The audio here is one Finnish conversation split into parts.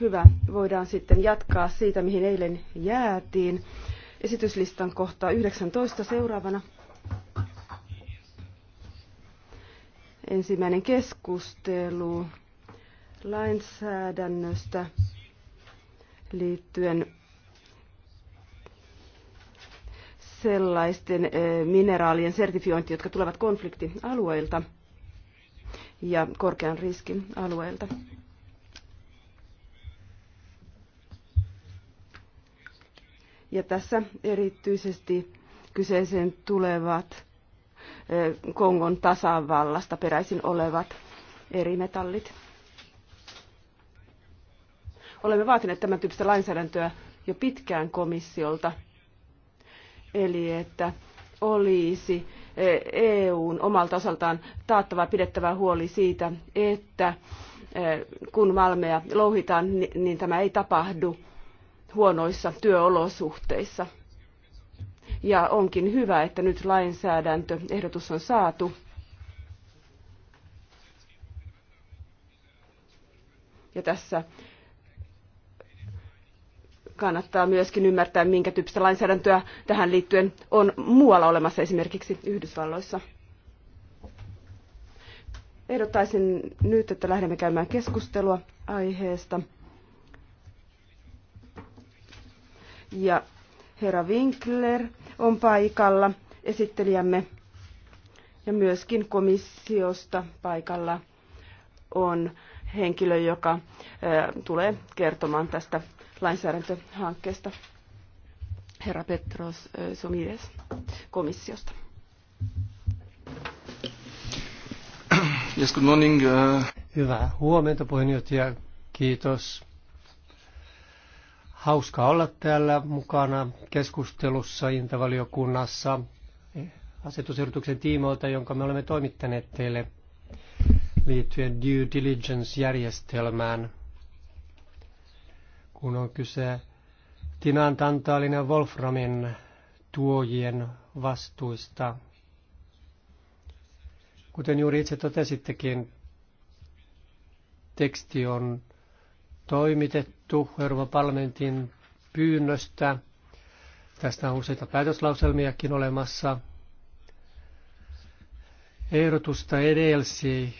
Hyvä, voidaan sitten jatkaa siitä, mihin eilen jäätiin. Esityslistan kohta 19 seuraavana. Ensimmäinen keskustelu lainsäädännöstä liittyen sellaisten eh, mineraalien sertifiointiin, jotka tulevat konfliktialueilta ja korkean riskin alueelta. Ja tässä erityisesti kyseeseen tulevat Kongon tasavallasta peräisin olevat eri metallit. Olemme vaatineet tämän tyyppistä lainsäädäntöä jo pitkään komissiolta, eli että olisi E, EUn omalta osaltaan taattava pidettävä huoli siitä, että e, kun malmeja louhitaan, niin tämä ei tapahdu huonoissa työolosuhteissa. Ja onkin hyvä, että nyt lainsäädäntöehdotus on saatu. Ja tässä kannattaa myöskin ymmärtää, minkä tyyppistä lainsäädäntöä tähän liittyen on muualla olemassa, esimerkiksi Yhdysvalloissa. Ehdottaisin nyt, että lähdemme käymään keskustelua aiheesta. Ja herra Winkler on paikalla, esittelijämme, ja myöskin komissiosta paikalla on henkilö, joka eh, tulee kertomaan tästä lainsäädäntöhankkeesta. Herra Petros Sumides komissiosta. Yes, good morning. Uh, Hyvää huomenta puheenjohtaja. Kiitos. Hauska olla täällä mukana keskustelussa Intavaliokunnassa asetusehdotuksen tiimoilta, jonka me olemme toimittaneet teille liittyen due diligence-järjestelmään – kun on kyse Tinan, Tantaalin ja Wolframin tuojien vastuista. Kuten juuri itse totesittekin, teksti on toimitettu Euroopan parlamentin pyynnöstä. Tästä on useita päätöslauselmiakin olemassa. Ehdotusta edelsi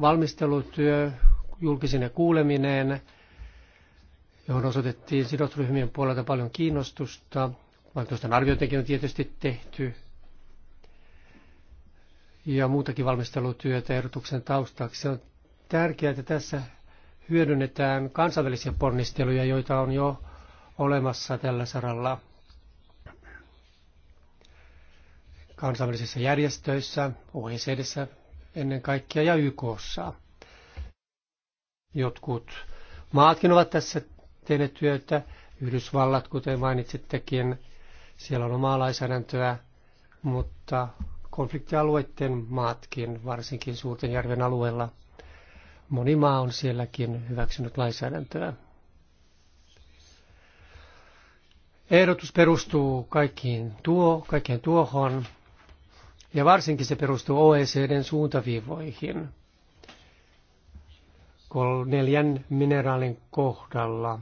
valmistelutyö, julkisine kuuleminen, johon osoitettiin sidosryhmien puolelta paljon kiinnostusta. Vaikutusten arviointikin on tietysti tehty ja muutakin valmistelutyötä ehdotuksen taustaksi. On tärkeää, että tässä hyödynnetään kansainvälisiä ponnisteluja, joita on jo olemassa tällä saralla kansainvälisissä järjestöissä, oecd ennen kaikkea ja YKssa. Jotkut maatkin ovat tässä teemme työtä. Yhdysvallat, kuten mainitsittekin, siellä on omaa lainsäädäntöä, mutta konfliktialueiden maatkin, varsinkin Suurten järven alueella, moni maa on sielläkin hyväksynyt lainsäädäntöä. Ehdotus perustuu kaikkiin tuo, kaikkeen tuohon, ja varsinkin se perustuu OECDn suuntaviivoihin neljän mineraalin kohdalla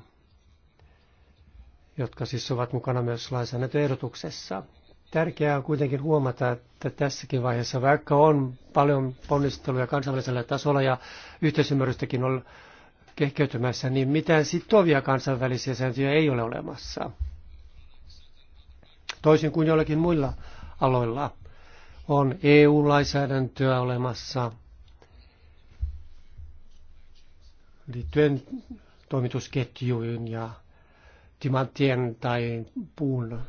jotka siis ovat mukana myös lainsäädäntöehdotuksessa. Tärkeää on kuitenkin huomata, että tässäkin vaiheessa, vaikka on paljon ponnisteluja kansainvälisellä tasolla ja yhteisymmärrystäkin on kehkeytymässä, niin mitään sitovia kansainvälisiä sääntöjä ei ole olemassa. Toisin kuin joillakin muilla aloilla on EU-lainsäädäntöä olemassa liittyen toimitusketjuihin ja timanttien tai puun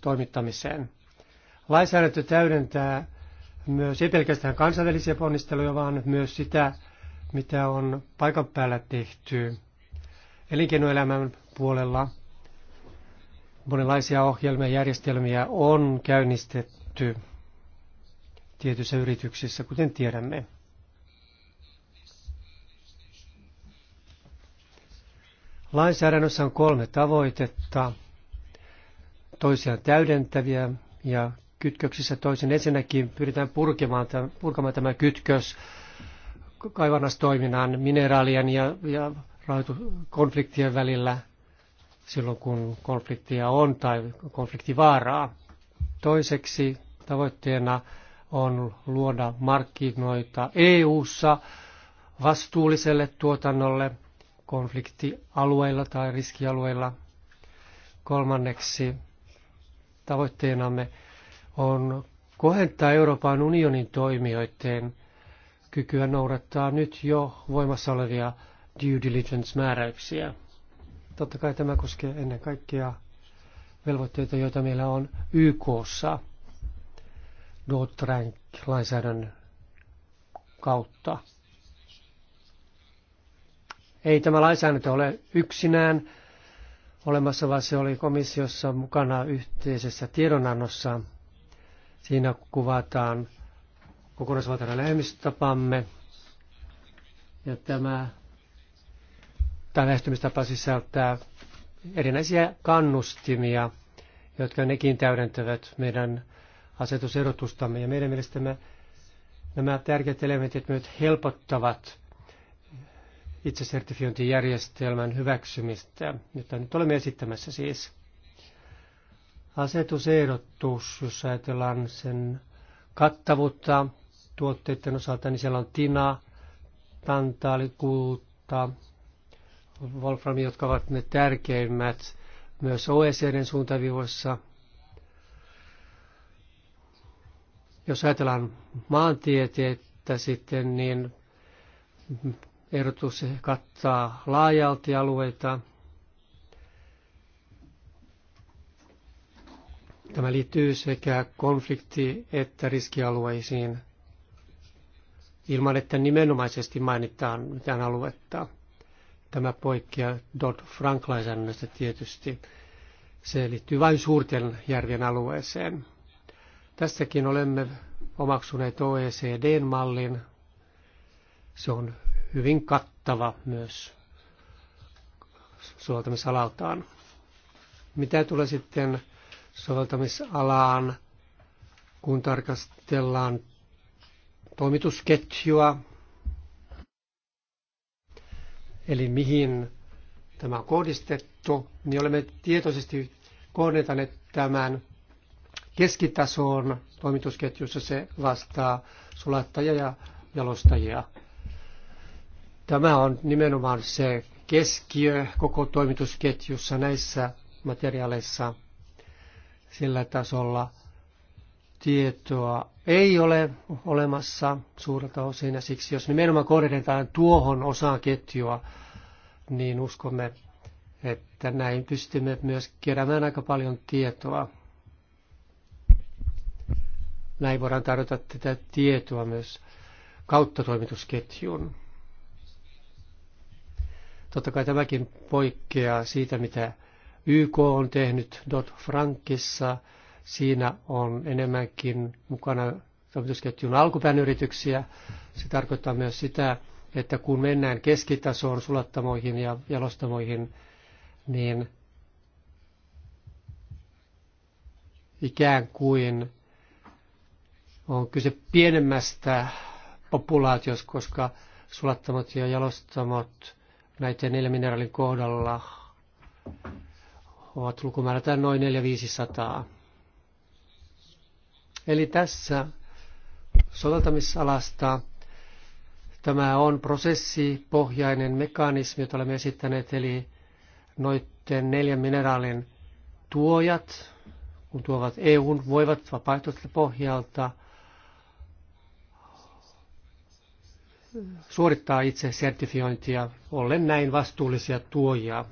toimittamiseen. Lainsäädäntö täydentää myös ei pelkästään kansainvälisiä ponnisteluja, vaan myös sitä, mitä on paikan päällä tehty elinkeinoelämän puolella. Monenlaisia ohjelmia ja järjestelmiä on käynnistetty tietyissä yrityksissä, kuten tiedämme. Lainsäädännössä on kolme tavoitetta, toisiaan täydentäviä ja kytköksissä toisen. Ensinnäkin pyritään purkemaan, purkamaan tämä kytkös kaivannastoiminnan, mineraalien ja, ja konfliktien välillä silloin, kun konfliktia on tai konfliktivaaraa. Toiseksi tavoitteena on luoda markkinoita EU-ssa vastuulliselle tuotannolle – konfliktialueilla tai riskialueilla. Kolmanneksi tavoitteenamme on kohentaa Euroopan unionin toimijoiden kykyä noudattaa nyt jo voimassa olevia due diligence-määräyksiä. Totta kai tämä koskee ennen kaikkea velvoitteita, joita meillä on YKssa dodd frank lainsäädännön kautta. Ei tämä lainsäädäntö ole yksinään olemassa, vaan se oli komissiossa mukana yhteisessä tiedonannossa. Siinä kuvataan kokonaisvaltainen lähestymistapamme. Ja tämä, tämä lähestymistapa sisältää erinäisiä kannustimia, jotka nekin täydentävät meidän asetuserotustamme. Ja meidän mielestämme nämä tärkeät elementit myös helpottavat itsesertifiointijärjestelmän hyväksymistä, jota nyt olemme esittämässä siis. Asetusehdotus, jos ajatellaan sen kattavuutta tuotteiden osalta, niin siellä on tina, tantaali, kulta, wolframi, jotka ovat ne tärkeimmät myös OECDn suuntavivoissa. Jos ajatellaan maantieteettä sitten, niin Ehdotus kattaa laajalti alueita. Tämä liittyy sekä konflikti- että riskialueisiin, ilman että nimenomaisesti mainitaan mitään aluetta. Tämä poikkeaa Dodd-Frank-lainsäädännöstä tietysti. Se liittyy vain suurten järvien alueeseen. Tässäkin olemme omaksuneet OECDn mallin. Se on hyvin kattava myös soveltamisalaltaan. Mitä tulee sitten soveltamisalaan, kun tarkastellaan toimitusketjua, eli mihin tämä on kohdistettu, niin olemme tietoisesti kohdentaneet tämän keskitason toimitusketjussa se vastaa sulattajia ja jalostajia. Tämä on nimenomaan se keskiö koko toimitusketjussa näissä materiaaleissa sillä tasolla tietoa ei ole olemassa suurelta osin ja siksi jos nimenomaan kohdennetaan tuohon osaan ketjua, niin uskomme, että näin pystymme myös keräämään aika paljon tietoa. Näin voidaan tarjota tätä tietoa myös kautta toimitusketjun. Totta kai tämäkin poikkeaa siitä, mitä YK on tehnyt Dot frankissa Siinä on enemmänkin mukana toimitusketjun alkupään yrityksiä. Se tarkoittaa myös sitä, että kun mennään keskitasoon sulattamoihin ja jalostamoihin, niin ikään kuin on kyse pienemmästä populaatiosta, koska sulattamot ja jalostamot näiden neljän mineraalin kohdalla ovat lukumäärätään noin 4500. Eli tässä soveltamisalasta tämä on prosessipohjainen mekanismi, jota olemme esittäneet, eli noiden neljän mineraalin tuojat, kun tuovat EUn, voivat vapaaehtoiselta pohjalta – suorittaa itse sertifiointia, ollen näin vastuullisia tuojia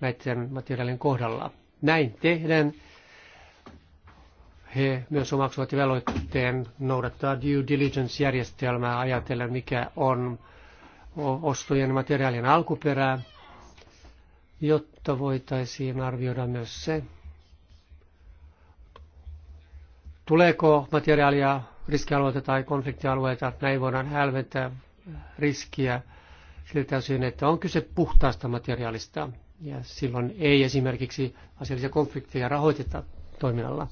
näiden materiaalien kohdalla. Näin tehden he myös omaksuvat velvoitteen noudattaa due diligence-järjestelmää ajatellen, mikä on ostojen materiaalien alkuperää, jotta voitaisiin arvioida myös se, tuleeko materiaalia riskialueita tai konfliktialueita. Näin voidaan hälventää riskiä siltä osin, että on kyse puhtaasta materiaalista ja silloin ei esimerkiksi asiallisia konflikteja rahoiteta toiminnalla.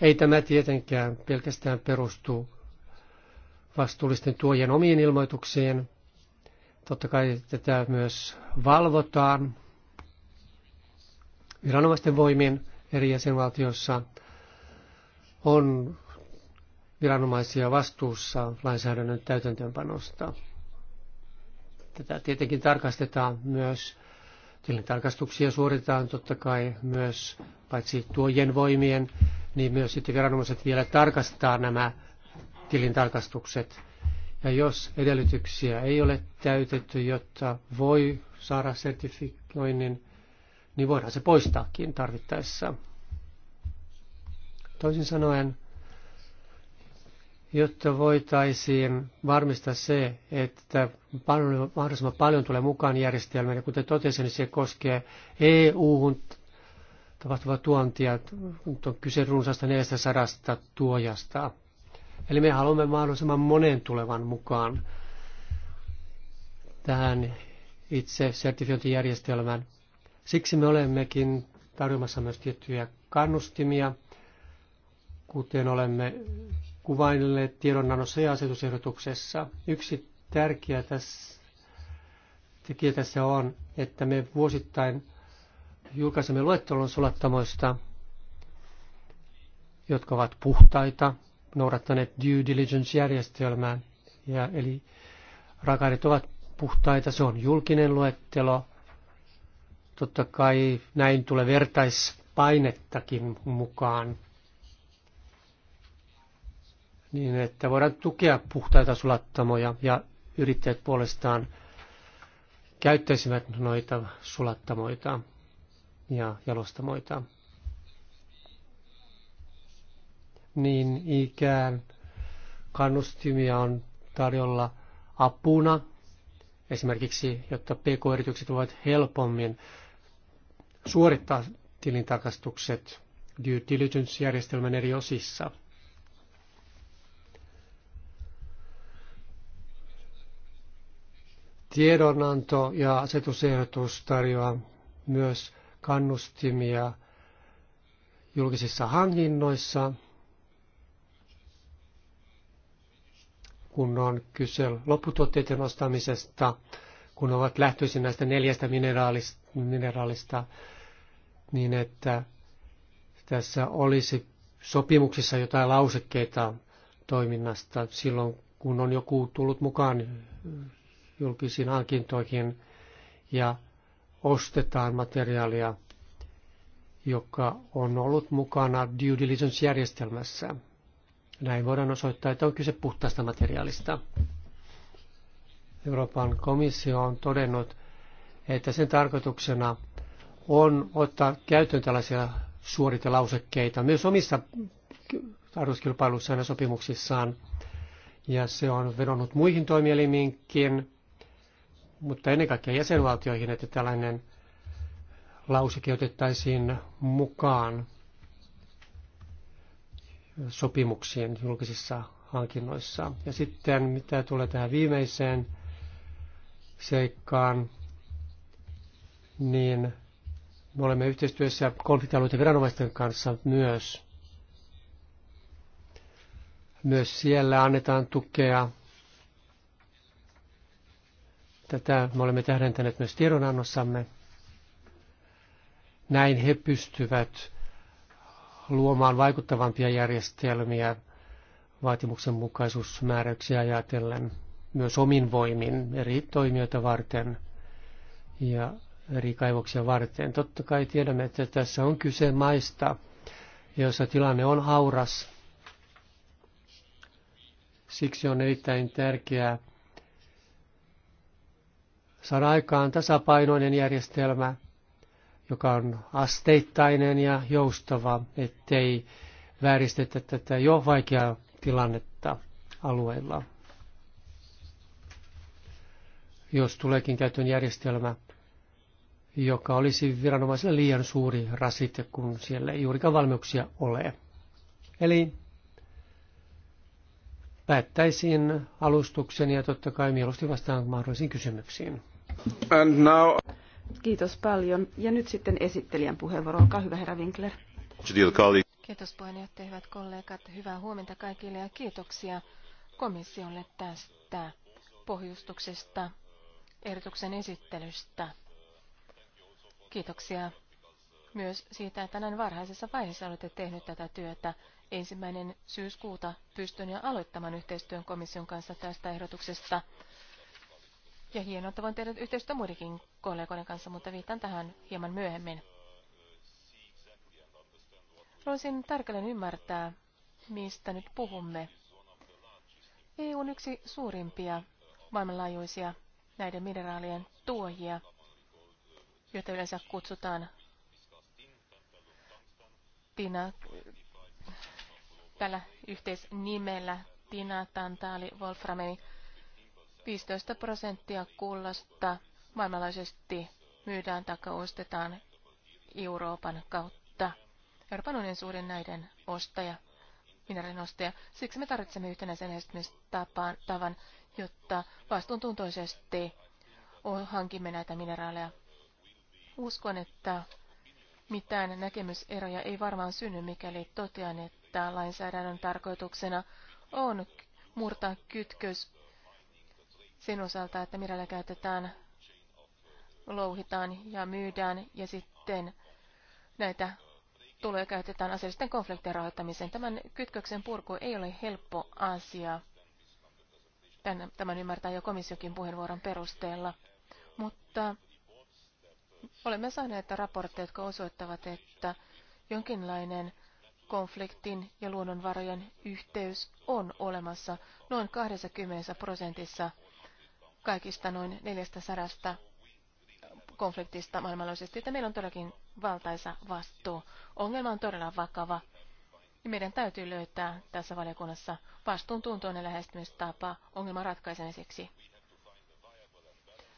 Ei tämä tietenkään pelkästään perustu vastuullisten tuojien omiin ilmoituksiin. Totta kai tätä myös valvotaan viranomaisten voimin, eri jäsenvaltioissa on viranomaisia vastuussa lainsäädännön täytäntöönpanosta. Tätä tietenkin tarkastetaan myös, tilintarkastuksia suoritetaan totta kai myös paitsi tuojen voimien, niin myös sitten viranomaiset vielä tarkastaa nämä tilintarkastukset. Ja jos edellytyksiä ei ole täytetty, jotta voi saada sertifikoinnin, niin voidaan se poistaakin tarvittaessa. Toisin sanoen, jotta voitaisiin varmistaa se, että paljon, mahdollisimman paljon tulee mukaan järjestelmään. Ja kuten totesin, niin se koskee EU-hun tapahtuvaa tuontia. Nyt on kyse runsaasta 400 tuojasta. Eli me haluamme mahdollisimman monen tulevan mukaan tähän itse sertifiointijärjestelmään. Siksi me olemmekin tarjoamassa myös tiettyjä kannustimia, kuten olemme kuvailleet tiedonannossa ja asetusehdotuksessa. Yksi tärkeä tässä, tekijä tässä on, että me vuosittain julkaisemme luettelon sulattamoista, jotka ovat puhtaita, noudattaneet due diligence-järjestelmää, ja eli raaka ovat puhtaita, se on julkinen luettelo, Totta kai näin tulee vertaispainettakin mukaan, niin että voidaan tukea puhtaita sulattamoja ja yrittäjät puolestaan käyttäisivät noita sulattamoita ja jalostamoita. Niin ikään kannustimia on tarjolla apuna, esimerkiksi jotta pk-yritykset voivat helpommin suorittaa tilintarkastukset due diligence-järjestelmän eri osissa. Tiedonanto ja asetusehdotus tarjoaa myös kannustimia julkisissa hankinnoissa, kun on kyse lopputuotteiden ostamisesta – kun ovat lähtöisin näistä neljästä mineraalista, mineraalista niin että tässä olisi sopimuksissa jotain lausekkeita toiminnasta silloin, kun on joku tullut mukaan julkisiin hankintoihin ja ostetaan materiaalia, joka on ollut mukana due diligence-järjestelmässä. Näin voidaan osoittaa, että on kyse puhtaasta materiaalista. Euroopan komissio on todennut, että sen tarkoituksena on ottaa käyttöön tällaisia suoritelausekkeita myös omissa tarjouskilpailuissaan ja sopimuksissaan. Ja se on vedonnut muihin toimielimiinkin, mutta ennen kaikkea jäsenvaltioihin, että tällainen lauseke otettaisiin mukaan sopimuksiin julkisissa hankinnoissa. Ja sitten mitä tulee tähän viimeiseen seikkaan, niin me olemme yhteistyössä konfliktialueiden viranomaisten kanssa myös. Myös siellä annetaan tukea. Tätä me olemme tähdentäneet myös tiedonannossamme. Näin he pystyvät luomaan vaikuttavampia järjestelmiä vaatimuksenmukaisuusmääräyksiä ajatellen myös omin voimin eri toimijoita varten ja eri kaivoksia varten. Totta kai tiedämme, että tässä on kyse maista, joissa tilanne on hauras. Siksi on erittäin tärkeää saada aikaan tasapainoinen järjestelmä, joka on asteittainen ja joustava, ettei vääristetä tätä jo vaikeaa tilannetta alueilla jos tuleekin käytön järjestelmä, joka olisi viranomaisille liian suuri rasite, kun siellä ei juurikaan valmiuksia ole. Eli päättäisin alustuksen ja totta kai mieluusti vastaan mahdollisiin kysymyksiin. And now... Kiitos paljon. Ja nyt sitten esittelijän puheenvuoro. Olkaa hyvä, herra Winkler. Kiitos puheenjohtaja, hyvät kollegat. Hyvää huomenta kaikille ja kiitoksia komissiolle tästä pohjustuksesta ehdotuksen esittelystä. Kiitoksia myös siitä, että näin varhaisessa vaiheessa olette tehnyt tätä työtä. Ensimmäinen syyskuuta pystyn jo aloittamaan yhteistyön komission kanssa tästä ehdotuksesta. Ja hienoa, että voin tehdä yhteistyötä muidenkin kollegoiden kanssa, mutta viitan tähän hieman myöhemmin. Haluaisin tarkalleen ymmärtää, mistä nyt puhumme. EU on yksi suurimpia maailmanlaajuisia näiden mineraalien tuojia, joita yleensä kutsutaan Tina, tällä yhteisnimellä Tina, Tantaali, Wolframeni. 15 prosenttia kullasta maailmanlaisesti myydään tai ostetaan Euroopan kautta. Euroopan unionin suurin näiden ostaja, mineraalin ostaja. Siksi me tarvitsemme yhtenäisen tapaan tavan, jotta vastuuntuntoisesti hankimme näitä mineraaleja. Uskon, että mitään näkemyseroja ei varmaan synny, mikäli totean, että lainsäädännön tarkoituksena on murtaa kytkös sen osalta, että mineraaleja käytetään, louhitaan ja myydään ja sitten näitä tuloja käytetään aseellisten konfliktien rahoittamiseen. Tämän kytköksen purku ei ole helppo asia tämän ymmärtää jo komissiokin puheenvuoron perusteella. Mutta olemme saaneet raportteja, jotka osoittavat, että jonkinlainen konfliktin ja luonnonvarojen yhteys on olemassa noin 20 prosentissa kaikista noin 400 konfliktista maailmanlaajuisesti, että meillä on todellakin valtaisa vastuu. Ongelma on todella vakava niin meidän täytyy löytää tässä valiokunnassa vastuuntuntoinen lähestymistapa ongelman ratkaisemiseksi.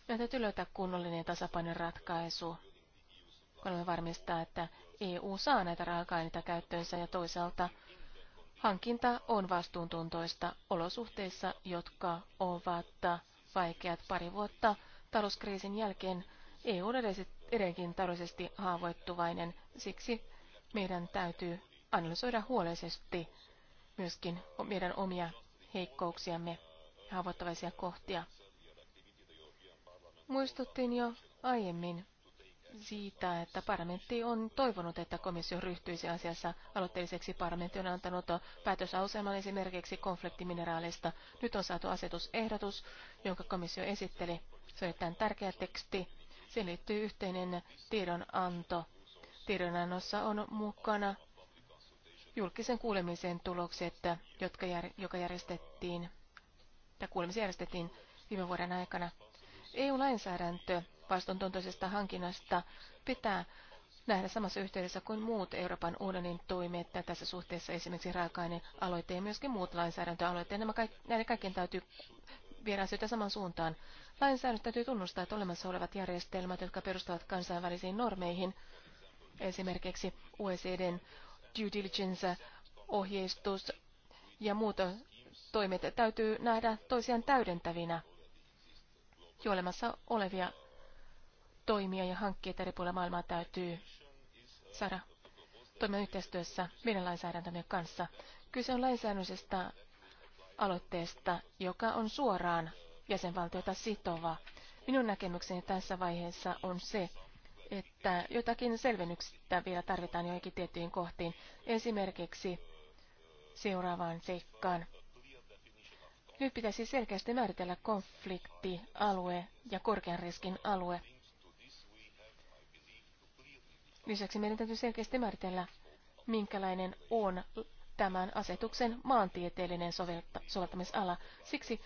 Meidän täytyy löytää kunnollinen tasapainon ratkaisu, kun olemme varmistaa, että EU saa näitä raaka-aineita käyttöönsä ja toisaalta hankinta on vastuuntuntoista olosuhteissa, jotka ovat vaikeat pari vuotta talouskriisin jälkeen. EU on edelleenkin taloudellisesti haavoittuvainen, siksi meidän täytyy analysoida huolellisesti myöskin meidän omia heikkouksiamme ja haavoittavaisia kohtia. Muistuttiin jo aiemmin siitä, että parlamentti on toivonut, että komissio ryhtyisi asiassa aloitteelliseksi. Parlamentti on antanut päätösaseman esimerkiksi konfliktimineraalista. Nyt on saatu asetusehdotus, jonka komissio esitteli. Se on erittäin tärkeä teksti. Siihen liittyy yhteinen tiedonanto. Tiedonannossa on mukana julkisen kuulemisen tulokset, jotka jär, joka järjestettiin, tai kuulemisen järjestettiin viime vuoden aikana. EU-lainsäädäntö vastuuntuntoisesta hankinnasta pitää nähdä samassa yhteydessä kuin muut Euroopan unionin toimet. Tässä suhteessa esimerkiksi raaka-ainealoite ja myöskin muut lainsäädäntöaloitteet. Nämä kaikki, näiden kaikkien täytyy viedä asioita saman suuntaan. Lainsäädäntö täytyy tunnustaa, että olemassa olevat järjestelmät, jotka perustuvat kansainvälisiin normeihin, esimerkiksi OECDn due diligence-ohjeistus ja muut toimet täytyy nähdä toisiaan täydentävinä jo olemassa olevia toimia ja hankkeita eri puolilla maailmaa täytyy saada toimia yhteistyössä meidän lainsäädäntömme kanssa. Kyse on lainsäädännöllisestä aloitteesta, joka on suoraan jäsenvaltiota sitova. Minun näkemykseni tässä vaiheessa on se, että jotakin selvennyksistä vielä tarvitaan joihinkin tiettyihin kohtiin. Esimerkiksi seuraavaan seikkaan. Nyt pitäisi selkeästi määritellä konfliktialue ja korkean riskin alue. Lisäksi meidän täytyy selkeästi määritellä, minkälainen on tämän asetuksen maantieteellinen soveltamisala. Siksi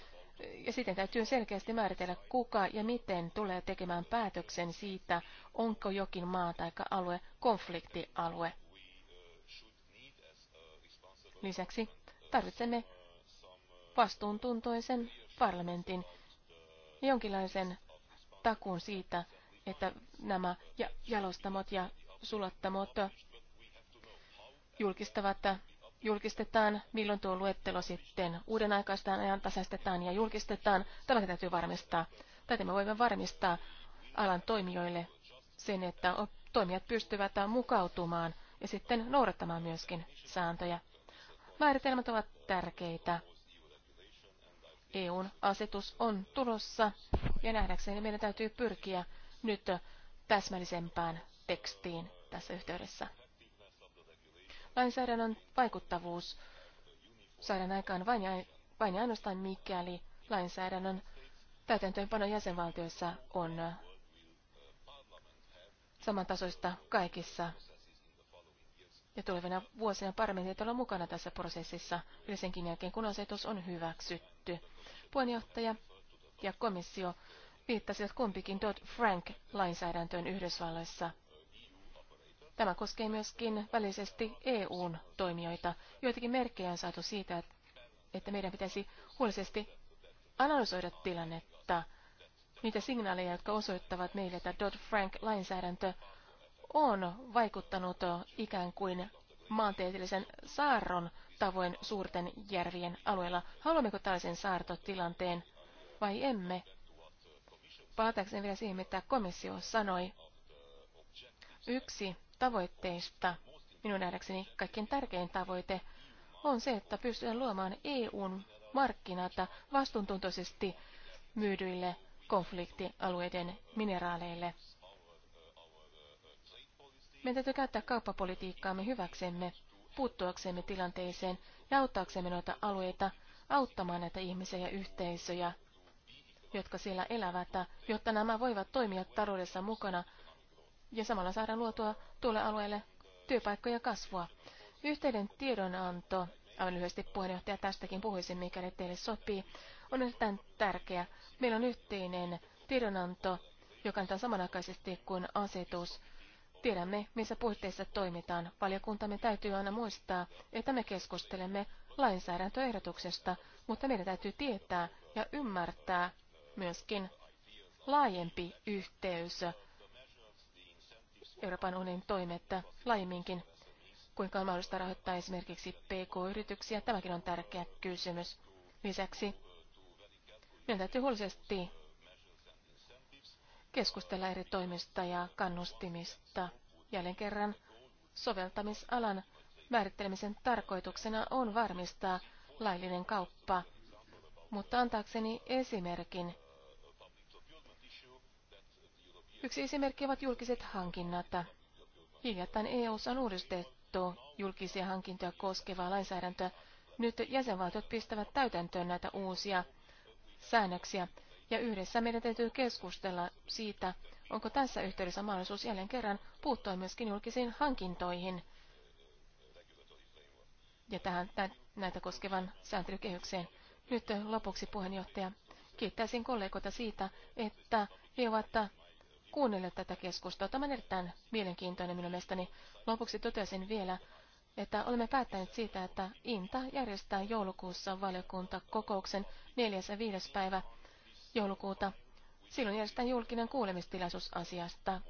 ja sitten täytyy selkeästi määritellä, kuka ja miten tulee tekemään päätöksen siitä, onko jokin maa tai alue konfliktialue. Lisäksi tarvitsemme vastuuntuntoisen parlamentin jonkinlaisen takuun siitä, että nämä jalostamot ja sulattamot julkistavat julkistetaan, milloin tuo luettelo sitten uuden aikaistaan ajan tasaistetaan ja julkistetaan. Tämäkin täytyy varmistaa. Tätä me voimme varmistaa alan toimijoille sen, että toimijat pystyvät mukautumaan ja sitten noudattamaan myöskin sääntöjä. Määritelmät ovat tärkeitä. EUn asetus on tulossa ja nähdäkseni meidän täytyy pyrkiä nyt täsmällisempään tekstiin tässä yhteydessä. Lainsäädännön vaikuttavuus saadaan aikaan vain ja, vain ja ainoastaan mikäli lainsäädännön täytäntöönpano jäsenvaltioissa on samantasoista kaikissa. Ja tulevina vuosina parlamentit olla mukana tässä prosessissa, yli senkin jälkeen kun asetus on hyväksytty. Puheenjohtaja ja komissio viittasivat kumpikin Dodd-Frank-lainsäädäntöön Yhdysvalloissa – Tämä koskee myöskin välisesti EUn toimijoita. Joitakin merkkejä on saatu siitä, että meidän pitäisi huolisesti analysoida tilannetta, niitä signaaleja, jotka osoittavat meille, että Dodd-Frank-lainsäädäntö on vaikuttanut ikään kuin maantieteellisen saarron tavoin suurten järvien alueella. Haluammeko tällaisen saartotilanteen vai emme? Palataanko vielä siihen, mitä komissio sanoi. Yksi tavoitteista. Minun nähdäkseni kaikkein tärkein tavoite on se, että pystytään luomaan EUn markkinata vastuuntuntoisesti myydyille konfliktialueiden mineraaleille. Meidän täytyy käyttää kauppapolitiikkaamme hyväksemme, puuttuaksemme tilanteeseen ja auttaaksemme noita alueita auttamaan näitä ihmisiä ja yhteisöjä, jotka siellä elävät, jotta nämä voivat toimia taloudessa mukana ja samalla saadaan luotua tuolle alueelle työpaikkoja kasvua. Yhteyden tiedonanto, aivan lyhyesti puheenjohtaja tästäkin puhuisin, mikäli teille sopii, on erittäin tärkeä. Meillä on yhteinen tiedonanto, joka antaa samanaikaisesti kuin asetus. Tiedämme, missä puitteissa toimitaan. Valiokuntamme täytyy aina muistaa, että me keskustelemme lainsäädäntöehdotuksesta, mutta meidän täytyy tietää ja ymmärtää myöskin laajempi yhteys Euroopan unionin toimet laajemminkin. Kuinka on mahdollista rahoittaa esimerkiksi PK-yrityksiä, tämäkin on tärkeä kysymys. Lisäksi meidän täytyy huolisesti keskustella eri toimista ja kannustimista. Jälleen kerran soveltamisalan määrittelemisen tarkoituksena on varmistaa laillinen kauppa. Mutta antaakseni esimerkin Yksi esimerkki ovat julkiset hankinnat. Hiljattain EU on uudistettu julkisia hankintoja koskevaa lainsäädäntöä. Nyt jäsenvaltiot pistävät täytäntöön näitä uusia säännöksiä, ja yhdessä meidän täytyy keskustella siitä, onko tässä yhteydessä mahdollisuus jälleen kerran puuttua myöskin julkisiin hankintoihin ja tähän näitä koskevan sääntelykehykseen. Nyt lopuksi puheenjohtaja. Kiittäisin kollegoita siitä, että he ovat kuunnelleet tätä keskustelua. Tämä on erittäin mielenkiintoinen minun mielestäni. Lopuksi totesin vielä, että olemme päättäneet siitä, että INTA järjestää joulukuussa valiokuntakokouksen 4. ja 5. päivä joulukuuta. Silloin järjestetään julkinen kuulemistilaisuus asiasta.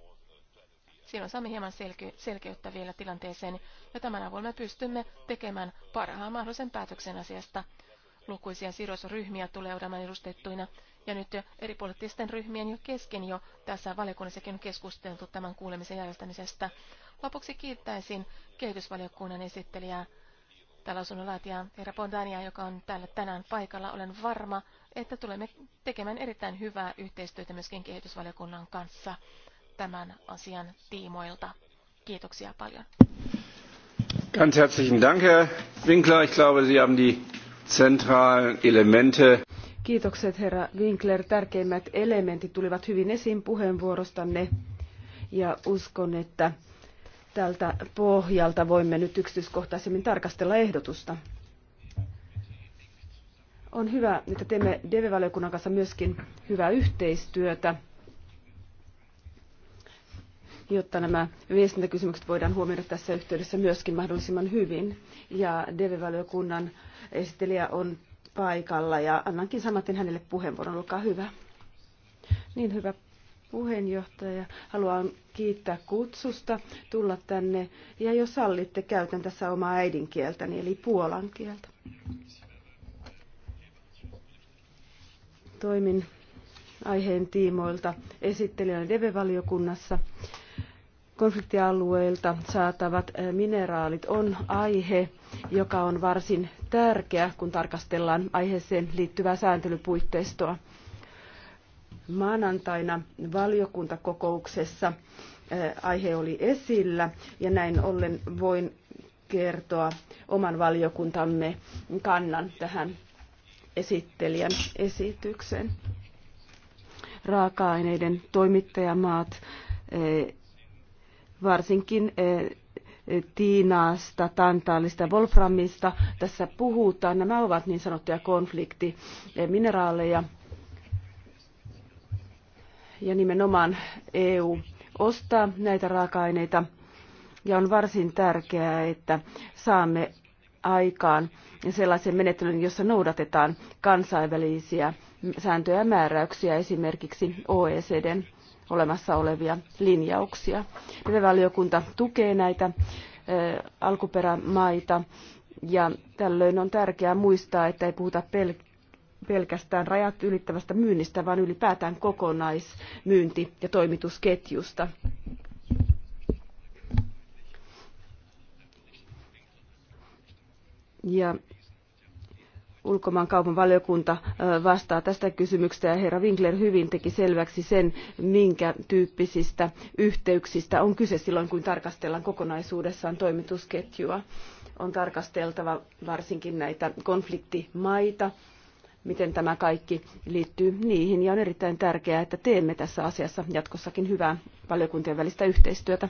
Silloin saamme hieman selky- selkeyttä vielä tilanteeseen, ja tämän avulla me pystymme tekemään parhaan mahdollisen päätöksen asiasta – lukuisia sidosryhmiä tulee olemaan edustettuina. Ja nyt jo eri poliittisten ryhmien jo kesken jo tässä valiokunnassakin on keskusteltu tämän kuulemisen järjestämisestä. Lopuksi kiittäisin kehitysvaliokunnan esittelijää laatijaa, herra Bondania, joka on täällä tänään paikalla. Olen varma, että tulemme tekemään erittäin hyvää yhteistyötä myöskin kehitysvaliokunnan kanssa tämän asian tiimoilta. Kiitoksia paljon. Ganz herzlichen Dank, Herr Winkler. Ich glaube, Sie haben die zentralen Elemente. Kiitokset herra Winkler. Tärkeimmät elementit tulivat hyvin esiin puheenvuorostanne ja uskon, että tältä pohjalta voimme nyt yksityiskohtaisemmin tarkastella ehdotusta. On hyvä, että teemme DV-valiokunnan kanssa myöskin hyvää yhteistyötä jotta nämä viestintäkysymykset voidaan huomioida tässä yhteydessä myöskin mahdollisimman hyvin. Ja DV-valiokunnan esittelijä on paikalla ja annankin samaten hänelle puheenvuoron. Olkaa hyvä. Niin hyvä puheenjohtaja. Haluan kiittää kutsusta tulla tänne ja jos sallitte, käytän tässä omaa äidinkieltäni eli puolan kieltä. Toimin aiheen tiimoilta esittelijän dv valiokunnassa konfliktialueilta saatavat eh, mineraalit on aihe, joka on varsin tärkeä, kun tarkastellaan aiheeseen liittyvää sääntelypuitteistoa. Maanantaina valiokuntakokouksessa eh, aihe oli esillä ja näin ollen voin kertoa oman valiokuntamme kannan tähän esittelijän esitykseen. Raaka-aineiden toimittajamaat eh, varsinkin eh, eh, tiinaasta, tantaalista, wolframista tässä puhutaan. Nämä ovat niin sanottuja konfliktimineraaleja. Eh, ja nimenomaan EU ostaa näitä raaka-aineita. Ja on varsin tärkeää, että saamme aikaan sellaisen menettelyn, jossa noudatetaan kansainvälisiä sääntöjä ja määräyksiä, esimerkiksi OECDn olemassa olevia linjauksia. Valiokunta tukee näitä alkuperämaita ja tällöin on tärkeää muistaa, että ei puhuta pelkästään pelkästään rajat ylittävästä myynnistä, vaan ylipäätään kokonaismyynti- ja toimitusketjusta. Ja ulkomaankaupan valiokunta vastaa tästä kysymyksestä ja herra Winkler hyvin teki selväksi sen, minkä tyyppisistä yhteyksistä on kyse silloin, kun tarkastellaan kokonaisuudessaan toimitusketjua. On tarkasteltava varsinkin näitä konfliktimaita, miten tämä kaikki liittyy niihin. Ja on erittäin tärkeää, että teemme tässä asiassa jatkossakin hyvää valiokuntien välistä yhteistyötä.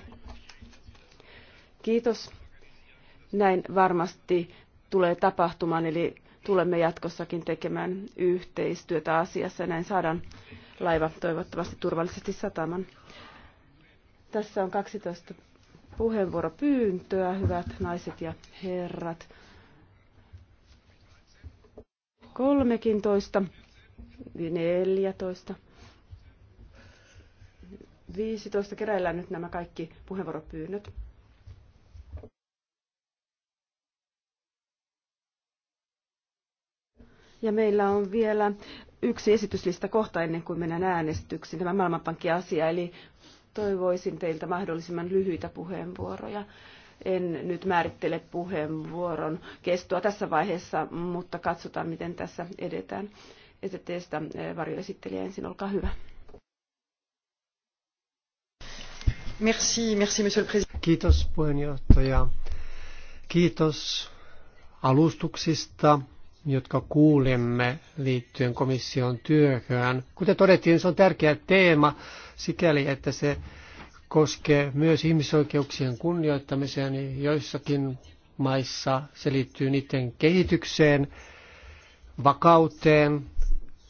Kiitos. Näin varmasti tulee tapahtumaan, eli tulemme jatkossakin tekemään yhteistyötä asiassa ja näin saadaan laiva toivottavasti turvallisesti sataman. Tässä on 12 puheenvuoropyyntöä, hyvät naiset ja herrat. 13, 14, 15. Keräillään nyt nämä kaikki puheenvuoropyynnöt. Ja meillä on vielä yksi esityslista kohta ennen kuin mennään äänestyksiin, tämä asia. eli toivoisin teiltä mahdollisimman lyhyitä puheenvuoroja. En nyt määrittele puheenvuoron kestoa tässä vaiheessa, mutta katsotaan, miten tässä edetään. esitteestä eh, varjoesittelijä ensin, olkaa hyvä. Merci, merci, monsieur le président. Kiitos puheenjohtaja. Kiitos alustuksista jotka kuulemme liittyen komission työhön. Kuten todettiin, se on tärkeä teema sikäli, että se koskee myös ihmisoikeuksien kunnioittamiseen niin joissakin maissa. Se liittyy niiden kehitykseen, vakauteen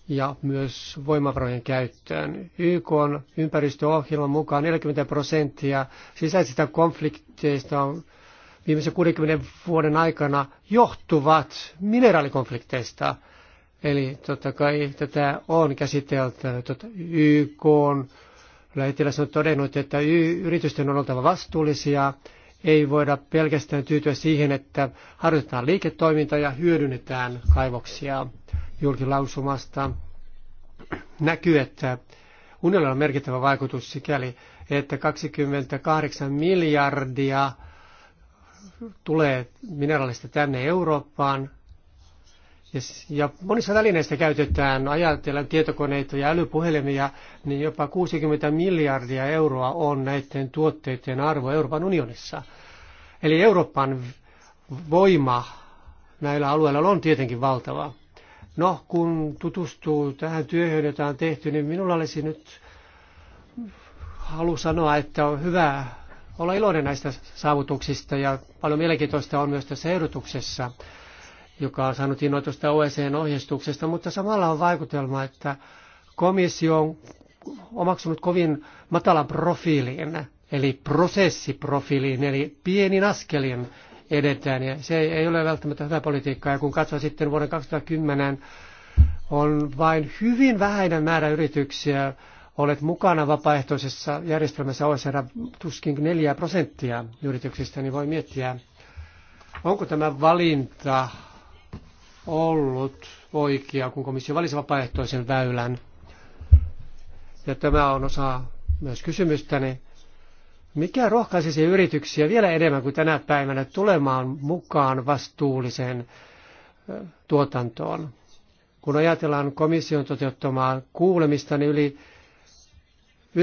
ja myös voimavarojen käyttöön. YK on ympäristöohjelman mukaan 40 prosenttia sisäisistä konflikteista on viimeisen 60 vuoden aikana johtuvat mineraalikonflikteista. Eli totta kai tätä on käsiteltävä. YK on on todennut, että yritysten on oltava vastuullisia. Ei voida pelkästään tyytyä siihen, että harjoitetaan liiketoimintaa ja hyödynnetään kaivoksia julkilausumasta. Näkyy, että unionilla on merkittävä vaikutus sikäli, että 28 miljardia – tulee mineraalista tänne Eurooppaan. Ja monissa välineissä käytetään ajatellaan tietokoneita ja älypuhelimia, niin jopa 60 miljardia euroa on näiden tuotteiden arvo Euroopan unionissa. Eli Euroopan voima näillä alueilla on tietenkin valtava. No, kun tutustuu tähän työhön, jota on tehty, niin minulla olisi nyt halu sanoa, että on hyvä olla iloinen näistä saavutuksista ja paljon mielenkiintoista on myös tässä ehdotuksessa, joka on saanut innoitusta OECDn ohjeistuksesta, mutta samalla on vaikutelma, että komissio on omaksunut kovin matalan profiilin, eli prosessiprofiiliin, eli pienin askelin edetään. Ja se ei ole välttämättä hyvä politiikkaa. Ja kun katsoo sitten vuoden 2010, on vain hyvin vähäinen määrä yrityksiä, olet mukana vapaaehtoisessa järjestelmässä OSR tuskin 4 prosenttia yrityksistä, niin voi miettiä, onko tämä valinta ollut oikea, kun komissio valisi vapaaehtoisen väylän. Ja tämä on osa myös kysymystäni. Mikä rohkaisisi yrityksiä vielä enemmän kuin tänä päivänä tulemaan mukaan vastuulliseen tuotantoon? Kun ajatellaan komission toteuttamaa kuulemista, niin yli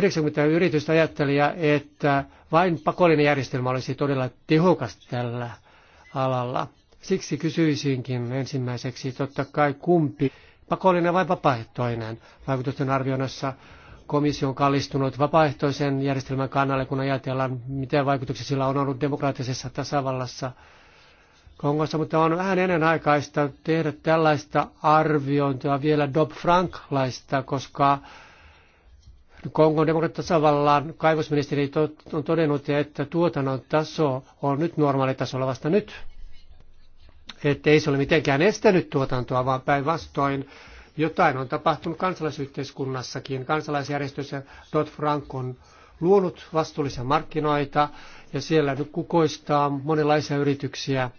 90 yritystä ajatteli, että vain pakollinen järjestelmä olisi todella tehokas tällä alalla. Siksi kysyisinkin ensimmäiseksi totta kai kumpi, pakollinen vai vapaaehtoinen. Vaikutusten arvioinnissa komissio on kallistunut vapaaehtoisen järjestelmän kannalle, kun ajatellaan, mitä vaikutuksia sillä on ollut demokraattisessa tasavallassa Kongossa, mutta on vähän aikaista tehdä tällaista arviointia vielä Dob Franklaista, koska Kongon demokratiatasavallan kaivosministeri on todennut, että tuotannon taso on nyt normaalitasolla vasta nyt. Että ei se ole mitenkään estänyt tuotantoa, vaan päinvastoin jotain on tapahtunut kansalaisyhteiskunnassakin. Kansalaisjärjestössä Dot Frank on luonut vastuullisia markkinoita ja siellä nyt kukoistaa monenlaisia yrityksiä.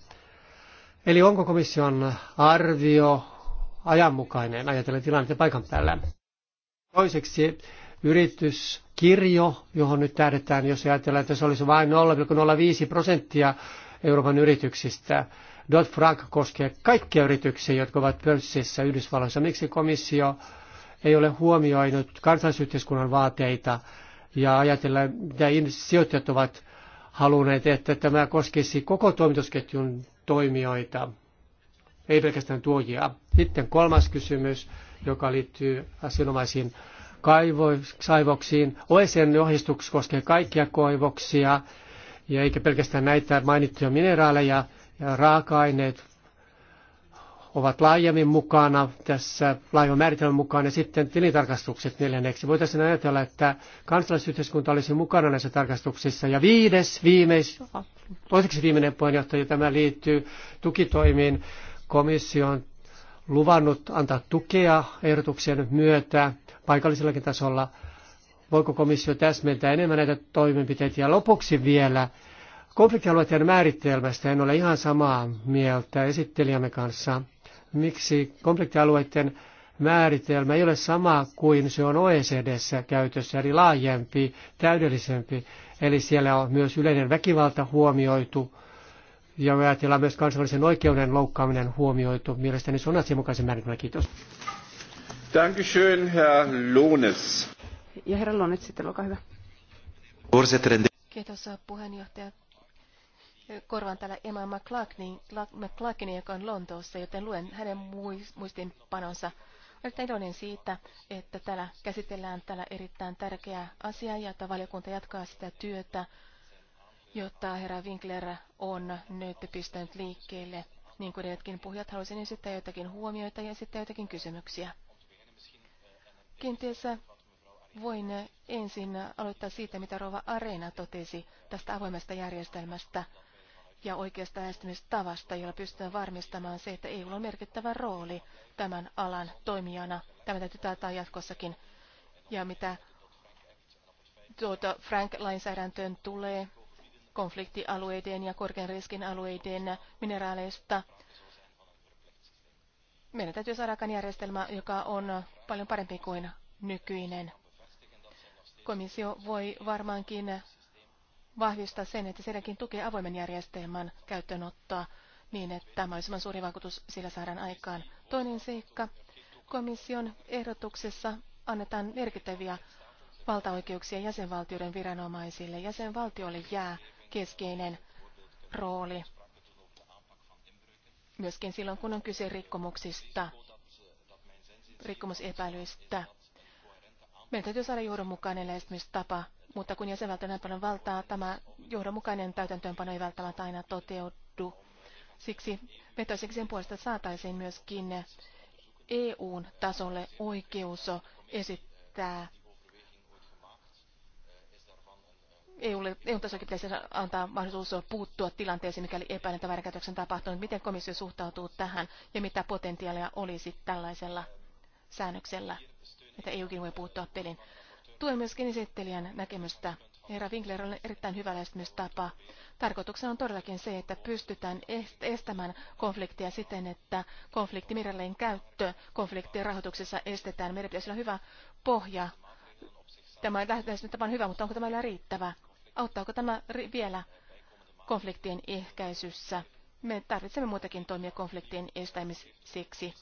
Eli onko komission arvio ajanmukainen ajatellen tilannetta paikan päällä? Toiseksi yrityskirjo, johon nyt tähdetään, jos ajatellaan, että se olisi vain 0,05 prosenttia Euroopan yrityksistä. Dodd-Frank koskee kaikkia yrityksiä, jotka ovat pörssissä Yhdysvalloissa. Miksi komissio ei ole huomioinut kansallisyhteiskunnan vaateita ja ajatellaan, mitä sijoittajat ovat halunneet, että tämä koskisi koko toimitusketjun toimijoita, ei pelkästään tuojia. Sitten kolmas kysymys, joka liittyy asianomaisiin kaivoksiin. OECDn ohjeistuksessa koskee kaikkia kaivoksia, ja eikä pelkästään näitä mainittuja mineraaleja ja raaka-aineet ovat laajemmin mukana tässä laajemman määritelmän mukaan ja sitten tilintarkastukset neljänneksi. Voitaisiin ajatella, että kansalaisyhteiskunta olisi mukana näissä tarkastuksissa. Ja viides, viimeis, toiseksi viimeinen puheenjohtaja, tämä liittyy tukitoimiin. Komissio on luvannut antaa tukea ehdotuksen myötä paikallisellakin tasolla. Voiko komissio täsmentää enemmän näitä toimenpiteitä? Ja lopuksi vielä konfliktialueiden määritelmästä en ole ihan samaa mieltä esittelijämme kanssa. Miksi konfliktialueiden määritelmä ei ole sama kuin se on OECDssä käytössä, eli laajempi, täydellisempi. Eli siellä on myös yleinen väkivalta huomioitu ja ajatellaan myös kansallisen oikeuden loukkaaminen huomioitu. Mielestäni se on asianmukaisen määritelmä. Kiitos. Dankeschön, Herr herra sitten, Kiitos eh, puheenjohtaja. Korvaan täällä Emma McClarkin, joka on Lontoossa, joten luen hänen muistinpanonsa. Olen iloinen siitä, että täällä käsitellään tällä erittäin tärkeää asiaa ja että valiokunta jatkaa sitä työtä, jota herra Winkler on nyt pistänyt liikkeelle. Niin kuin edetkin puhujat, haluaisin esittää jotakin huomioita ja esittää jotakin kysymyksiä. Kenties voin ensin aloittaa siitä, mitä Rova Areena totesi tästä avoimesta järjestelmästä ja oikeasta äänestämistavasta, jolla pystytään varmistamaan se, että EU on merkittävä rooli tämän alan toimijana. Tämä täytyy taata jatkossakin. Ja mitä tuota Frank-lainsäädäntöön tulee, konfliktialueiden ja korkean riskin alueiden mineraaleista. Meidän täytyy saada järjestelmä, joka on paljon parempi kuin nykyinen. Komissio voi varmaankin vahvistaa sen, että sielläkin tukee avoimen järjestelmän käyttöönottoa niin, että tämä olisi suuri vaikutus sillä saadaan aikaan. Toinen seikka. Komission ehdotuksessa annetaan merkittäviä valtaoikeuksia jäsenvaltioiden viranomaisille. Jäsenvaltiolle jää keskeinen rooli myöskin silloin, kun on kyse rikkomuksista rikkomusepäilyistä. Meidän täytyy saada johdonmukainen lähestymistapa, mutta kun jäsenvaltio näin paljon valtaa, tämä johdonmukainen täytäntöönpano ei välttämättä aina toteudu. Siksi vetoisinkin sen puolesta saataisiin myöskin EUn tasolle oikeus esittää eu EUn tasokin pitäisi antaa mahdollisuus puuttua tilanteeseen, mikäli epäilen, että väärinkäytöksen tapahtunut. Miten komissio suhtautuu tähän ja mitä potentiaalia olisi tällaisella säännöksellä, että EUkin voi puuttua pelin. Tuen myös esittelijän näkemystä. Herra Winkler on erittäin hyvä lähestymistapa. Tarkoituksena on todellakin se, että pystytään estämään konfliktia siten, että konfliktimineraalien käyttö konfliktien rahoituksessa estetään. Meidän pitäisi olla hyvä pohja. Tämä lähestymistapa on hyvä, mutta onko tämä vielä riittävä? Auttaako tämä vielä konfliktien ehkäisyssä? Me tarvitsemme muitakin toimia konfliktien estämiseksi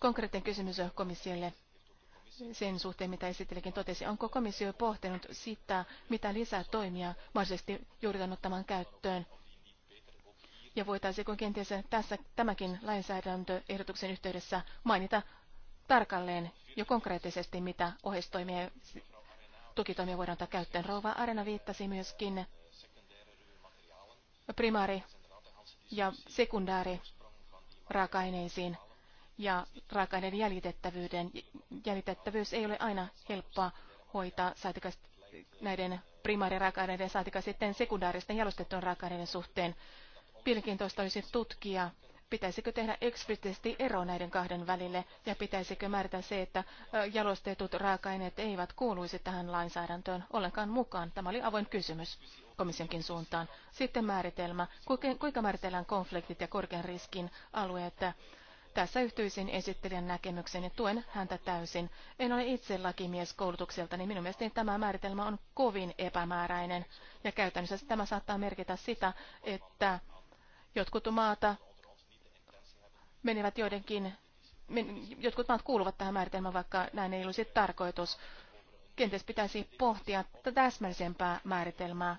konkreettinen kysymys komissiolle sen suhteen, mitä esittelikin totesi. Onko komissio pohtinut sitä, mitä lisää toimia mahdollisesti joudutaan ottamaan käyttöön? Ja voitaisiinko kenties tässä, tämäkin lainsäädäntöehdotuksen yhteydessä mainita tarkalleen jo konkreettisesti, mitä ohjeistoimia ja tukitoimia voidaan ottaa käyttöön? Rouva Arena viittasi myöskin primaari- ja sekundaari raaka-aineisiin ja raaka aineiden jäljitettävyyden. Jäljitettävyys ei ole aina helppoa hoitaa saatika näiden primaariraaka-aineiden saatika sitten sekundaaristen jalostettujen raaka-aineiden suhteen. Mielenkiintoista olisi tutkia, pitäisikö tehdä eksplisiittisesti ero näiden kahden välille ja pitäisikö määrätä se, että jalostetut raaka-aineet eivät kuuluisi tähän lainsäädäntöön ollenkaan mukaan. Tämä oli avoin kysymys komissionkin suuntaan. Sitten määritelmä. Kuinka määritellään konfliktit ja korkean riskin alueet? Tässä yhtyisin esittelijän näkemyksen ja tuen häntä täysin. En ole itse lakimies koulutukselta, niin minun mielestäni tämä määritelmä on kovin epämääräinen. Ja käytännössä tämä saattaa merkitä sitä, että jotkut maata menevät joidenkin, jotkut maat kuuluvat tähän määritelmään, vaikka näin ei olisi tarkoitus. Kenties pitäisi pohtia täsmällisempää määritelmää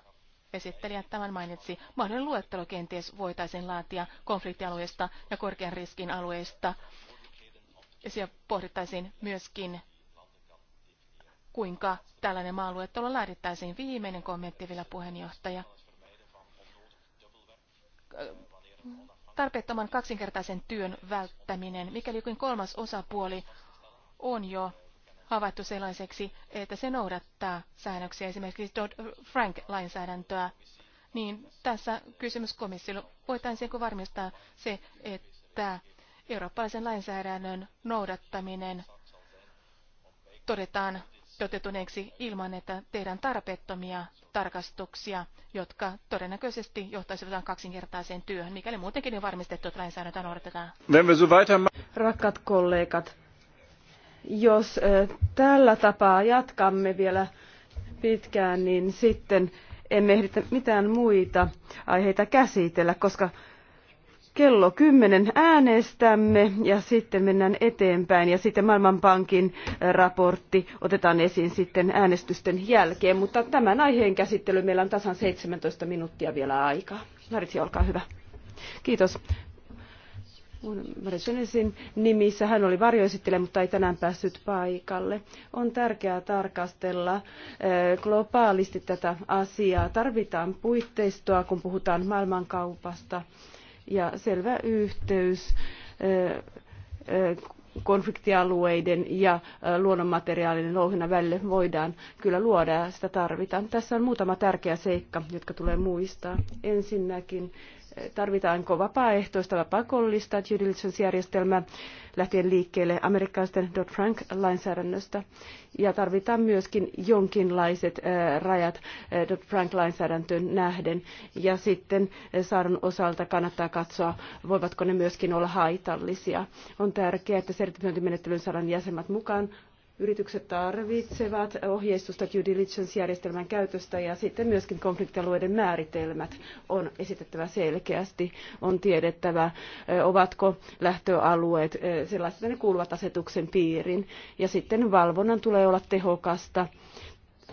Esittelijä tämän mainitsi. Mahdollinen luettelo kenties voitaisiin laatia konfliktialueista ja korkean riskin alueista. Ja siellä pohdittaisiin myöskin, kuinka tällainen maaluettelo laadittaisiin. Viimeinen kommentti vielä puheenjohtaja. Tarpeettoman kaksinkertaisen työn välttäminen, mikäli kuin kolmas osapuoli on jo havaittu sellaiseksi, että se noudattaa säännöksiä, esimerkiksi Dodd-Frank-lainsäädäntöä, niin tässä kysymys komissiolle. Voitaisiinko varmistaa se, että eurooppalaisen lainsäädännön noudattaminen todetaan toteutuneeksi ilman, että tehdään tarpeettomia tarkastuksia, jotka todennäköisesti johtaisivat kaksinkertaiseen työhön, mikäli muutenkin on varmistettu, että lainsäädäntöä noudatetaan. Rakkaat kollegat, jos tällä tapaa jatkamme vielä pitkään, niin sitten emme ehditä mitään muita aiheita käsitellä, koska kello kymmenen äänestämme ja sitten mennään eteenpäin ja sitten Maailmanpankin raportti otetaan esiin sitten äänestysten jälkeen, mutta tämän aiheen käsittely meillä on tasan 17 minuuttia vielä aikaa. Maritsi, olkaa hyvä. Kiitos Marisonisin nimissä. Hän oli varjoesittelijä, mutta ei tänään päässyt paikalle. On tärkeää tarkastella globaalisti tätä asiaa. Tarvitaan puitteistoa, kun puhutaan maailmankaupasta ja selvä yhteys konfliktialueiden ja luonnonmateriaalinen louhinnan välille voidaan kyllä luoda ja sitä tarvitaan. Tässä on muutama tärkeä seikka, jotka tulee muistaa. Ensinnäkin tarvitaanko vapaaehtoista vai pakollista due diligence-järjestelmää lähtien liikkeelle amerikkalaisten Dodd-Frank-lainsäädännöstä. Ja tarvitaan myöskin jonkinlaiset rajat Dodd-Frank-lainsäädäntöön nähden. Ja sitten saadun osalta kannattaa katsoa, voivatko ne myöskin olla haitallisia. On tärkeää, että sertifiointimenettelyn saadaan jäsenmät mukaan Yritykset tarvitsevat ohjeistusta due diligence-järjestelmän käytöstä ja sitten myöskin konfliktialueiden määritelmät on esitettävä selkeästi. On tiedettävä, ovatko lähtöalueet sellaiset, että ne kuuluvat asetuksen piiriin. Ja sitten valvonnan tulee olla tehokasta.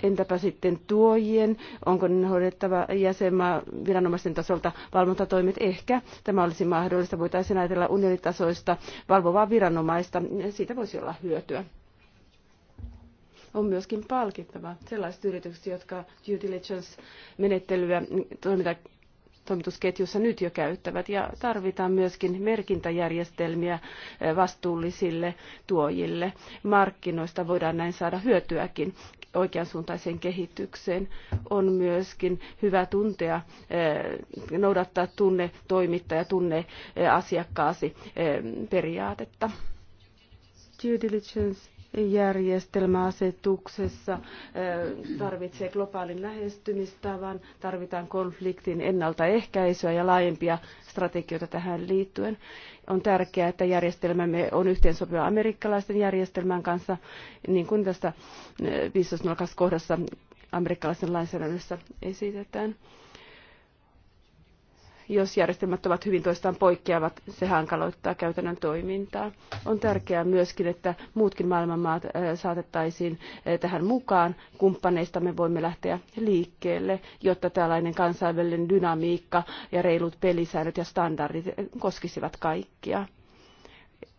Entäpä sitten tuojien, onko ne hoidettava jäsenmaa viranomaisten tasolta valvontatoimet? Ehkä tämä olisi mahdollista. Voitaisiin ajatella unionitasoista valvovaa viranomaista. Siitä voisi olla hyötyä on myöskin palkittava sellaiset yritykset, jotka due diligence-menettelyä toimita toimitusketjussa nyt jo käyttävät ja tarvitaan myöskin merkintäjärjestelmiä eh, vastuullisille tuojille. Markkinoista voidaan näin saada hyötyäkin oikeansuuntaiseen kehitykseen. On myöskin hyvä tuntea, eh, noudattaa tunne toimittaja, tunne eh, asiakkaasi periaatetta. Due diligence järjestelmäasetuksessa tarvitsee globaalin lähestymistavan, tarvitaan konfliktin ennaltaehkäisyä ja laajempia strategioita tähän liittyen. On tärkeää, että järjestelmämme on yhteensopiva amerikkalaisten järjestelmän kanssa, niin kuin tästä 15.0 kohdassa amerikkalaisen lainsäädännössä esitetään jos järjestelmät ovat hyvin toistaan poikkeavat, se hankaloittaa käytännön toimintaa. On tärkeää myöskin, että muutkin maailman maat saatettaisiin tähän mukaan. Kumppaneista me voimme lähteä liikkeelle, jotta tällainen kansainvälinen dynamiikka ja reilut pelisäännöt ja standardit koskisivat kaikkia.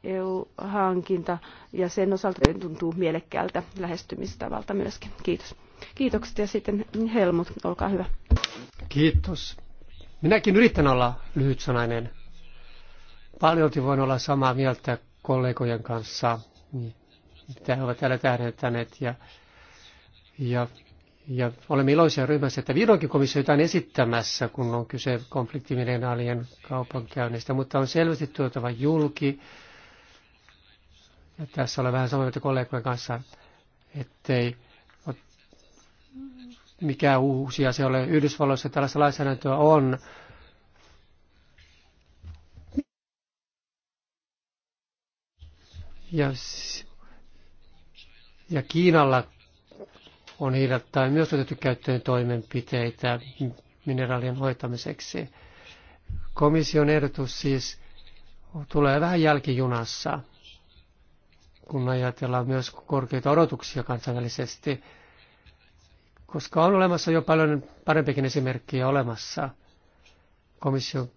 EU-hankinta ja sen osalta tuntuu mielekkäältä lähestymistavalta myöskin. Kiitos. Kiitokset ja sitten Helmut, olkaa hyvä. Kiitos. Minäkin yritän olla lyhytsanainen. Paljolti voin olla samaa mieltä kollegojen kanssa, mitä he ovat täällä tähdentäneet. Ja, ja, ja olemme iloisia ryhmässä, että vihdoinkin komissio jotain esittämässä, kun on kyse konfliktimineraalien kaupankäynnistä, mutta on selvästi tuotava julki. Ja tässä olen vähän samaa mieltä kollegojen kanssa, ettei mikä uusi asia ole. Yhdysvalloissa tällaista lainsäädäntöä on. Ja, ja Kiinalla on hiljattain myös otettu käyttöön toimenpiteitä mineraalien hoitamiseksi. Komission ehdotus siis tulee vähän jälkijunassa, kun ajatellaan myös korkeita odotuksia kansainvälisesti koska on olemassa jo paljon parempikin esimerkkiä olemassa. Komission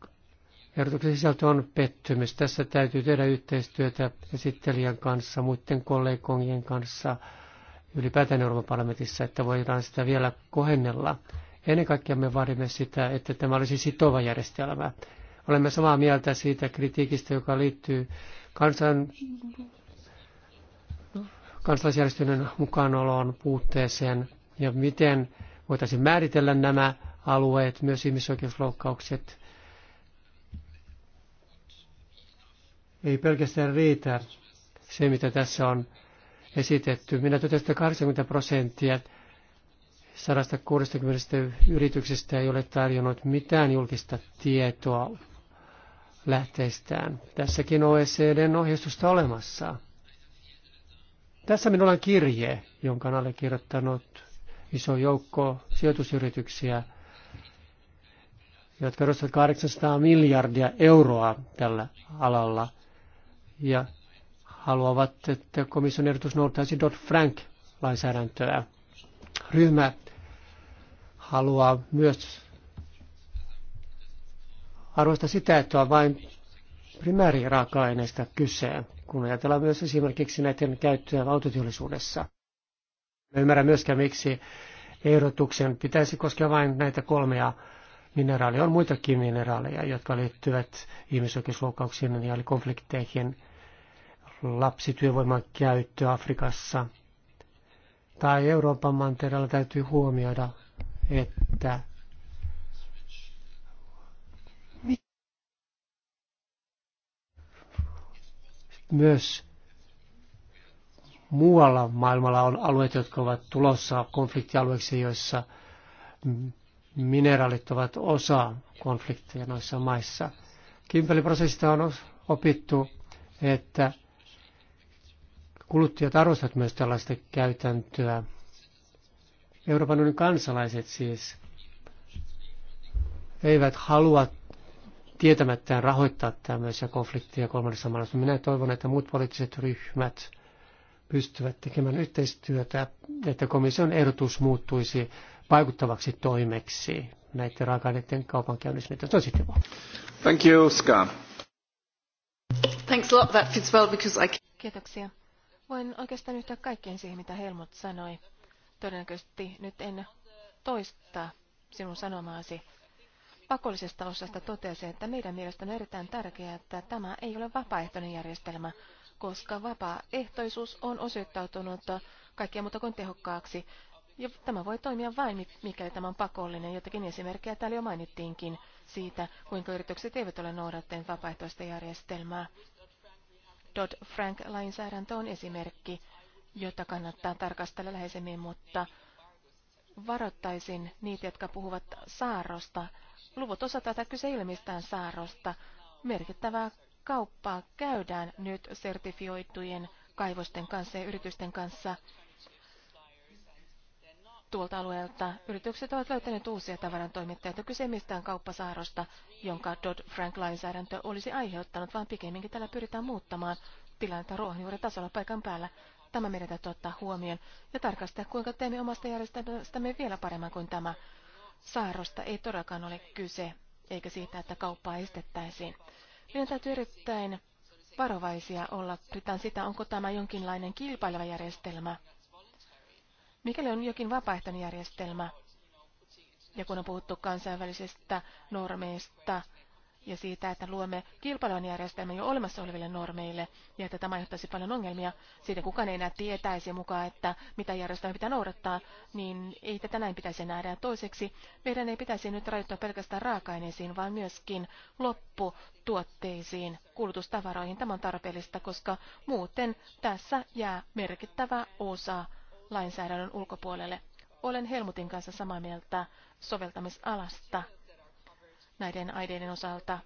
ehdotuksen sisältö on pettymys. Tässä täytyy tehdä yhteistyötä esittelijän kanssa, muiden kollegojen kanssa, ylipäätään Euroopan parlamentissa, että voidaan sitä vielä kohennella. Ennen kaikkea me vaadimme sitä, että tämä olisi sitova järjestelmä. Olemme samaa mieltä siitä kritiikistä, joka liittyy kansan, kansalaisjärjestöjen mukaanoloon puutteeseen ja miten voitaisiin määritellä nämä alueet, myös ihmisoikeusloukkaukset. Ei pelkästään riitä se, mitä tässä on esitetty. Minä totesin, 80 prosenttia 160 yrityksestä ei ole tarjonnut mitään julkista tietoa lähteistään. Tässäkin OECDn ohjeistusta olemassa. Tässä minulla on kirje, jonka on allekirjoittanut iso joukko sijoitusyrityksiä, jotka edustavat 800 miljardia euroa tällä alalla ja haluavat, että komission ehdotus noudattaisi Dodd-Frank-lainsäädäntöä. Ryhmä haluaa myös arvostaa sitä, että on vain primääriraaka-aineista kyse, kun ajatellaan myös esimerkiksi näiden käyttöä autoteollisuudessa. En ymmärrän myöskään, miksi ehdotuksen pitäisi koskea vain näitä kolmea mineraalia. On muitakin mineraaleja, jotka liittyvät ihmisoikeusloukkauksiin ja konflikteihin, lapsityövoiman käyttö Afrikassa. Tai Euroopan mantereella täytyy huomioida, että myös muualla maailmalla on alueet, jotka ovat tulossa konfliktialueiksi, joissa mineraalit ovat osa konflikteja noissa maissa. Kimpeliprosessista on opittu, että kuluttajat arvostavat myös tällaista käytäntöä. Euroopan unionin kansalaiset siis eivät halua tietämättään rahoittaa tämmöisiä konflikteja kolmannessa maailmassa. Minä toivon, että muut poliittiset ryhmät – pystyvät tekemään yhteistyötä, että komission ehdotus muuttuisi vaikuttavaksi toimeksi näiden raaka-aineiden kaupankäynnissä. Se on sitten vaan. Thank you, Ska. Thanks a lot. That fits well because I can... Kiitoksia. Voin oikeastaan yhtyä kaikkeen siihen, mitä Helmut sanoi. Todennäköisesti nyt en toista sinun sanomaasi. Pakollisesta osasta totesi, että meidän mielestämme on erittäin tärkeää, että tämä ei ole vapaaehtoinen järjestelmä, koska vapaaehtoisuus on osoittautunut kaikkea, muuta kuin tehokkaaksi. Ja tämä voi toimia vain, mikäli tämä on pakollinen. Jotakin esimerkkejä täällä jo mainittiinkin siitä, kuinka yritykset eivät ole noudattaneet vapaaehtoista järjestelmää. Dodd-Frank-lainsäädäntö on esimerkki, jota kannattaa tarkastella läheisemmin, mutta varoittaisin niitä, jotka puhuvat saarrosta. Luvut osataan, että kyse ei ole mistään Merkittävää kauppaa käydään nyt sertifioitujen kaivosten kanssa ja yritysten kanssa tuolta alueelta. Yritykset ovat löytäneet uusia tavarantoimittajia. Kyse mistään kauppasaarosta, jonka Dodd-Frank-lainsäädäntö olisi aiheuttanut, vaan pikemminkin tällä pyritään muuttamaan tilannetta ruohonjuuritasolla paikan päällä. Tämä meidän täytyy ottaa huomioon ja tarkastaa, kuinka teemme omasta järjestelmästämme vielä paremmin kuin tämä. Saarosta ei todellakaan ole kyse, eikä siitä, että kauppaa estettäisiin. Meidän täytyy erittäin varovaisia olla, pitää sitä, onko tämä jonkinlainen kilpaileva järjestelmä. Mikäli on jokin vapaaehtoinen järjestelmä, ja kun on puhuttu kansainvälisestä normeista ja siitä, että luomme kilpailun järjestelmän jo olemassa oleville normeille, ja että tämä aiheuttaisi paljon ongelmia. Siitä kukaan ei enää tietäisi mukaan, että mitä järjestelmä pitää noudattaa, niin ei tätä näin pitäisi nähdä. Ja toiseksi, meidän ei pitäisi nyt rajoittaa pelkästään raaka-aineisiin, vaan myöskin lopputuotteisiin, kulutustavaroihin. Tämä on tarpeellista, koska muuten tässä jää merkittävä osa lainsäädännön ulkopuolelle. Olen Helmutin kanssa samaa mieltä soveltamisalasta näiden aineiden osalta,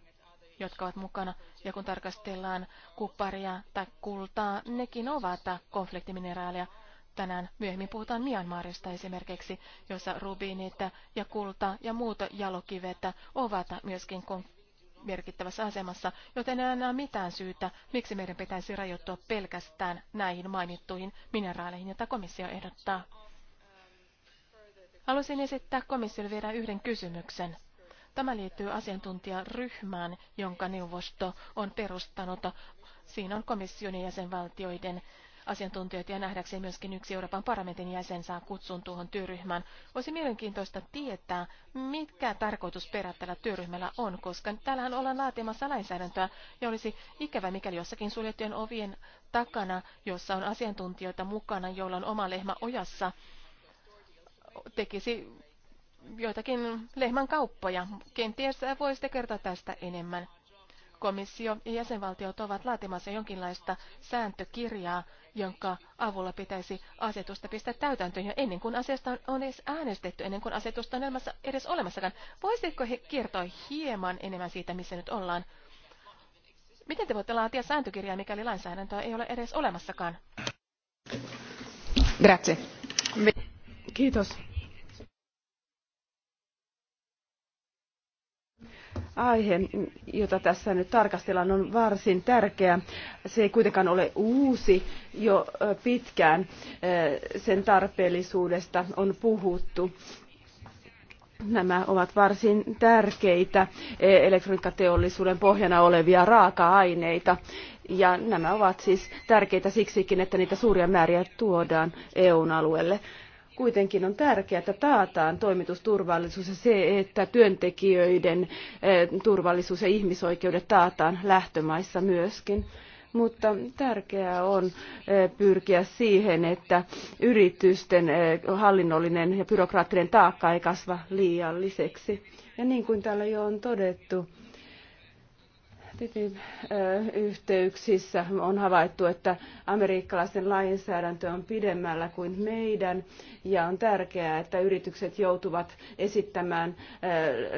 jotka ovat mukana. Ja kun tarkastellaan kupparia tai kultaa, nekin ovat konfliktimineraaleja. Tänään myöhemmin puhutaan Myanmarista esimerkiksi, jossa rubiinit ja kulta ja muut jalokivet ovat myöskin merkittävässä asemassa, joten ei enää mitään syytä, miksi meidän pitäisi rajoittua pelkästään näihin mainittuihin mineraaleihin, joita komissio ehdottaa. Haluaisin esittää komissiolle vielä yhden kysymyksen. Tämä liittyy asiantuntijaryhmään, jonka neuvosto on perustanut. Siinä on komission ja jäsenvaltioiden asiantuntijoita ja nähdäkseen myöskin yksi Euroopan parlamentin jäsen saa kutsun tuohon työryhmään. Olisi mielenkiintoista tietää, mitkä tarkoitusperät tällä työryhmällä on, koska täällähän ollaan laatimassa lainsäädäntöä ja olisi ikävä, mikäli jossakin suljettujen ovien takana, jossa on asiantuntijoita mukana, joilla on oma lehmä ojassa, tekisi joitakin lehmän kauppoja. Kenties voisitte kertoa tästä enemmän. Komissio ja jäsenvaltiot ovat laatimassa jonkinlaista sääntökirjaa, jonka avulla pitäisi asetusta pistää täytäntöön jo ennen kuin asiasta on edes äänestetty, ennen kuin asetusta on edes, edes olemassakaan. Voisitko he kertoa hieman enemmän siitä, missä nyt ollaan? Miten te voitte laatia sääntökirjaa, mikäli lainsäädäntöä ei ole edes olemassakaan? Grazie. Kiitos. aihe, jota tässä nyt tarkastellaan, on varsin tärkeä. Se ei kuitenkaan ole uusi jo pitkään. Sen tarpeellisuudesta on puhuttu. Nämä ovat varsin tärkeitä e, elektroniikkateollisuuden pohjana olevia raaka-aineita. Ja nämä ovat siis tärkeitä siksikin, että niitä suuria määriä tuodaan eu alueelle. Kuitenkin on tärkeää, että taataan toimitusturvallisuus ja se, että työntekijöiden eh, turvallisuus ja ihmisoikeudet taataan lähtömaissa myöskin mutta tärkeää on eh, pyrkiä siihen, että yritysten eh, hallinnollinen ja byrokraattinen taakka ei kasva liialliseksi. Ja niin kuin täällä jo on todettu, TTIP-yhteyksissä on havaittu, että amerikkalaisten lainsäädäntö on pidemmällä kuin meidän ja on tärkeää, että yritykset joutuvat esittämään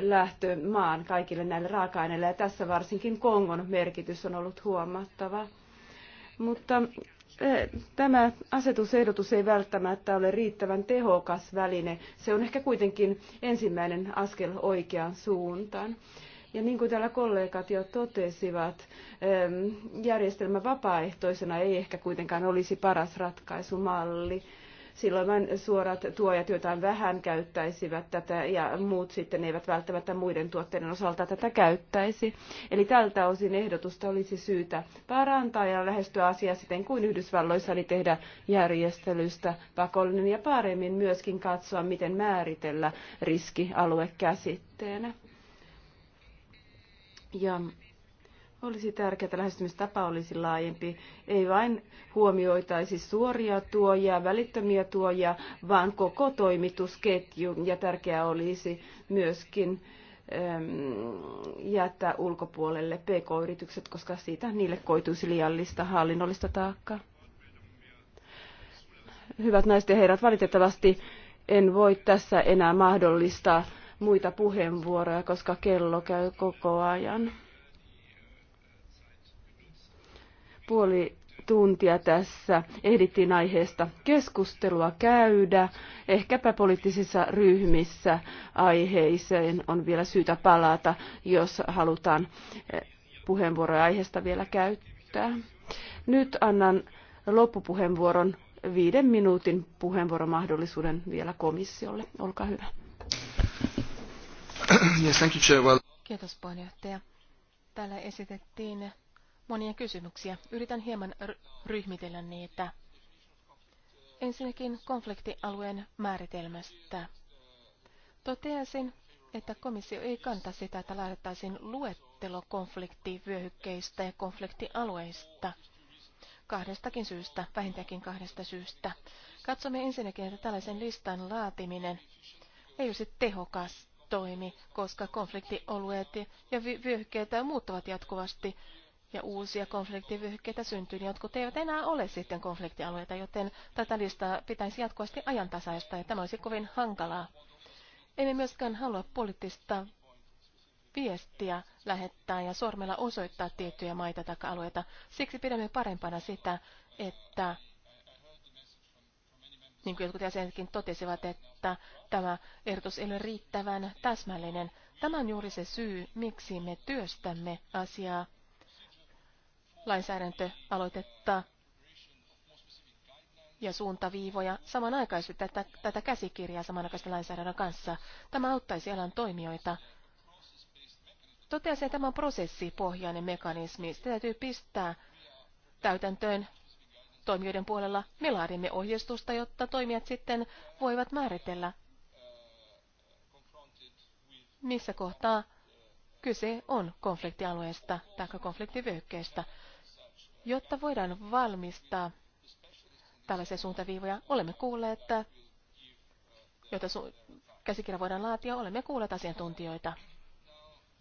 lähtömaan kaikille näille raaka-aineille ja tässä varsinkin Kongon merkitys on ollut huomattava. Mutta tämä asetusehdotus ei välttämättä ole riittävän tehokas väline. Se on ehkä kuitenkin ensimmäinen askel oikeaan suuntaan. Ja niin kuin täällä kollegat jo totesivat, järjestelmä vapaaehtoisena ei ehkä kuitenkaan olisi paras ratkaisumalli. Silloin vain suorat tuojat, joita vähän, käyttäisivät tätä ja muut sitten eivät välttämättä muiden tuotteiden osalta tätä käyttäisi. Eli tältä osin ehdotusta olisi syytä parantaa ja lähestyä asiaa siten kuin Yhdysvalloissa, eli tehdä järjestelystä pakollinen ja paremmin myöskin katsoa, miten määritellä riskialue käsitteenä ja olisi tärkeää, että lähestymistapa olisi laajempi. Ei vain huomioitaisi suoria tuojia, välittömiä tuojia, vaan koko toimitusketju. Ja tärkeää olisi myöskin ähm, jättää ulkopuolelle pk-yritykset, koska siitä niille koituisi liiallista hallinnollista taakkaa. Hyvät naiset ja herrat, valitettavasti en voi tässä enää mahdollistaa muita puheenvuoroja, koska kello käy koko ajan. Puoli tuntia tässä ehdittiin aiheesta keskustelua käydä. Ehkäpä poliittisissa ryhmissä aiheeseen on vielä syytä palata, jos halutaan eh, puheenvuoroja aiheesta vielä käyttää. Nyt annan loppupuheenvuoron viiden minuutin puheenvuoromahdollisuuden vielä komissiolle. Olkaa hyvä. Kiitos puheenjohtaja. Täällä esitettiin monia kysymyksiä. Yritän hieman ryhmitellä niitä. Ensinnäkin konfliktialueen määritelmästä. Toteasin, että komissio ei kanta sitä, että laadettaisiin luettelo konfliktivyöhykkeistä ja konfliktialueista. Kahdestakin syystä, vähintäänkin kahdesta syystä. Katsomme ensinnäkin, että tällaisen listan laatiminen ei olisi tehokas toimi, koska konfliktialueet ja vyöhykkeet muuttuvat jatkuvasti ja uusia konfliktivyöhykkeitä syntyy, niin jotkut eivät enää ole sitten konfliktialueita, joten tätä listaa pitäisi jatkuvasti ajantasaista ja tämä olisi kovin hankalaa. Emme myöskään halua poliittista viestiä lähettää ja sormella osoittaa tiettyjä maita tai alueita. Siksi pidämme parempana sitä, että niin kuin jotkut jäsenetkin totesivat, että tämä ehdotus ei ole riittävän täsmällinen. Tämä on juuri se syy, miksi me työstämme asiaa lainsäädäntöaloitetta ja suuntaviivoja samanaikaisesti tätä, tätä käsikirjaa samanaikaisesti lainsäädännön kanssa. Tämä auttaisi alan toimijoita. Toteaisin, että tämä on prosessipohjainen mekanismi. Sitä täytyy pistää täytäntöön toimijoiden puolella me laadimme ohjeistusta, jotta toimijat sitten voivat määritellä, missä kohtaa kyse on konfliktialueesta tai konfliktivyöhykkeestä, jotta voidaan valmistaa tällaisia suuntaviivoja. Olemme kuulleet, että jotta su- käsikirja voidaan laatia, olemme kuulleet asiantuntijoita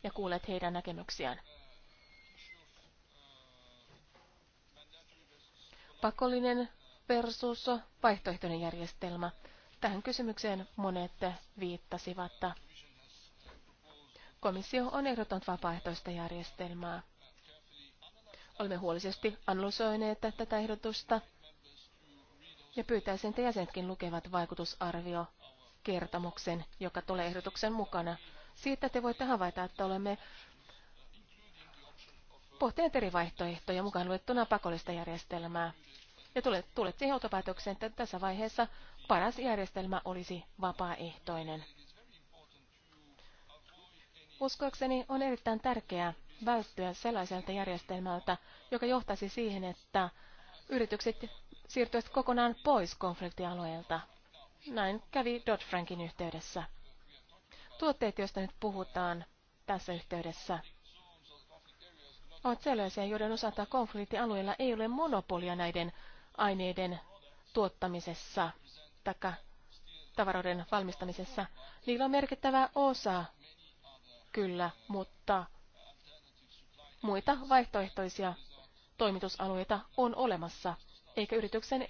ja kuulleet heidän näkemyksiään. pakollinen versus vaihtoehtoinen järjestelmä. Tähän kysymykseen monet viittasivat. Komissio on ehdottanut vapaaehtoista järjestelmää. Olemme huolisesti analysoineet tätä ehdotusta ja pyytäisin, että jäsenetkin lukevat vaikutusarvio kertomuksen, joka tulee ehdotuksen mukana. Siitä te voitte havaita, että olemme pohtineet eri vaihtoehtoja mukaan luettuna pakollista järjestelmää ja tulette johtopäätökseen, että tässä vaiheessa paras järjestelmä olisi vapaaehtoinen. Uskoakseni on erittäin tärkeää välttyä sellaiselta järjestelmältä, joka johtaisi siihen, että yritykset siirtyisivät kokonaan pois konfliktialueelta. Näin kävi Dodd-Frankin yhteydessä. Tuotteet, joista nyt puhutaan tässä yhteydessä, ovat sellaisia, joiden osalta konfliktialueilla ei ole monopolia näiden aineiden tuottamisessa tai tavaroiden valmistamisessa. Niillä on merkittävä osa, kyllä, mutta muita vaihtoehtoisia toimitusalueita on olemassa, eikä yrityksen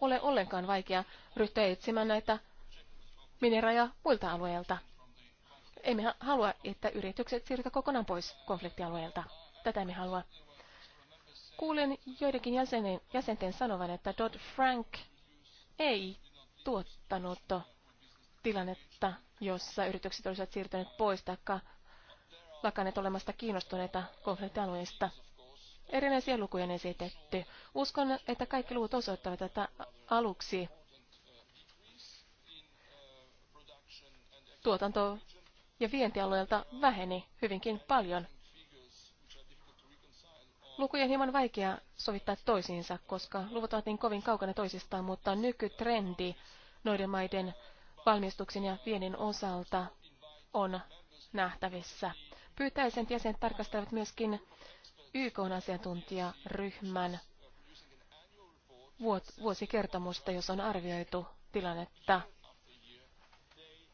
ole ollenkaan vaikea ryhtyä etsimään näitä mineraja muilta alueilta. Emme halua, että yritykset siirrytään kokonaan pois konfliktialueelta. Tätä emme halua. Kuulen joidenkin jäsenen, jäsenten sanovan, että Dodd-Frank ei tuottanut tilannetta, jossa yritykset olisivat siirtyneet pois taikka lakanneet olemasta kiinnostuneita konfliktialueista. Erinäisiä lukuja on esitetty. Uskon, että kaikki luvut osoittavat, että aluksi tuotanto- ja vientialueelta väheni hyvinkin paljon Lukuja on hieman vaikea sovittaa toisiinsa, koska luvut ovat niin kovin kaukana toisistaan, mutta nykytrendi noiden maiden valmistuksen ja viennin osalta on nähtävissä. Pyytäisin jäsenet tarkastelevat myöskin YK-asiantuntijaryhmän vuosikertomusta, jos on arvioitu tilannetta,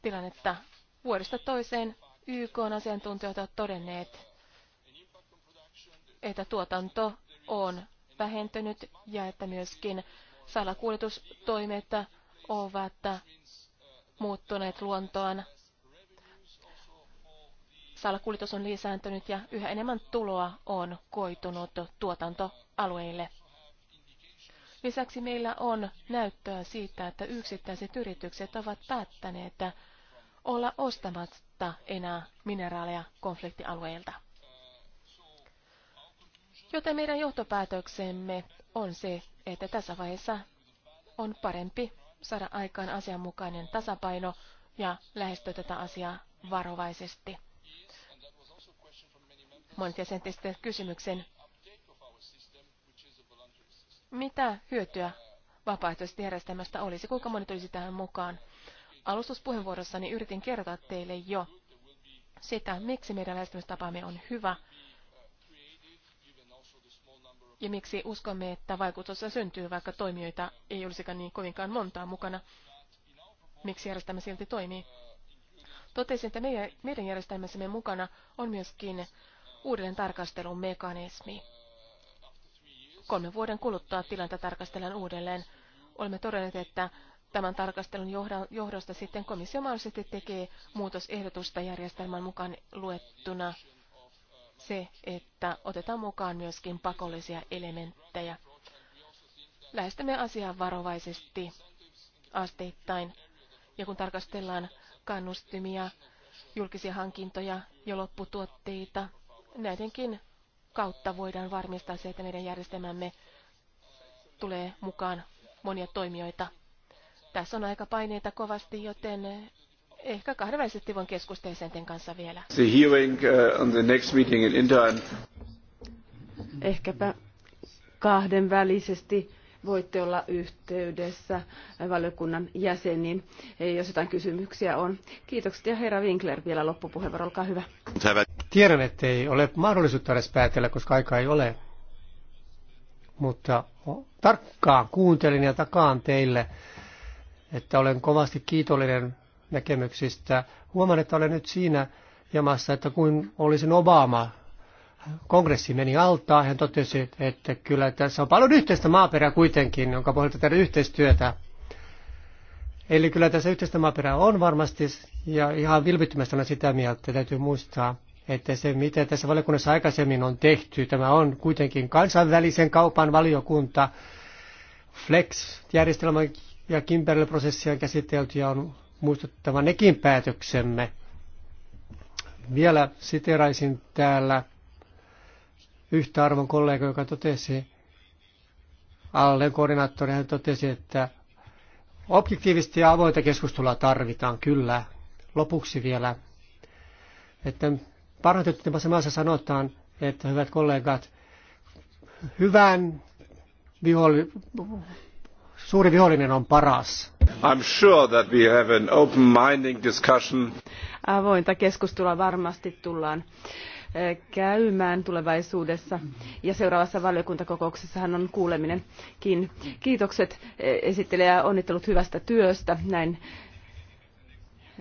tilannetta vuodesta toiseen YK-asiantuntijat ovat todenneet, että tuotanto on vähentynyt ja että myöskin salakuljetustoimet ovat muuttuneet luontoon. Salakuljetus on lisääntynyt ja yhä enemmän tuloa on koitunut tuotantoalueille. Lisäksi meillä on näyttöä siitä, että yksittäiset yritykset ovat päättäneet olla ostamatta enää mineraaleja konfliktialueilta. Joten meidän johtopäätöksemme on se, että tässä vaiheessa on parempi saada aikaan asianmukainen tasapaino ja lähestyä tätä asiaa varovaisesti. Monet jäsentistä kysymyksen, mitä hyötyä vapaaehtoisesta järjestelmästä olisi, kuinka moni tulisi tähän mukaan. Alustuspuheenvuorossani yritin kertoa teille jo sitä, miksi meidän lähestymistapaamme on hyvä – ja miksi uskomme, että vaikutusta syntyy, vaikka toimijoita ei olisikaan niin kovinkaan montaa mukana. Miksi järjestelmä silti toimii? Totesin, että meidän, meidän järjestelmässämme mukana on myöskin uudelleen tarkastelun mekanismi. Kolmen vuoden kuluttua tilanta tarkastellaan uudelleen. Olemme todenneet, että tämän tarkastelun johdosta sitten komissio mahdollisesti tekee muutosehdotusta järjestelmän mukaan luettuna se, että otetaan mukaan myöskin pakollisia elementtejä. Lähestymme asiaa varovaisesti asteittain. Ja kun tarkastellaan kannustimia, julkisia hankintoja ja lopputuotteita, näidenkin kautta voidaan varmistaa se, että meidän järjestelmämme tulee mukaan monia toimijoita. Tässä on aika paineita kovasti, joten Ehkä kahdenvälisesti voin keskustella jäsenten kanssa vielä. The hearing uh, on the next meeting in India. Ehkäpä kahdenvälisesti voitte olla yhteydessä valiokunnan jäseniin, jos jotain kysymyksiä on. Kiitokset ja herra Winkler vielä loppupuheenvuoro, olkaa hyvä. Tiedän, että ei ole mahdollisuutta edes päätellä, koska aika ei ole. Mutta tarkkaan kuuntelin ja takaan teille, että olen kovasti kiitollinen näkemyksistä. Huomaan, että olen nyt siinä jamassa, että kun olisin Obama, kongressi meni altaan, hän totesi, että kyllä tässä on paljon yhteistä maaperää kuitenkin, jonka pohjalta tehdä yhteistyötä. Eli kyllä tässä yhteistä maaperää on varmasti, ja ihan vilpittömästi olen sitä mieltä, että täytyy muistaa, että se mitä tässä valiokunnassa aikaisemmin on tehty, tämä on kuitenkin kansainvälisen kaupan valiokunta, flex järjestelmä ja Kimberley-prosessia on käsitelty ja on muistuttava nekin päätöksemme. Vielä siteraisin täällä yhtä arvon kollega, joka totesi, alle koordinaattori, hän totesi, että objektiivista ja avointa keskustelua tarvitaan kyllä. Lopuksi vielä, että parhaiten maassa sanotaan, että hyvät kollegat, hyvän viholli, Suuri vihollinen on paras. I'm sure that we have an open-minded discussion. Avointa keskustelua varmasti tullaan eh, käymään tulevaisuudessa. Ja seuraavassa valiokuntakokouksessahan on kuuleminenkin. Kiitokset eh, esittelijä onnittelut hyvästä työstä. Näin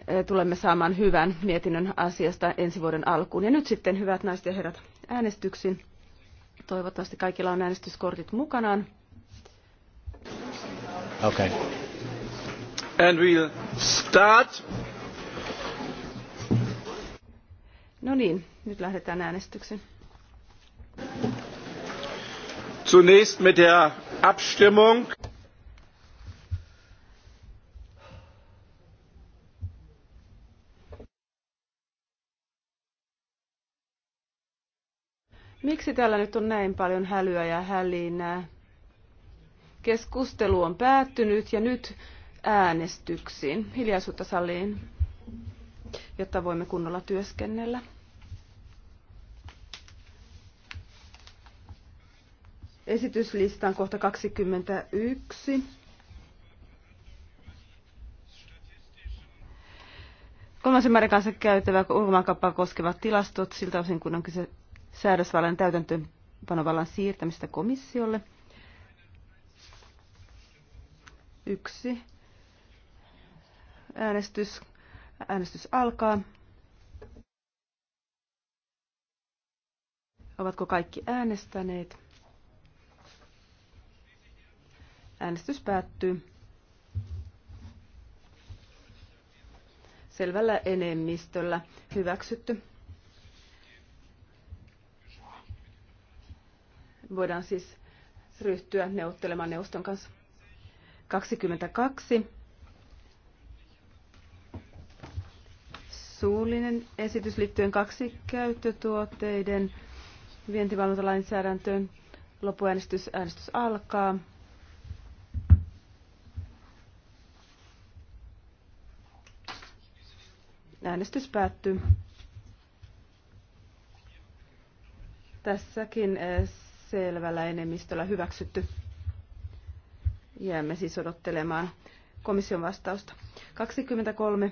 eh, tulemme saamaan hyvän mietinnön asiasta ensi vuoden alkuun. Ja nyt sitten, hyvät naiset ja herrat, äänestyksiin. Toivottavasti kaikilla on äänestyskortit mukanaan. Okay. And we'll start. No niin, nyt lähdetään äänestykseen. Zunächst mit der Abstimmung. Miksi täällä nyt on näin paljon hälyä ja hälinää? Keskustelu on päättynyt ja nyt äänestyksiin. Hiljaisuutta saliin, jotta voimme kunnolla työskennellä. Esityslistan kohta 21. Kolmasen määrän kanssa käytävä ulkomaankauppaa koskevat tilastot siltä osin, kun on kyse säädösvallan täytäntöönpanovallan siirtämistä komissiolle – Yksi. Äänestys. Äänestys alkaa. Ovatko kaikki äänestäneet? Äänestys päättyy. Selvällä enemmistöllä hyväksytty. Voidaan siis ryhtyä neuvottelemaan neuvoston kanssa. 22. Suullinen esitys liittyen kaksi käyttötuotteiden vientivalvontalainsäädäntöön. Lopuäänestys äänestys alkaa. Äänestys päättyy. Tässäkin eh, selvällä enemmistöllä hyväksytty. Jäämme siis odottelemaan komission vastausta. 23.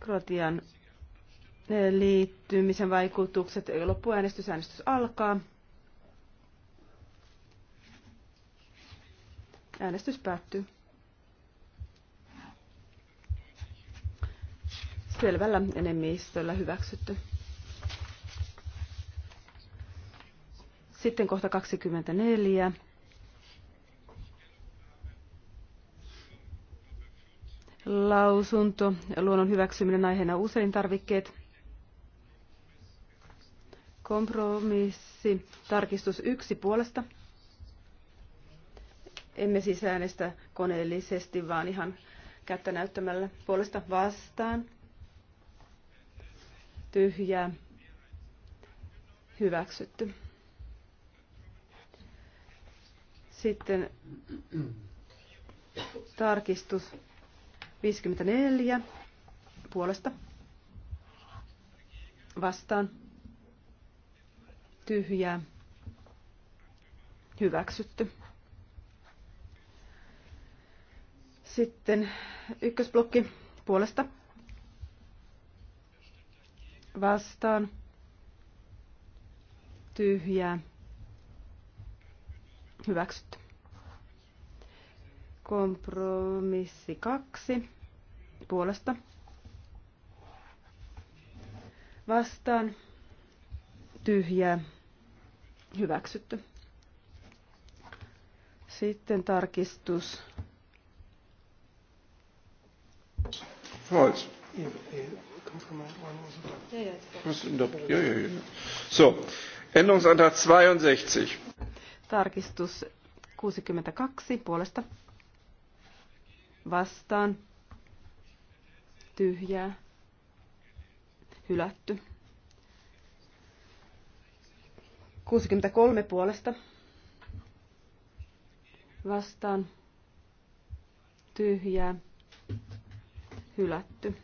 Kroatian eh, liittymisen vaikutukset. Loppuäänestys, äänestys alkaa. Äänestys päättyy. Selvällä enemmistöllä hyväksytty. Sitten kohta 24. Lausunto. Luonnon hyväksyminen aiheena usein tarvikkeet. Kompromissi. Tarkistus yksi puolesta. Emme siis äänestä koneellisesti, vaan ihan kättä näyttämällä puolesta vastaan. Tyhjää. Hyväksytty. Sitten tarkistus 54 puolesta vastaan tyhjää hyväksytty. Sitten ykkösblokki puolesta vastaan tyhjää Hyväksytty. Kompromissi kaksi puolesta. Vastaan. Tyhjää. Hyväksytty. Sitten tarkistus. False. So, Änderungsantrag 62. Tarkistus 62 puolesta vastaan tyhjää hylätty. 63 puolesta vastaan tyhjää hylätty.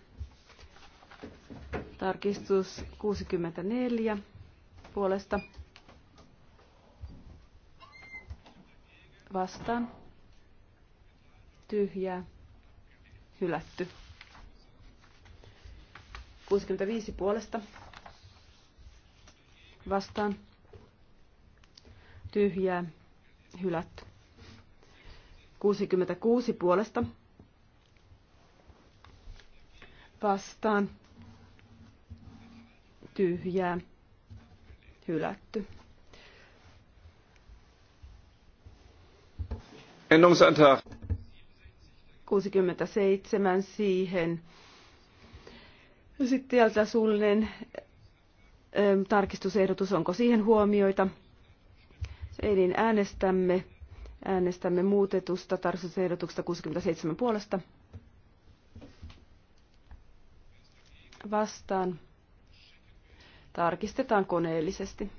Tarkistus 64 puolesta vastaan tyhjä hylätty. 65 puolesta vastaan tyhjää hylätty. 66 puolesta vastaan tyhjää hylätty. Änderungsantrag 67 siihen. Sitten sieltä suullinen ähm, tarkistusehdotus, onko siihen huomioita? Ei niin äänestämme. Äänestämme muutetusta tarkistusehdotuksesta 67 puolesta. Vastaan. Tarkistetaan koneellisesti.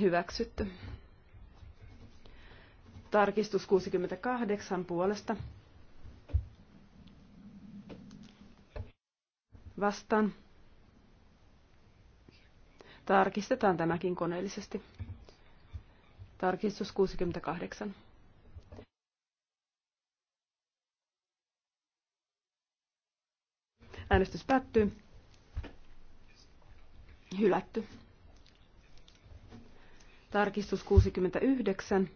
Hyväksytty. Tarkistus 68 puolesta. Vastaan. Tarkistetaan tämäkin koneellisesti. Tarkistus 68. Äänestys päättyy. Hylätty. Tarkistus 69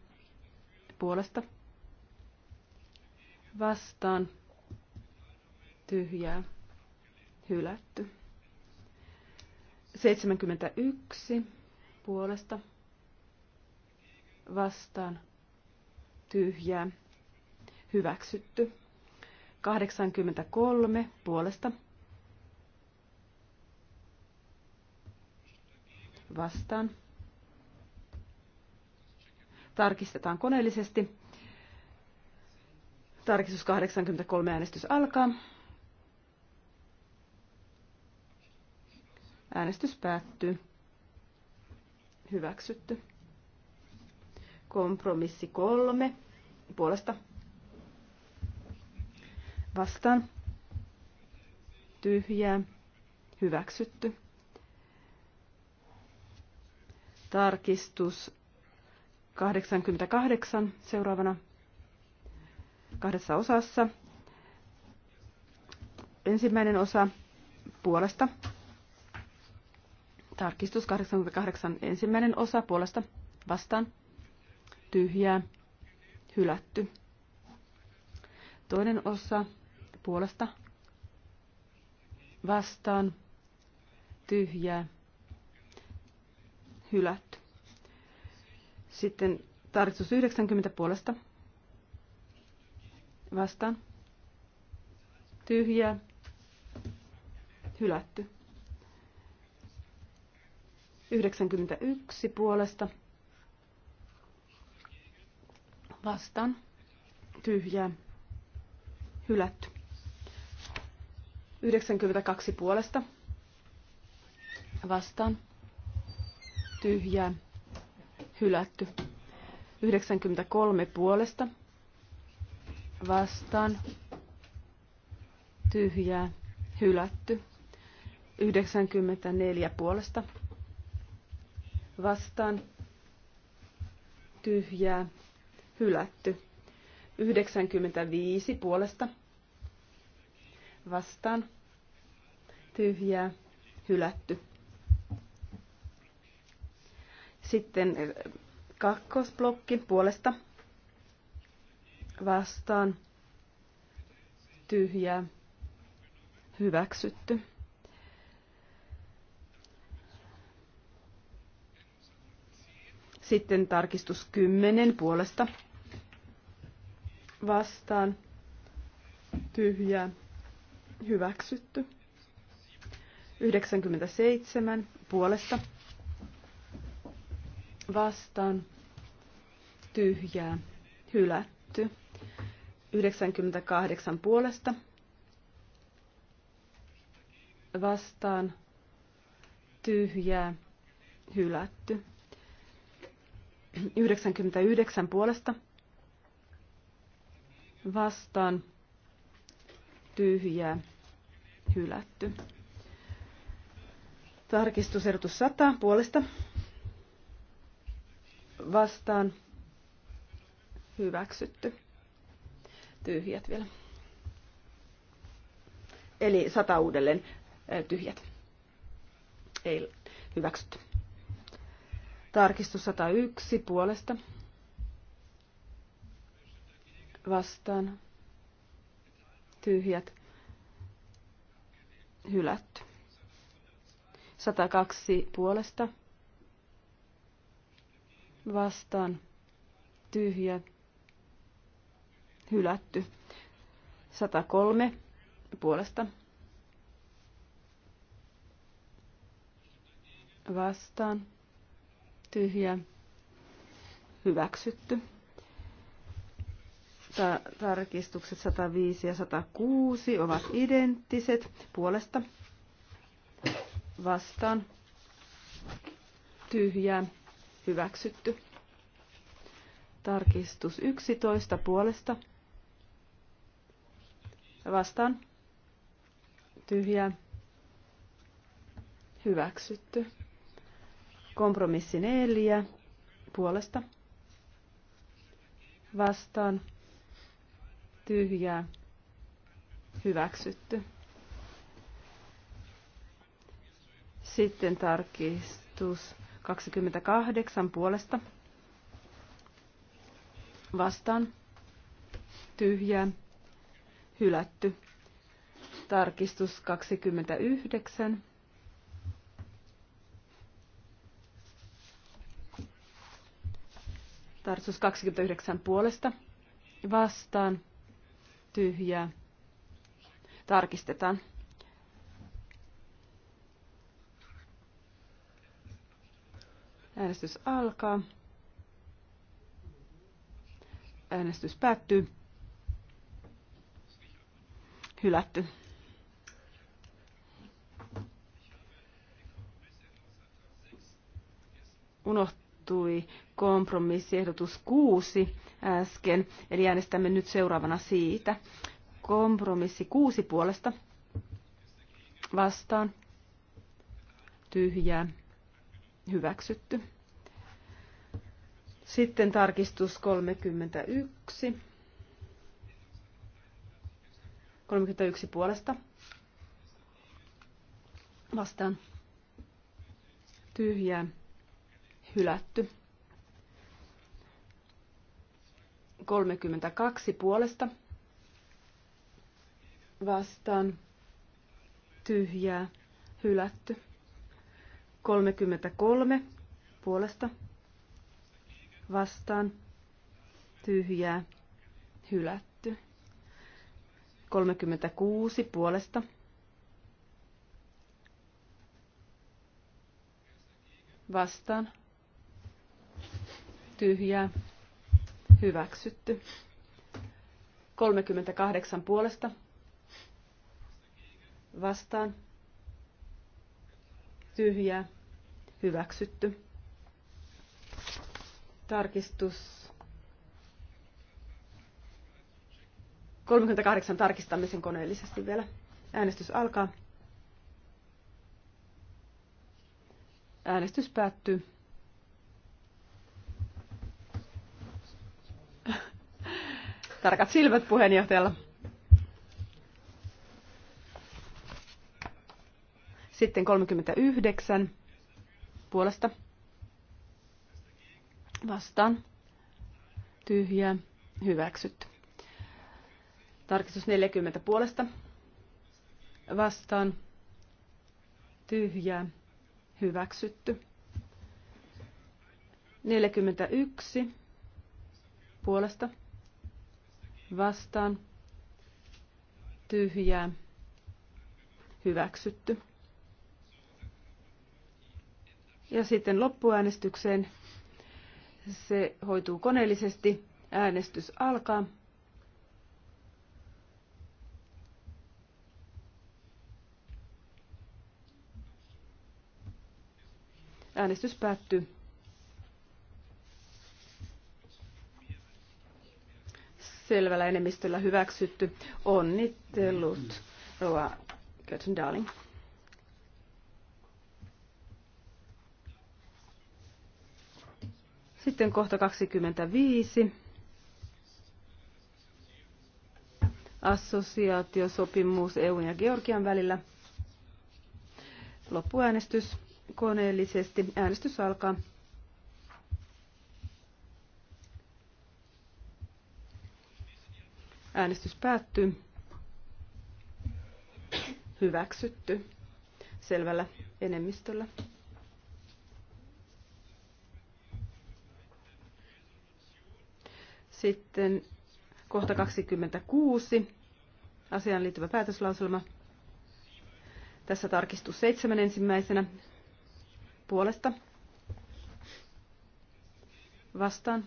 puolesta vastaan tyhjää hylätty. 71 puolesta vastaan tyhjää hyväksytty. 83 puolesta vastaan tarkistetaan koneellisesti. Tarkistus 83 äänestys alkaa. Äänestys päättyy. Hyväksytty. Kompromissi kolme. Puolesta. Vastaan. Tyhjää. Hyväksytty. Tarkistus 88 seuraavana kahdessa osassa. Ensimmäinen osa puolesta. Tarkistus 88 ensimmäinen osa puolesta vastaan. Tyhjää. Hylätty. Toinen osa puolesta vastaan. Tyhjää. Hylätty. Sitten tarkistus 90 puolesta. Vastaan. Tyhjää. Hylätty. 91 puolesta. Vastaan. Tyhjää. Hylätty. 92 puolesta. Vastaan. Tyhjää hylätty. 93 puolesta vastaan tyhjää hylätty. 94 puolesta vastaan tyhjää hylätty. 95 puolesta vastaan tyhjää hylätty. Sitten eh, kakkosblokki puolesta vastaan tyhjää hyväksytty. Sitten tarkistus 10 puolesta vastaan tyhjää hyväksytty. 97 puolesta vastaan tyhjää hylätty. 98 puolesta vastaan tyhjää hylätty. 99 puolesta vastaan tyhjää hylätty. Tarkistusertus 100 puolesta vastaan hyväksytty. Tyhjät vielä. Eli sata uudelleen tyhjät. Ei hyväksytty. Tarkistus 101 puolesta. Vastaan. Tyhjät. Hylätty. 102 puolesta vastaan tyhjä hylätty. 103 puolesta vastaan tyhjä hyväksytty. Tarkistukset 105 ja 106 ovat identtiset puolesta vastaan tyhjää hyväksytty. Tarkistus 11 puolesta. Vastaan. Tyhjä. Hyväksytty. Kompromissi 4 puolesta. Vastaan. Tyhjää. Hyväksytty. Sitten tarkistus 28 puolesta vastaan tyhjää hylätty. Tarkistus 29. Tarkistus 29 puolesta vastaan tyhjää. Tarkistetaan. Äänestys alkaa. Äänestys päättyy. Hylätty. Unohtui kompromissiehdotus 6 äsken, eli äänestämme nyt seuraavana siitä. Kompromissi 6 puolesta vastaan tyhjää hyväksytty. Sitten tarkistus 31. 31 puolesta. Vastaan. Tyhjää. Hylätty. 32 puolesta. Vastaan. Tyhjää. Hylätty. 33 puolesta vastaan tyhjää hylätty. 36 puolesta vastaan tyhjää hyväksytty. 38 puolesta vastaan tyhjää hyväksytty. Tarkistus 38 tarkistamisen koneellisesti vielä. Äänestys alkaa. Äänestys päättyy. Tarkat silmät puheenjohtajalla. Sitten 39 puolesta vastaan tyhjää hyväksytty. Tarkistus 40 puolesta vastaan tyhjää hyväksytty. 41 puolesta vastaan tyhjää hyväksytty. Ja sitten loppuäänestykseen. Se hoituu koneellisesti. Äänestys alkaa. Äänestys päättyy. Selvällä enemmistöllä hyväksytty. Onnittelut, Rova Götzendaling. darling Sitten kohta 25. Assosiaatiosopimus EUn ja Georgian välillä. Loppuäänestys koneellisesti. Äänestys alkaa. Äänestys päättyy. Hyväksytty selvällä enemmistöllä. Sitten kohta 26, asiaan liittyvä päätöslauselma. Tässä tarkistus seitsemän ensimmäisenä puolesta. Vastaan.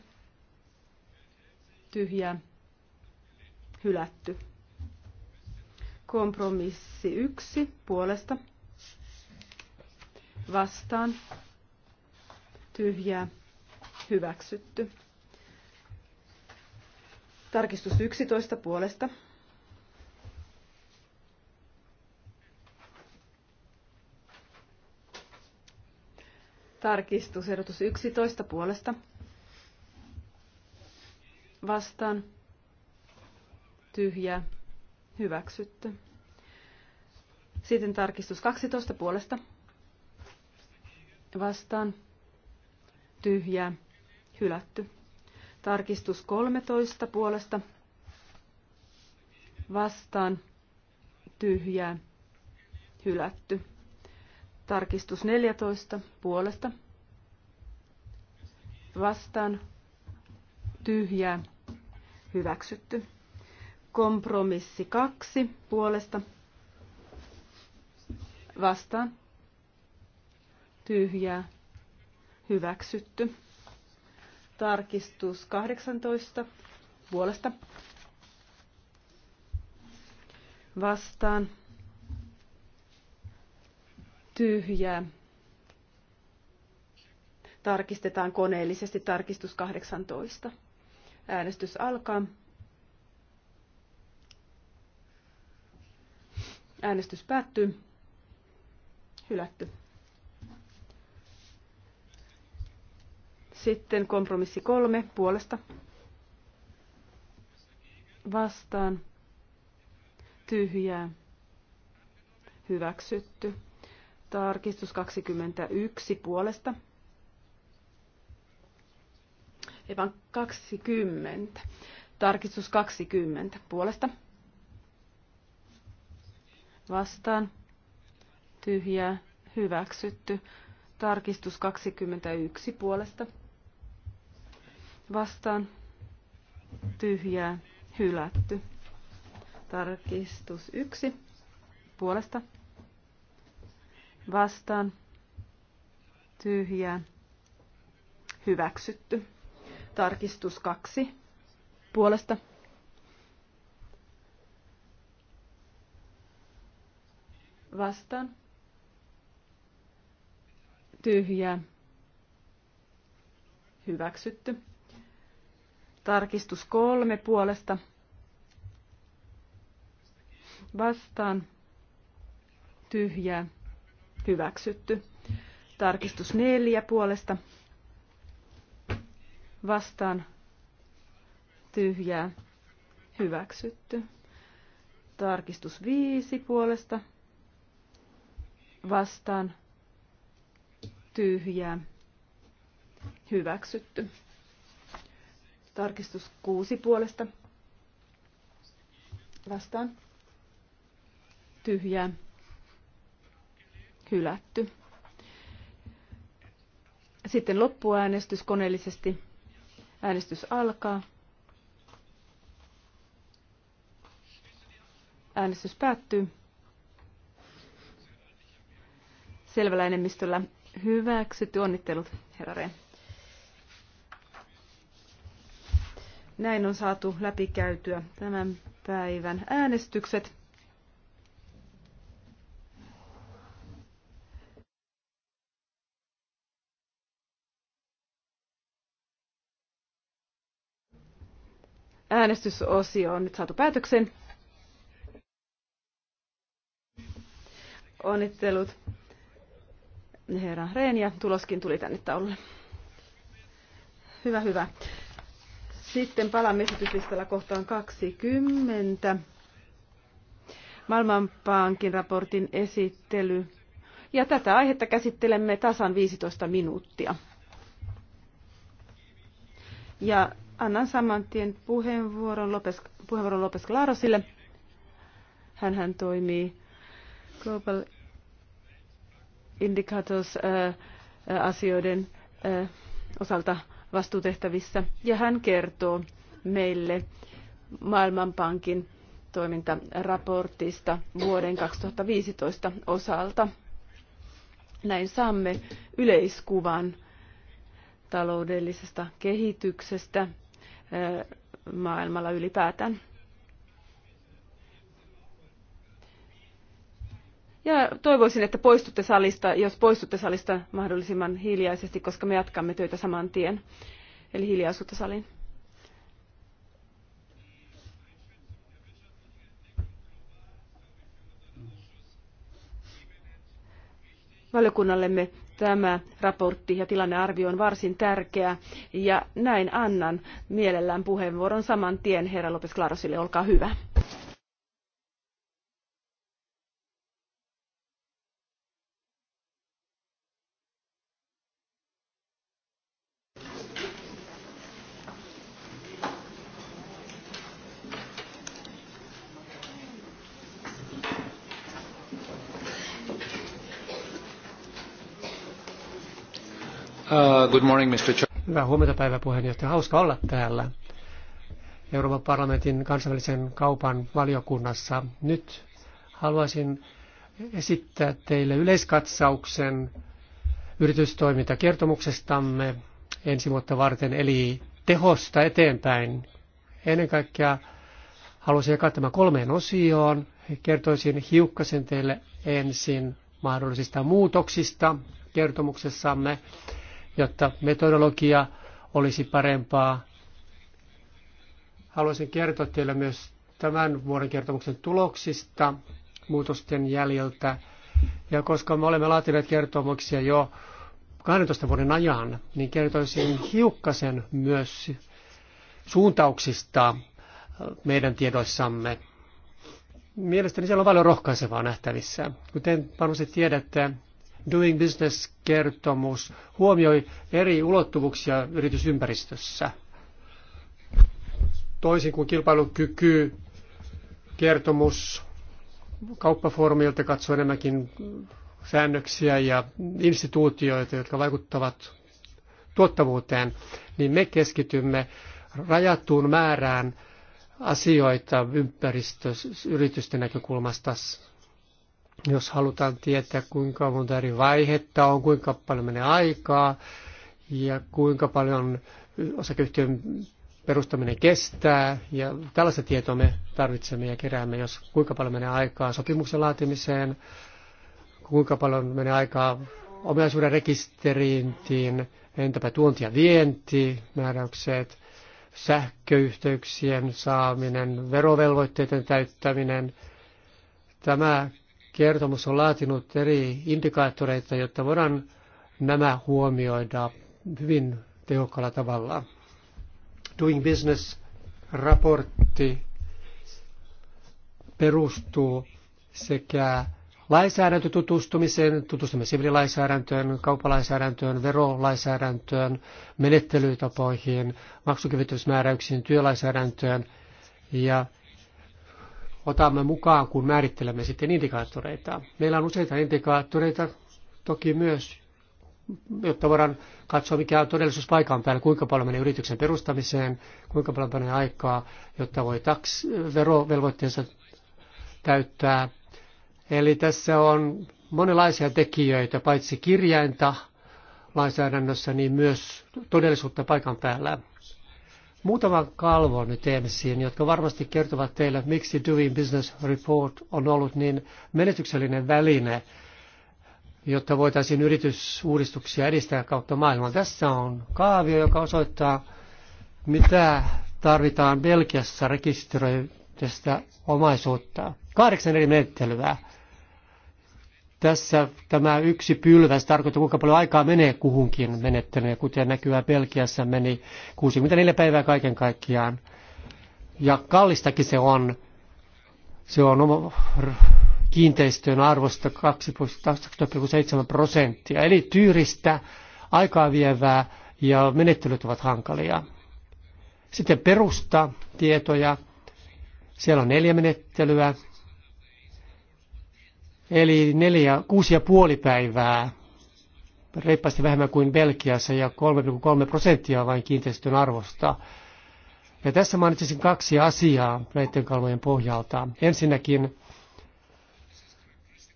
Tyhjää. Hylätty. Kompromissi yksi puolesta. Vastaan. Tyhjää. Hyväksytty. Tarkistus 11 puolesta. Tarkistus Tarkistusehdotus 11 puolesta. Vastaan. Tyhjä. Hyväksytty. Sitten tarkistus 12 puolesta. Vastaan. Tyhjä. Hylätty. Tarkistus 13 puolesta vastaan tyhjää hylätty. Tarkistus 14 puolesta vastaan tyhjää hyväksytty. Kompromissi 2 puolesta vastaan tyhjää hyväksytty. Tarkistus 18 puolesta. Vastaan. Tyhjää. Tarkistetaan koneellisesti tarkistus 18. Äänestys alkaa. Äänestys päättyy. Hylätty. Sitten kompromissi kolme puolesta. Vastaan. Tyhjää. Hyväksytty. Tarkistus 21 puolesta. Ei vaan 20. Tarkistus 20 puolesta. Vastaan. Tyhjää. Hyväksytty. Tarkistus 21 puolesta vastaan tyhjää hylätty. Tarkistus 1 puolesta vastaan tyhjää hyväksytty. Tarkistus 2 puolesta vastaan tyhjää hyväksytty Tarkistus kolme puolesta vastaan tyhjää hyväksytty. Tarkistus neljä puolesta vastaan tyhjää hyväksytty. Tarkistus viisi puolesta vastaan tyhjää hyväksytty. Tarkistus kuusi puolesta. Vastaan. Tyhjää. Hylätty. Sitten loppuäänestys koneellisesti. Äänestys alkaa. Äänestys päättyy. Selvällä enemmistöllä hyväksytty. Onnittelut, herra Rehn. Näin on saatu läpikäytyä tämän päivän äänestykset. Äänestysosio on nyt saatu päätöksen. Onnittelut herra Reen ja tuloskin tuli tänne taululle. Hyvä, hyvä. Sitten palaamme esityslistalla kohtaan 20. Maailmanpankin raportin esittely. Ja tätä aihetta käsittelemme tasan 15 minuuttia. Ja annan saman tien puheenvuoron Lopes, puheenvuoron Lopes Klarosille. hän toimii Global Indicators-asioiden äh, äh, äh, osalta vastuutehtävissä. Ja hän kertoo meille Maailmanpankin toimintaraportista vuoden 2015 osalta. Näin saamme yleiskuvan taloudellisesta kehityksestä maailmalla ylipäätään. Ja toivoisin, että poistutte salista, jos poistutte salista mahdollisimman hiljaisesti, koska me jatkamme töitä saman tien. Eli hiljaisuutta saliin. Valiokunnallemme tämä raportti ja tilannearvio on varsin tärkeä ja näin annan mielellään puheenvuoron saman tien herra Lopes Klarosille. Olkaa hyvä. Uh, good morning, Mr. Hyvää huomenta päivä puheenjohtaja. Hauska olla täällä Euroopan parlamentin kansainvälisen kaupan valiokunnassa. Nyt haluaisin esittää teille yleiskatsauksen yritystoimintakertomuksestamme ensi vuotta varten, eli tehosta eteenpäin. Ennen kaikkea haluaisin jakaa tämän kolmeen osioon. Kertoisin hiukkasen teille ensin mahdollisista muutoksista kertomuksessamme jotta metodologia olisi parempaa. Haluaisin kertoa teille myös tämän vuoden kertomuksen tuloksista muutosten jäljiltä. Ja koska me olemme laatineet kertomuksia jo 12 vuoden ajan, niin kertoisin hiukkasen myös suuntauksista meidän tiedoissamme. Mielestäni siellä on paljon rohkaisevaa nähtävissä. Kuten varmasti tiedätte, Doing Business-kertomus huomioi eri ulottuvuuksia yritysympäristössä. Toisin kuin kilpailukyky kertomus kauppafoorumilta katsoo enemmänkin säännöksiä ja instituutioita, jotka vaikuttavat tuottavuuteen, niin me keskitymme rajattuun määrään asioita ympäristöyritysten näkökulmasta jos halutaan tietää, kuinka monta eri vaihetta on, kuinka paljon menee aikaa ja kuinka paljon osakeyhtiön perustaminen kestää. Ja tällaista tietoa me tarvitsemme ja keräämme, jos kuinka paljon menee aikaa sopimuksen laatimiseen, kuinka paljon menee aikaa omaisuuden rekisteriintiin, entäpä tuonti- ja vientimääräykset, sähköyhteyksien saaminen, verovelvoitteiden täyttäminen. Tämä kertomus on laatinut eri indikaattoreita, jotta voidaan nämä huomioida hyvin tehokkaalla tavalla. Doing Business-raportti perustuu sekä lainsäädäntötutustumiseen, tutustumme sivililainsäädäntöön, kaupalainsäädäntöön, verolainsäädäntöön, menettelytapoihin, maksukyvytysmääräyksiin, työlainsäädäntöön ja otamme mukaan, kun määrittelemme sitten indikaattoreita. Meillä on useita indikaattoreita toki myös, jotta voidaan katsoa, mikä on todellisuus paikan päällä, kuinka paljon menee yrityksen perustamiseen, kuinka paljon menee aikaa, jotta voi taks, verovelvoitteensa täyttää. Eli tässä on monenlaisia tekijöitä, paitsi kirjainta lainsäädännössä, niin myös todellisuutta paikan päällä. Muutaman kalvon nyt ensin, jotka varmasti kertovat teille, miksi Doing Business Report on ollut niin menetyksellinen väline, jotta voitaisiin yritysuudistuksia edistää kautta maailman. Tässä on kaavio, joka osoittaa, mitä tarvitaan Belgiassa rekisteröitystä omaisuutta. Kahdeksan eri menettelyä tässä tämä yksi pylväs tarkoittaa, kuinka paljon aikaa menee kuhunkin menettelyyn, kuten näkyvää Belgiassa meni 64 päivää kaiken kaikkiaan. Ja kallistakin se on. Se on kiinteistön arvosta 2,7 prosenttia. Eli tyyristä, aikaa vievää ja menettelyt ovat hankalia. Sitten perusta tietoja. Siellä on neljä menettelyä, eli neljä, kuusi ja puoli päivää, reippaasti vähemmän kuin Belgiassa ja 3,3 prosenttia vain kiinteistön arvosta. Ja tässä mainitsisin kaksi asiaa näiden kalvojen pohjalta. Ensinnäkin,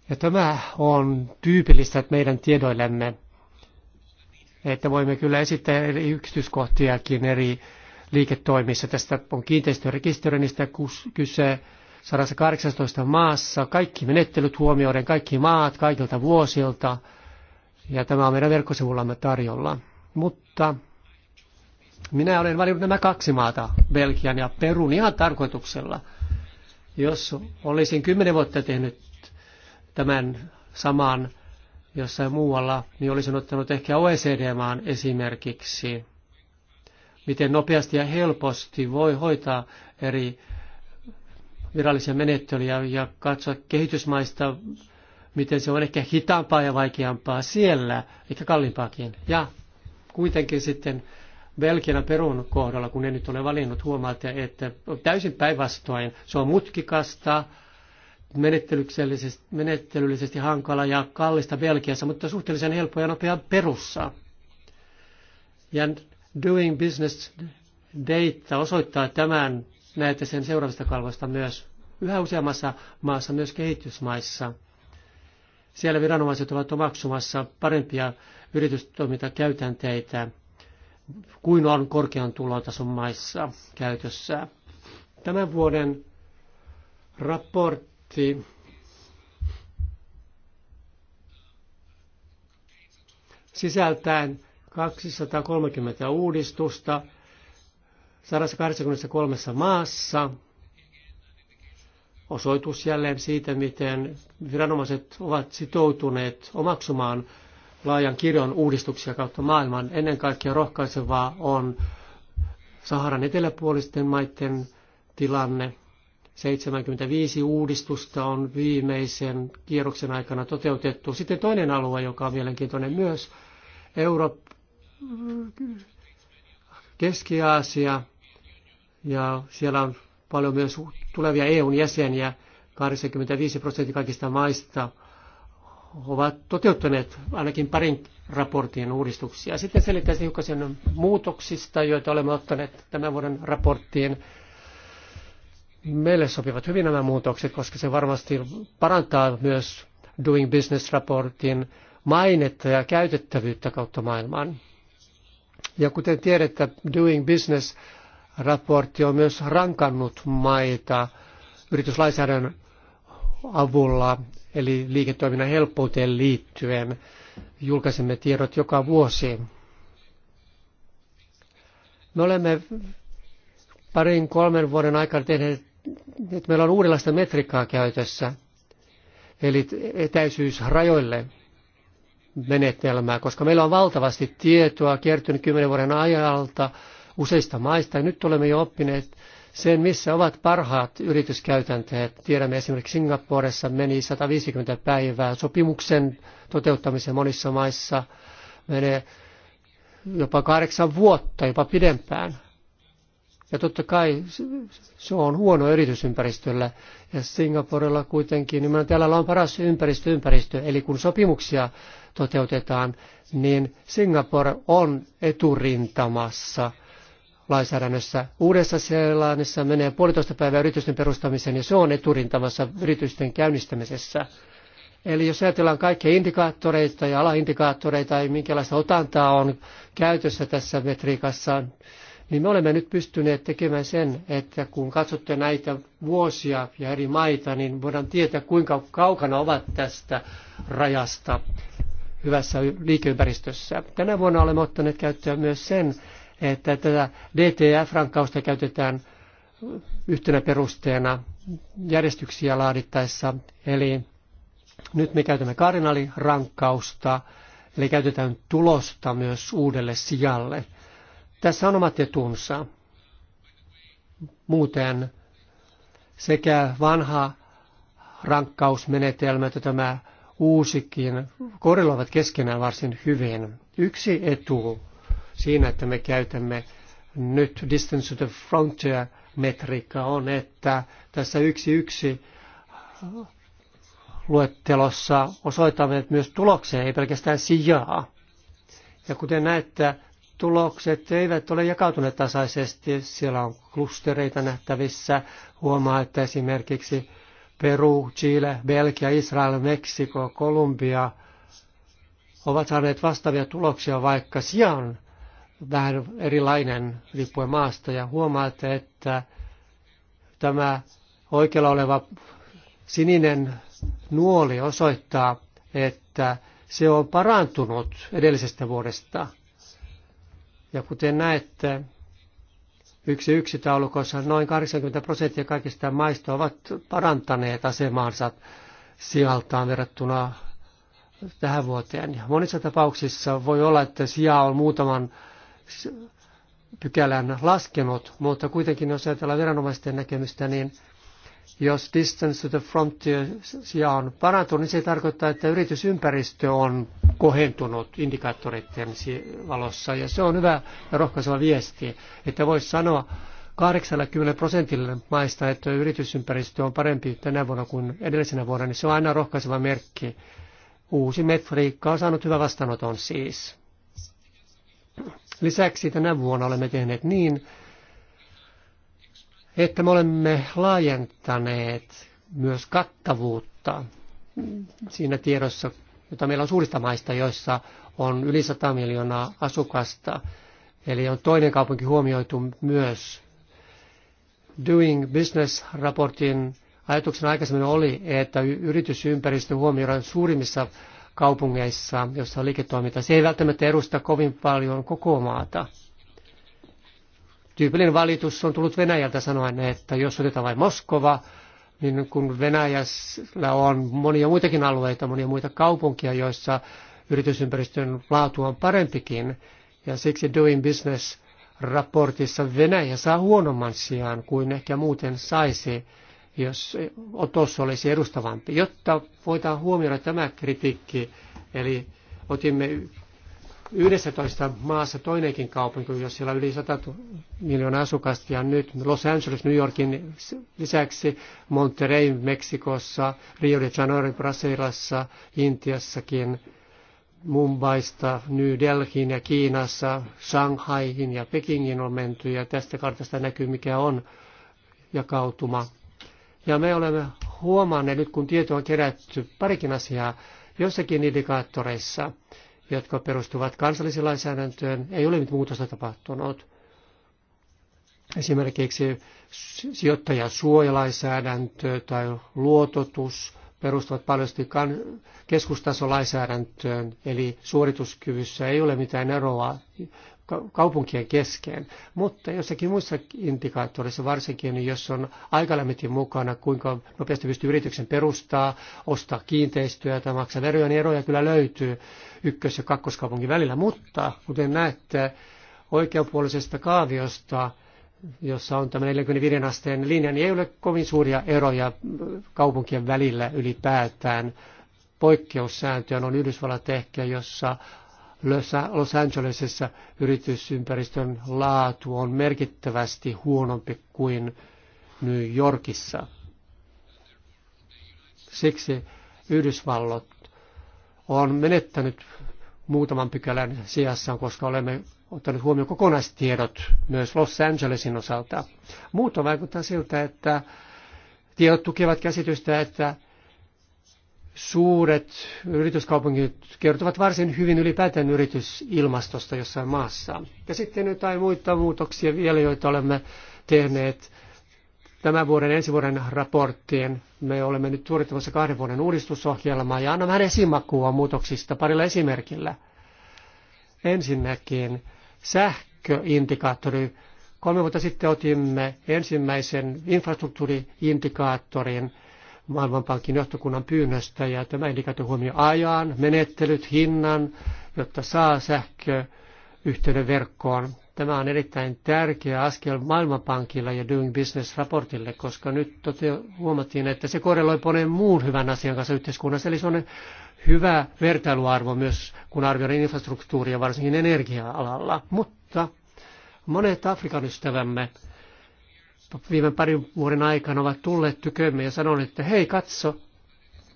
ja tämä on tyypillistä meidän tiedoillemme, että voimme kyllä esittää eri yksityiskohtiakin eri liiketoimissa. Tästä on kiinteistörekisteröinnistä kyse, 118 maassa, kaikki menettelyt huomioiden, kaikki maat kaikilta vuosilta, ja tämä on meidän verkkosivullamme tarjolla. Mutta minä olen valinnut nämä kaksi maata, Belgian ja Perun, ihan tarkoituksella. Jos olisin kymmenen vuotta tehnyt tämän saman jossain muualla, niin olisin ottanut ehkä OECD-maan esimerkiksi, miten nopeasti ja helposti voi hoitaa eri virallisia menettelyjä ja katsoa kehitysmaista, miten se on ehkä hitaampaa ja vaikeampaa siellä, ehkä kalliimpaakin. Ja kuitenkin sitten Belgian Perun kohdalla, kun ne nyt ole valinnut, huomaatte, että täysin päinvastoin. Se on mutkikasta, menettelyksellisesti, menettelyllisesti hankala ja kallista Belgiassa, mutta suhteellisen helppo ja nopea perussa. Ja Doing Business Data osoittaa tämän näette sen seuraavista kalvoista myös yhä useammassa maassa, myös kehitysmaissa. Siellä viranomaiset ovat omaksumassa parempia yritystoimintakäytänteitä kuin on korkean tulotason maissa käytössä. Tämän vuoden raportti sisältää 230 uudistusta, 183 maassa. Osoitus jälleen siitä, miten viranomaiset ovat sitoutuneet omaksumaan laajan kirjon uudistuksia kautta maailman. Ennen kaikkea rohkaisevaa on Saharan eteläpuolisten maiden tilanne. 75 uudistusta on viimeisen kierroksen aikana toteutettu. Sitten toinen alue, joka on mielenkiintoinen myös, Euroopan Keski-Aasia, ja siellä on paljon myös tulevia EUn jäseniä. 85 prosenttia kaikista maista ovat toteuttaneet ainakin parin raportin uudistuksia. Sitten selittäisin hiukan sen muutoksista, joita olemme ottaneet tämän vuoden raporttiin. Meille sopivat hyvin nämä muutokset, koska se varmasti parantaa myös Doing Business-raportin mainetta ja käytettävyyttä kautta maailman. Ja kuten tiedätte, Doing Business Raportti on myös rankannut maita yrityslainsäädännön avulla, eli liiketoiminnan helppouteen liittyen. Julkaisemme tiedot joka vuosi. Me olemme parin kolmen vuoden aikana tehneet, että meillä on uudenlaista metriikkaa käytössä, eli etäisyysrajoille menetelmää, koska meillä on valtavasti tietoa kertynyt kymmenen vuoden ajalta useista maista. Ja nyt olemme jo oppineet sen, missä ovat parhaat yrityskäytänteet. Tiedämme esimerkiksi Singaporessa meni 150 päivää sopimuksen toteuttamiseen monissa maissa. Menee jopa kahdeksan vuotta, jopa pidempään. Ja totta kai se on huono yritysympäristöllä. Ja Singaporella kuitenkin nimenomaan täällä on paras ympäristö ympäristö. Eli kun sopimuksia toteutetaan, niin Singapore on eturintamassa – lainsäädännössä. Uudessa Seelannissa menee puolitoista päivää yritysten perustamiseen ja se on eturintamassa yritysten käynnistämisessä. Eli jos ajatellaan kaikkia indikaattoreita ja alaindikaattoreita ja minkälaista otantaa on käytössä tässä metriikassa, niin me olemme nyt pystyneet tekemään sen, että kun katsotte näitä vuosia ja eri maita, niin voidaan tietää, kuinka kaukana ovat tästä rajasta hyvässä liikeympäristössä. Tänä vuonna olemme ottaneet käyttöön myös sen, että tätä DTF-rankkausta käytetään yhtenä perusteena järjestyksiä laadittaessa. Eli nyt me käytämme kardinaalirankkausta, eli käytetään tulosta myös uudelle sijalle. Tässä on omat etunsa. Muuten sekä vanha rankkausmenetelmä että tämä uusikin korreloivat keskenään varsin hyvin. Yksi etu siinä, että me käytämme nyt Distance to the Frontier-metriikka on, että tässä yksi yksi luettelossa osoitamme myös tulokseen, ei pelkästään sijaa. Ja kuten näette, tulokset eivät ole jakautuneet tasaisesti. Siellä on klustereita nähtävissä. Huomaa, että esimerkiksi Peru, Chile, Belgia, Israel, Meksiko, Kolumbia ovat saaneet vastaavia tuloksia, vaikka sijaan vähän erilainen riippuen maasta ja huomaatte, että tämä oikealla oleva sininen nuoli osoittaa, että se on parantunut edellisestä vuodesta. Ja kuten näette, yksi yksi taulukossa noin 80 prosenttia kaikista maista ovat parantaneet asemaansa sijaltaan verrattuna tähän vuoteen. Ja monissa tapauksissa voi olla, että sija on muutaman pykälän laskenut, mutta kuitenkin jos ajatellaan viranomaisten näkemystä, niin jos distance to the frontier sijaan on parantunut, niin se tarkoittaa, että yritysympäristö on kohentunut indikaattoreiden valossa. Ja se on hyvä ja rohkaiseva viesti, että voisi sanoa 80 prosentille maista, että yritysympäristö on parempi tänä vuonna kuin edellisenä vuonna, niin se on aina rohkaiseva merkki. Uusi metriikka on saanut hyvä vastaanoton siis. Lisäksi tänä vuonna olemme tehneet niin, että me olemme laajentaneet myös kattavuutta siinä tiedossa, jota meillä on suurista maista, joissa on yli 100 miljoonaa asukasta. Eli on toinen kaupunki huomioitu myös. Doing Business-raportin ajatuksena aikaisemmin oli, että yritysympäristö huomioidaan suurimmissa kaupungeissa, joissa on liiketoiminta. Se ei välttämättä edusta kovin paljon koko maata. Tyypillinen valitus on tullut Venäjältä sanoen, että jos otetaan vain Moskova, niin kun Venäjällä on monia muitakin alueita, monia muita kaupunkia, joissa yritysympäristön laatu on parempikin, ja siksi Doing Business raportissa Venäjä saa huonomman sijaan kuin ehkä muuten saisi jos otos olisi edustavampi, jotta voidaan huomioida tämä kritiikki. Eli otimme 11 maassa toinenkin kaupunki, jos siellä on yli 100 miljoonaa asukasta, ja nyt Los Angeles, New Yorkin lisäksi Monterrey Meksikossa, Rio de Janeiro Brasilassa, Intiassakin, Mumbaista, New Delhiin ja Kiinassa, Shanghaihin ja Pekingin on menty, ja tästä kartasta näkyy mikä on jakautuma. Ja me olemme huomanneet nyt, kun tietoa on kerätty parikin asiaa jossakin indikaattoreissa, jotka perustuvat kansalliseen lainsäädäntöön, ei ole mitään muutosta tapahtunut. Esimerkiksi sijoittajasuojalainsäädäntö tai luototus perustuvat paljon keskustasolainsäädäntöön, eli suorituskyvyssä ei ole mitään eroa kaupunkien kesken. Mutta jossakin muissa indikaattoreissa, varsinkin jos on aikalämmitin mukana, kuinka nopeasti pystyy yrityksen perustaa, ostaa kiinteistöä tai maksaa veroja, niin eroja kyllä löytyy ykkös- ja kakkoskaupungin välillä. Mutta kuten näette oikeapuolisesta kaaviosta, jossa on tämä 45 asteen linja, niin ei ole kovin suuria eroja kaupunkien välillä ylipäätään. Poikkeussääntöön on Yhdysvallat ehkä, jossa Los Angelesissa yritysympäristön laatu on merkittävästi huonompi kuin New Yorkissa. Siksi Yhdysvallot on menettänyt muutaman pykälän sijassa, koska olemme ottaneet huomioon kokonaistiedot myös Los Angelesin osalta. Muuto vaikuttaa siltä, että tiedot tukevat käsitystä, että Suuret yrityskaupungit kertovat varsin hyvin ylipäätään yritysilmastosta jossain maassa. Ja sitten jotain muita muutoksia vielä, joita olemme tehneet tämän vuoden ensi vuoden raporttien. Me olemme nyt suorittamassa kahden vuoden uudistusohjelmaa ja annan vähän esimakua muutoksista parilla esimerkillä. Ensinnäkin sähköindikaattori. Kolme vuotta sitten otimme ensimmäisen infrastruktuuriindikaattorin Maailmanpankin johtokunnan pyynnöstä ja tämä indikaatio huomioi ajan, menettelyt, hinnan, jotta saa sähkö yhteyden verkkoon. Tämä on erittäin tärkeä askel Maailmanpankilla ja Doing Business-raportille, koska nyt tote- huomattiin, että se korreloi monen muun hyvän asian kanssa yhteiskunnassa. Eli se on hyvä vertailuarvo myös, kun arvioidaan infrastruktuuria, varsinkin energia-alalla. Mutta monet Afrikan ystävämme viime parin vuoden aikana ovat tulleet tykömme ja sanoneet, että hei katso,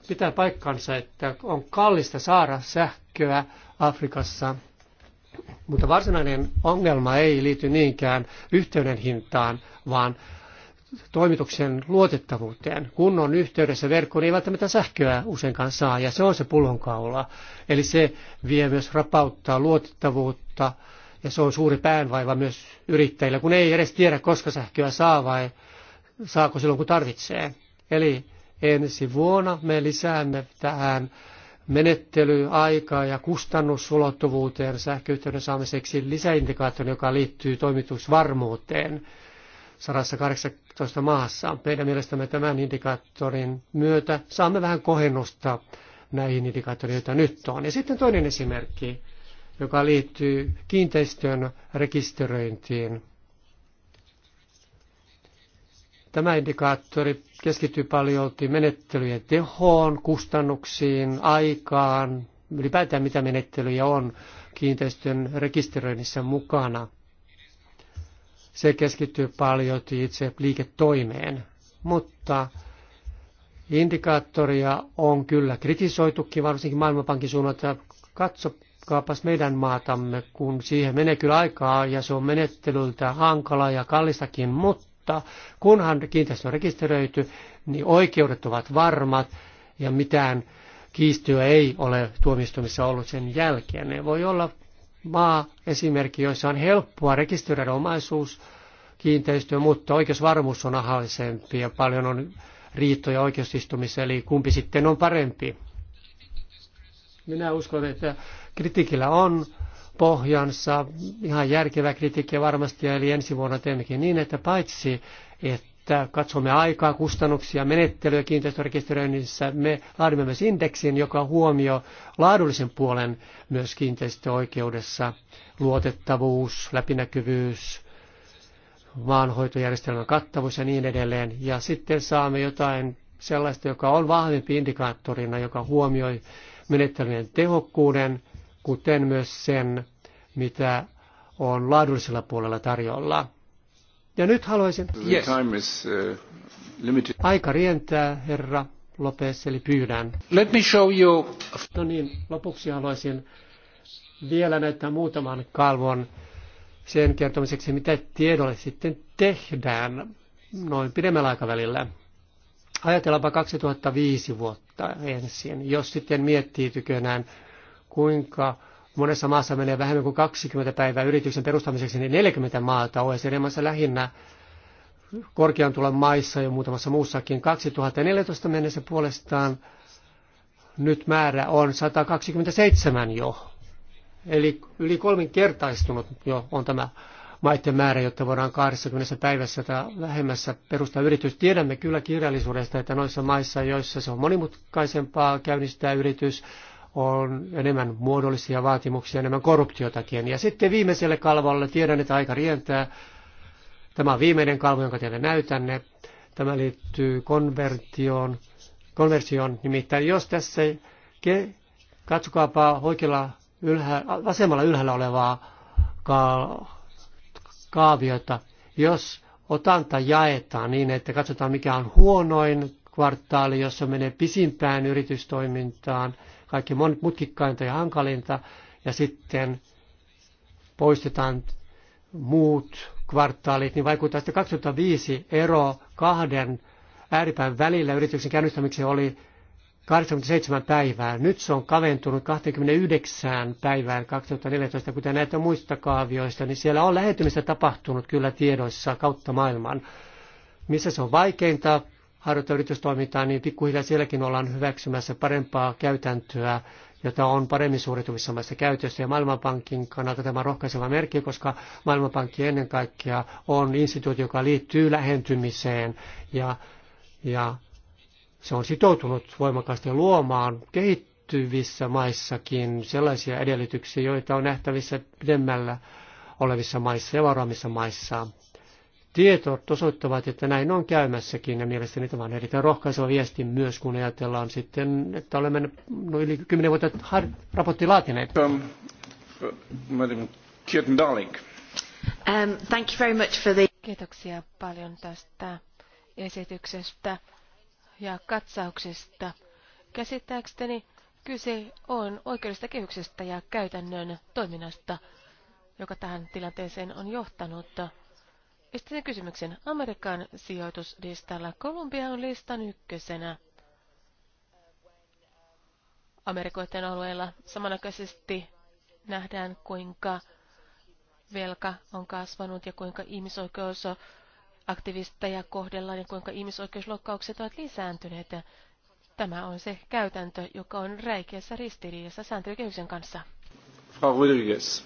pitää paikkansa, että on kallista saada sähköä Afrikassa. Mutta varsinainen ongelma ei liity niinkään yhteyden hintaan, vaan toimituksen luotettavuuteen. Kun on yhteydessä verkkoon, niin ei välttämättä sähköä useinkaan saa, ja se on se pullonkaula. Eli se vie myös rapauttaa luotettavuutta ja se on suuri päänvaiva myös yrittäjillä, kun ei edes tiedä, koska sähköä saa vai saako silloin, kun tarvitsee. Eli ensi vuonna me lisäämme tähän menettelyaikaa ja kustannusulottuvuuteen sähköyhteyden saamiseksi lisäindikaattori, joka liittyy toimitusvarmuuteen 118 maassa. Meidän mielestämme tämän indikaattorin myötä saamme vähän kohennusta näihin indikaattoreihin, joita nyt on. Ja sitten toinen esimerkki joka liittyy kiinteistön rekisteröintiin. Tämä indikaattori keskittyy paljolti menettelyjen tehoon, kustannuksiin, aikaan, ylipäätään mitä menettelyjä on kiinteistön rekisteröinnissä mukana. Se keskittyy paljolti itse liiketoimeen, mutta indikaattoria on kyllä kritisoitukin, varsinkin Maailmanpankin suunnalta. Katso, kaapas meidän maatamme, kun siihen menee kyllä aikaa ja se on menettelyltä hankala ja kallistakin, mutta kunhan kiinteistö on rekisteröity, niin oikeudet ovat varmat ja mitään kiistyä ei ole tuomistumissa ollut sen jälkeen. Ne voi olla maa esimerkki, joissa on helppoa rekisteröidä omaisuus kiinteistöön, mutta oikeusvarmuus on ahallisempi ja paljon on riitoja oikeusistumissa, eli kumpi sitten on parempi. Minä uskon, että kritiikillä on pohjansa, ihan järkevä kritiikki varmasti, eli ensi vuonna teemmekin niin, että paitsi, että katsomme aikaa, kustannuksia, menettelyä kiinteistörekisteröinnissä, me laadimme myös indeksin, joka huomioi laadullisen puolen myös kiinteistöoikeudessa, luotettavuus, läpinäkyvyys, maanhoitojärjestelmän kattavuus ja niin edelleen. Ja sitten saamme jotain sellaista, joka on vahvempi indikaattorina, joka huomioi menettelyjen tehokkuuden, kuten myös sen, mitä on laadullisella puolella tarjolla. Ja nyt haluaisin... Yes. Time is, uh, Aika rientää, herra Lopes, eli pyydän. Let me show you... No niin, lopuksi haluaisin vielä näyttää muutaman kalvon sen kertomiseksi, mitä tiedolle sitten tehdään noin pidemmällä aikavälillä. Ajatellaanpa 2005 vuotta kautta ensin. Jos sitten miettii tykönään, kuinka monessa maassa menee vähemmän kuin 20 päivää yrityksen perustamiseksi, niin 40 maata olisi e maissa lähinnä korkean tulon maissa ja muutamassa muussakin. 2014 mennessä puolestaan nyt määrä on 127 jo. Eli yli kolminkertaistunut jo on tämä maiden määrä, jotta voidaan 20 päivässä tai lähemmässä perustaa yritys. Tiedämme kyllä kirjallisuudesta, että noissa maissa, joissa se on monimutkaisempaa käynnistää yritys, on enemmän muodollisia vaatimuksia, enemmän korruptiotakin. Ja sitten viimeiselle kalvolle, tiedän, että aika rientää, tämä on viimeinen kalvo, jonka teille näytänne, tämä liittyy konvertioon, konversioon, nimittäin jos tässä ke, katsokaapa oikealla ylhä, vasemmalla ylhäällä olevaa kaaviota. Jos otanta jaetaan niin, että katsotaan mikä on huonoin kvartaali, jossa menee pisimpään yritystoimintaan, kaikki mutkikkainta ja hankalinta, ja sitten poistetaan muut kvartaalit, niin vaikuttaa, että 2005 ero kahden ääripään välillä yrityksen käynnistämiseksi oli 87 päivää. Nyt se on kaventunut 29 päivään 2014, kuten näitä muista kaavioista, niin siellä on lähetymistä tapahtunut kyllä tiedoissa kautta maailman. Missä se on vaikeinta harjoittaa yritystoimintaa, niin pikkuhiljaa sielläkin ollaan hyväksymässä parempaa käytäntöä, jota on paremmin suorituvissa maissa käytössä. Ja Maailmanpankin kannalta tämä on rohkaiseva merkki, koska Maailmanpankki ennen kaikkea on instituutio, joka liittyy lähentymiseen ja, ja se on sitoutunut voimakkaasti luomaan kehittyvissä maissakin sellaisia edellytyksiä, joita on nähtävissä pidemmällä olevissa maissa ja varoamissa maissa. Tietot osoittavat, että näin on käymässäkin ja mielestäni tämä on erittäin rohkaiseva viesti myös, kun ajatellaan sitten, että olemme no, yli kymmenen vuotta raportti laatineet. Um, Um, thank you very much for the... Kiitoksia paljon tästä esityksestä ja katsauksesta. Käsittääkseni kyse on oikeudesta kehyksestä ja käytännön toiminnasta, joka tähän tilanteeseen on johtanut. Esitän kysymyksen. Amerikan sijoituslistalla Kolumbia on listan ykkösenä. Amerikoiden alueella samanaikaisesti nähdään, kuinka velka on kasvanut ja kuinka ihmisoikeus aktivisteja kohdellaan ja kuinka ihmisoikeusloukkaukset ovat lisääntyneet. Tämä on se käytäntö, joka on räikeässä ristiriidassa sääntelykehyksen kanssa. Frau Rodriguez.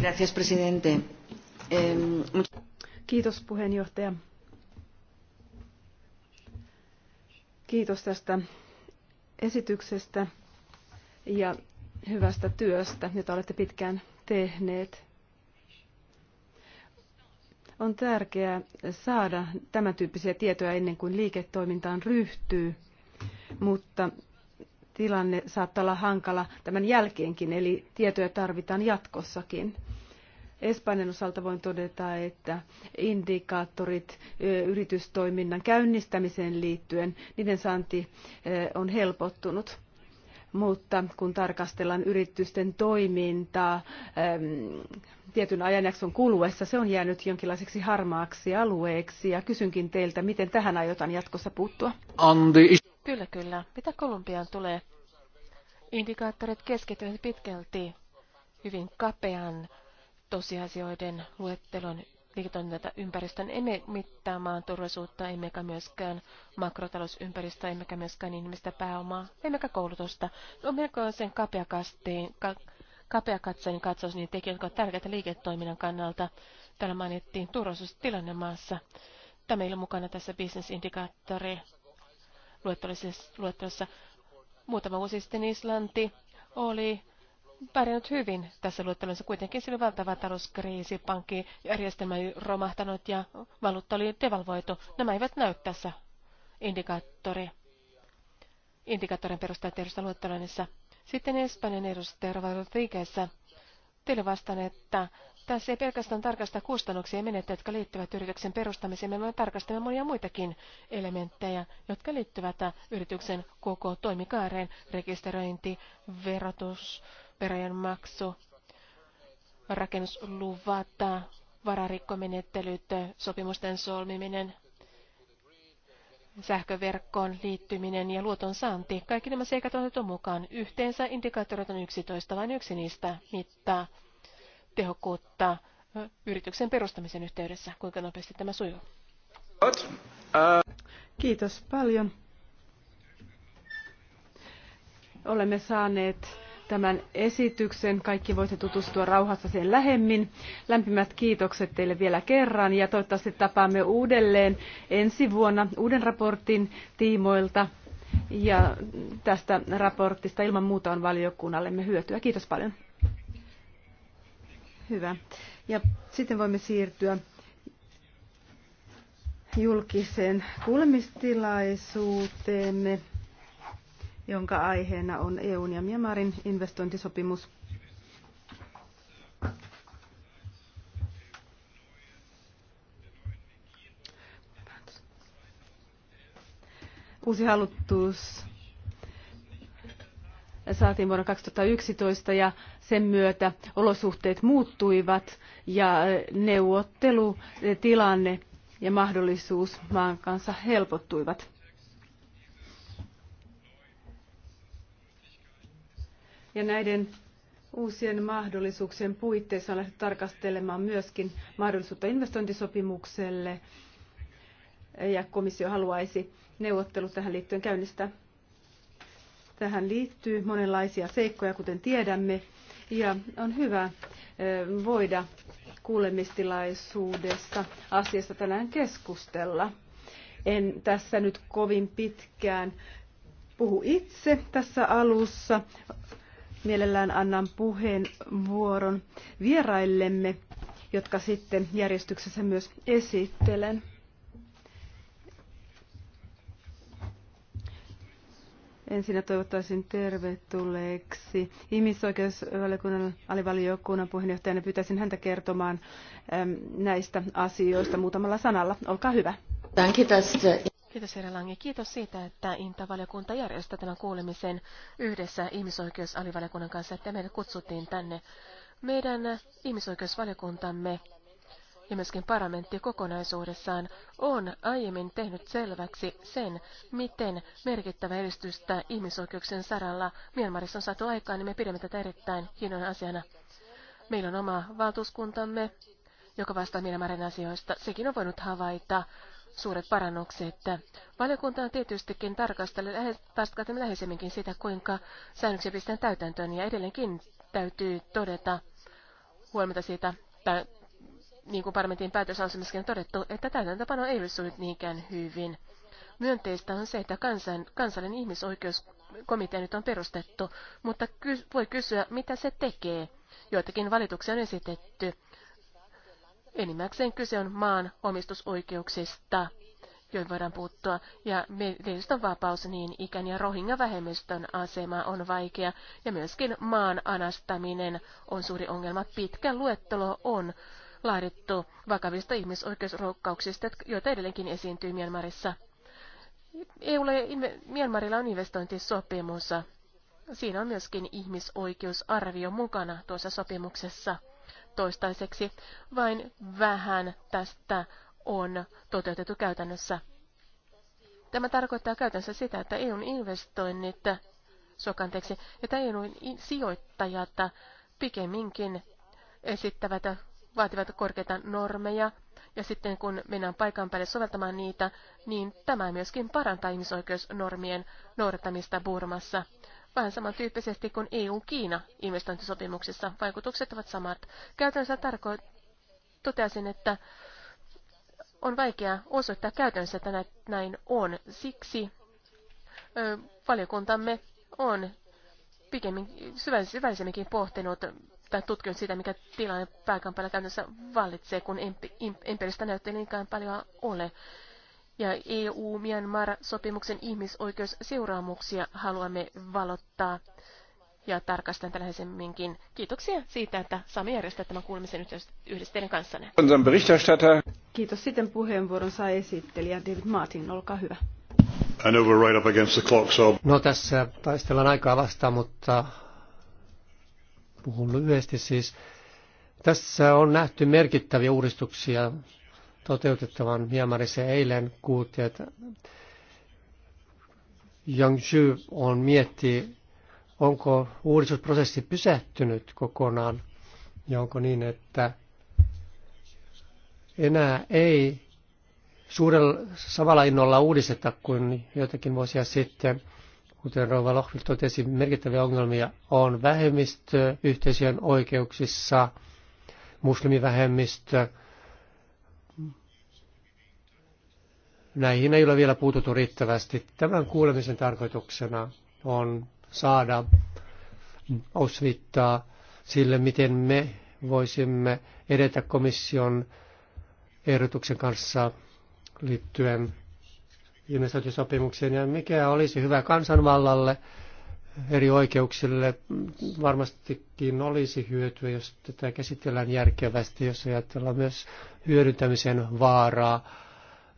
Gracias, presidente. Kiitos puheenjohtaja. Kiitos tästä esityksestä ja hyvästä työstä, jota olette pitkään tehneet. On tärkeää saada tämän tyyppisiä tietoja ennen kuin liiketoimintaan ryhtyy, mutta tilanne saattaa olla hankala tämän jälkeenkin, eli tietoja tarvitaan jatkossakin. Espanjan osalta voin todeta, että indikaattorit yritystoiminnan käynnistämiseen liittyen, niiden saanti on helpottunut. Mutta kun tarkastellaan yritysten toimintaa, tietyn ajanjakson kuluessa se on jäänyt jonkinlaiseksi harmaaksi alueeksi ja kysynkin teiltä, miten tähän aiotaan jatkossa puuttua. Andi. Kyllä, kyllä. Mitä Kolumbiaan tulee? Indikaattorit keskittyvät pitkälti hyvin kapean tosiasioiden luettelon liiketoiminta ympäristön emme mittaamaan turvallisuutta, emmekä myöskään makrotalousympäristöä, emmekä myöskään ihmistä pääomaa, emmekä koulutusta. No melko on sen kapeakasteen, ka- kapeakatseinen katsaus niin tekijät, jotka ovat tärkeitä liiketoiminnan kannalta. Täällä mainittiin turvallisuustilanne maassa. Tämä ei mukana tässä business-indikatorioi bisnesindikaattori luettelossa. Muutama vuosi sitten Islanti oli pärjännyt hyvin tässä luettelossa. Kuitenkin sillä valtava talouskriisi, pankkijärjestelmä romahtanut ja valuutta oli devalvoitu. Nämä eivät näy tässä indikaattori. Indikaattorin perusteella tehdystä luettelonissa. Sitten Espanjan edustaja Rodriguez. Teille vastaan, että tässä ei pelkästään tarkasta kustannuksia ja menettä, jotka liittyvät yrityksen perustamiseen. Me voimme tarkastella monia muitakin elementtejä, jotka liittyvät yrityksen koko toimikaareen, rekisteröinti, verotus, verojen maksu, rakennusluvat, vararikkomenettelyt, sopimusten solmiminen sähköverkkoon liittyminen ja luoton saanti. Kaikki nämä seikat on otettu mukaan. Yhteensä indikaattorit on 11, vain yksi niistä mittaa tehokkuutta yrityksen perustamisen yhteydessä. Kuinka nopeasti tämä sujuu? Kiitos paljon. Olemme saaneet tämän esityksen. Kaikki voitte tutustua rauhassa sen lähemmin. Lämpimät kiitokset teille vielä kerran ja toivottavasti tapaamme uudelleen ensi vuonna uuden raportin tiimoilta. Ja tästä raportista ilman muuta on valiokunnallemme hyötyä. Kiitos paljon. Hyvä. Ja sitten voimme siirtyä julkiseen kuulemistilaisuuteemme jonka aiheena on EUn ja Myanmarin investointisopimus. Uusi haluttuus saatiin vuonna 2011 ja sen myötä olosuhteet muuttuivat ja neuvottelutilanne ja mahdollisuus maan kanssa helpottuivat. Ja näiden uusien mahdollisuuksien puitteissa on lähdetty tarkastelemaan myöskin mahdollisuutta investointisopimukselle. Ja komissio haluaisi neuvottelut tähän liittyen käynnistää. Tähän liittyy monenlaisia seikkoja, kuten tiedämme. Ja on hyvä voida kuulemistilaisuudessa asiasta tänään keskustella. En tässä nyt kovin pitkään puhu itse tässä alussa. Mielellään annan puheenvuoron vieraillemme, jotka sitten järjestyksessä myös esittelen. Ensin toivottaisin tervetulleeksi ihmisoikeusvaliokunnan alivaliokunnan puheenjohtajana. Pyytäisin häntä kertomaan näistä asioista muutamalla sanalla. Olkaa hyvä. Kiitos Herra Lange. Kiitos siitä, että Inta-valiokunta järjestää tämän kuulemisen yhdessä ihmisoikeusalivaliokunnan kanssa, että meidät kutsuttiin tänne. Meidän ihmisoikeusvaliokuntamme ja myöskin parlamentti kokonaisuudessaan on aiemmin tehnyt selväksi sen, miten merkittävä edistystä ihmisoikeuksien saralla Myanmarissa on saatu aikaan, niin me pidämme tätä erittäin hienona asiana. Meillä on oma valtuuskuntamme, joka vastaa Myanmarin asioista. Sekin on voinut havaita suuret parannukset. Valiokunta on tietystikin tarkastellut läheisemminkin sitä, kuinka säännöksiä pistetään täytäntöön, ja edelleenkin täytyy todeta huomata siitä, tai niin kuin parlamentin päätösasemassakin on todettu, että täytäntöpano ei ole sujunut niinkään hyvin. Myönteistä on se, että kansan, kansallinen ihmisoikeuskomitea nyt on perustettu, mutta ky- voi kysyä, mitä se tekee. Joitakin valituksia on esitetty Enimmäkseen kyse on maan omistusoikeuksista, joihin voidaan puuttua, ja lehdistön vapaus niin ikään ja rohinga-vähemmistön asema on vaikea, ja myöskin maan anastaminen on suuri ongelma. Pitkä luettelo on laadittu vakavista ihmisoikeusroukkauksista, joita edelleenkin esiintyy Myanmarissa. EUlla ja Myanmarilla on investointisopimus. Siinä on myöskin ihmisoikeusarvio mukana tuossa sopimuksessa toistaiseksi vain vähän tästä on toteutettu käytännössä. Tämä tarkoittaa käytännössä sitä, että EUn investoinnit, sokanteeksi, että EUn sijoittajat pikemminkin esittävät vaativat korkeita normeja, ja sitten kun mennään paikan päälle soveltamaan niitä, niin tämä myöskin parantaa ihmisoikeusnormien noudattamista Burmassa vähän samantyyppisesti kuin EU-Kiina investointisopimuksessa. Vaikutukset ovat samat. Käytännössä tarko- totesin, että on vaikea osoittaa käytännössä, että näin on. Siksi ö, valiokuntamme on pikemmin syvällisemminkin pohtinut tai tutkinut sitä, mikä tilanne pääkampalla käytännössä vallitsee, kun empiiristä näyttöä niinkään paljon ole ja EU-Myanmar-sopimuksen ihmisoikeusseuraamuksia haluamme valottaa ja tarkastan tällaisemminkin. Kiitoksia siitä, että saamme järjestää tämän kuulemisen yhdessä teidän kanssanne. Kiitos. Sitten puheenvuoron saa esittelijä David Martin. Olkaa hyvä. right up against the clock, so... No tässä taistellaan aikaa vastaan, mutta puhun lyhyesti siis. Tässä on nähty merkittäviä uudistuksia toteutettavan Myanmarissa eilen kuultiin, että Yang Zhu on mietti, onko uudistusprosessi pysähtynyt kokonaan ja onko niin, että enää ei suurella samalla innolla uudisteta kuin joitakin vuosia sitten. Kuten Rova Lohvil totesi, merkittäviä ongelmia on vähemmistö yhteisöjen oikeuksissa, muslimivähemmistö, Näihin ei ole vielä puututtu riittävästi. Tämän kuulemisen tarkoituksena on saada osvittaa sille, miten me voisimme edetä komission ehdotuksen kanssa liittyen investointisopimukseen ja mikä olisi hyvä kansanvallalle eri oikeuksille. Varmastikin olisi hyötyä, jos tätä käsitellään järkevästi, jos ajatellaan myös hyödyntämisen vaaraa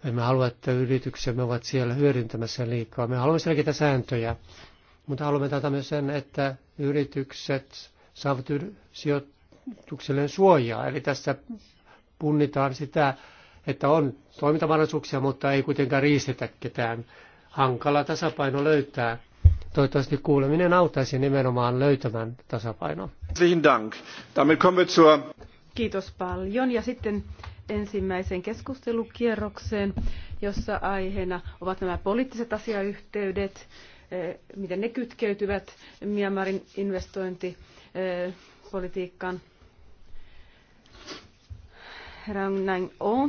emme halua, että yrityksemme ovat siellä hyödyntämässä liikaa. Me haluamme selkeitä sääntöjä, mutta haluamme tätä myös sen, että yritykset saavat sijoitukselleen suojaa. Eli tässä punnitaan sitä, että on toimintamahdollisuuksia, mutta ei kuitenkaan riistetä ketään. Hankala tasapaino löytää. Toivottavasti kuuleminen auttaisi nimenomaan löytämään tasapainoa. Kiitos paljon. Ja sitten ensimmäiseen keskustelukierrokseen, jossa aiheena ovat nämä poliittiset asiayhteydet, eh, miten ne kytkeytyvät Myanmarin investointipolitiikkaan. Rang Nang O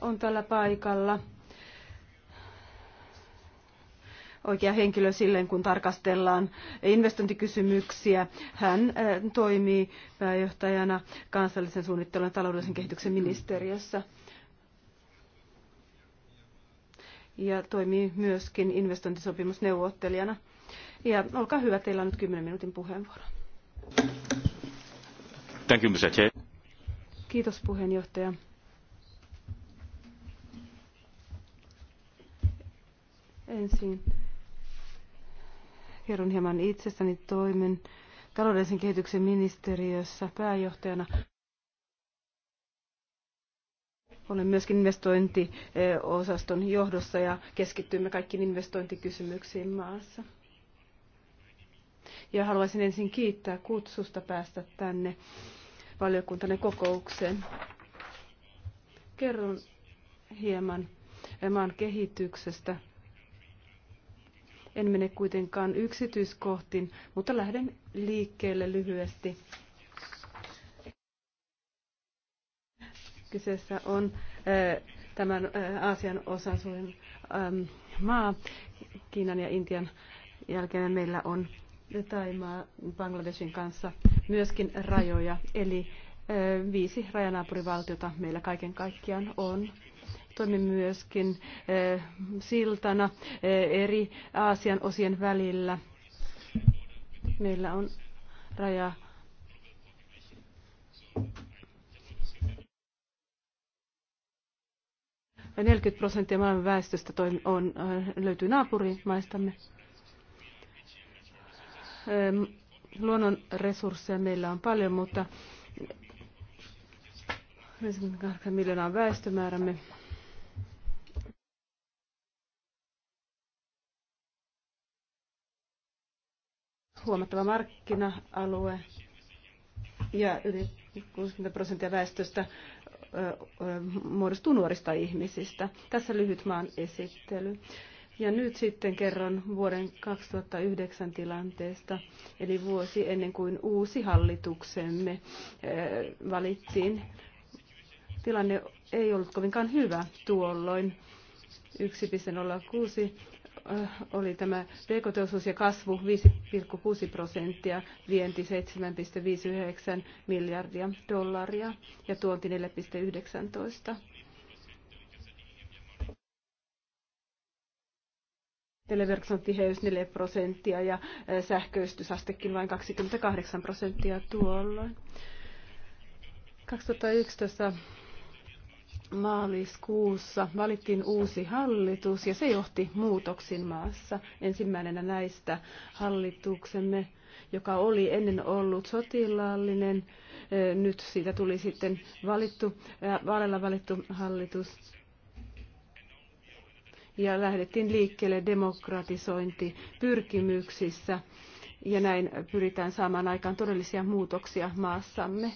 on tällä paikalla. oikea henkilö silleen, kun tarkastellaan investointikysymyksiä. Hän toimii pääjohtajana kansallisen suunnittelun ja taloudellisen kehityksen ministeriössä. Ja toimii myöskin investointisopimusneuvottelijana. Ja olkaa hyvä, teillä on nyt 10 minuutin puheenvuoro. Thank you, Mr. Kiitos puheenjohtaja. ensin kerron hieman itsestäni. Toimin taloudellisen kehityksen ministeriössä pääjohtajana. Olen myöskin investointiosaston johdossa ja keskittyimme kaikkiin investointikysymyksiin maassa. Ja haluaisin ensin kiittää kutsusta päästä tänne valiokuntanne kokoukseen. Kerron hieman maan kehityksestä en mene kuitenkaan yksityiskohtiin, mutta lähden liikkeelle lyhyesti. Kyseessä on eh, tämän eh, Aasian osan suurin ehm, maa, Kiinan ja Intian jälkeen meillä on Taimaa Bangladeshin kanssa myöskin rajoja, eli eh, viisi rajanaapurivaltiota meillä kaiken kaikkiaan on toimi myöskin eh, siltana eh, eri Aasian osien välillä. Meillä on raja ja 40 prosenttia maailman väestöstä on, eh, löytyy naapurimaistamme. Luonnon resursseja meillä on paljon, mutta 58 miljoonaa väestömäärämme. huomattava markkina-alue ja yli 60 prosenttia väestöstä muodostuu nuorista ihmisistä. Tässä lyhyt maan esittely. Ja nyt sitten kerron vuoden 2009 tilanteesta, eli vuosi ennen kuin uusi hallituksemme valittiin. Tilanne ei ollut kovinkaan hyvä tuolloin. 1,06 Äh, oli tämä pk ja kasvu 5,6 prosenttia, vienti 7,59 miljardia dollaria ja tuonti 4,19. Televerkson tiheys 4 prosenttia ja äh, sähköistysastekin vain 28 prosenttia tuolloin. 2011 maaliskuussa valittiin uusi hallitus ja se johti muutoksiin maassa. Ensimmäinen näistä hallituksemme, joka oli ennen ollut sotilaallinen, nyt siitä tuli sitten valittu, vaaleilla valittu hallitus. Ja lähdettiin liikkeelle demokratisointi pyrkimyksissä ja näin pyritään saamaan aikaan todellisia muutoksia maassamme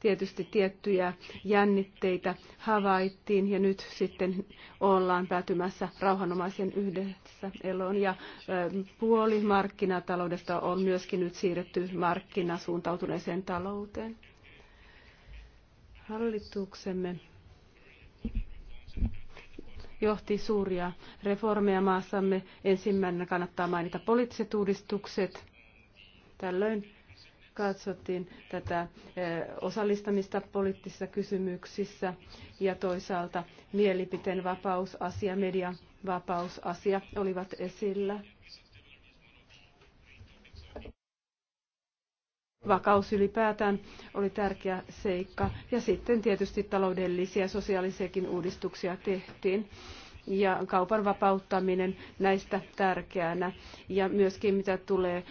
tietysti tiettyjä jännitteitä havaittiin ja nyt sitten ollaan päätymässä rauhanomaisen yhdessä eloon. Ja ähm, puoli markkinataloudesta on myöskin nyt siirretty markkinasuuntautuneeseen talouteen. Hallituksemme johti suuria reformeja maassamme. Ensimmäinen kannattaa mainita poliittiset uudistukset. Tällöin katsottiin tätä eh, osallistamista poliittisissa kysymyksissä ja toisaalta mielipiteen vapausasia, median vapausasia olivat esillä. Vakaus ylipäätään oli tärkeä seikka ja sitten tietysti taloudellisia ja sosiaalisiakin uudistuksia tehtiin ja kaupan vapauttaminen näistä tärkeänä. Ja myöskin mitä tulee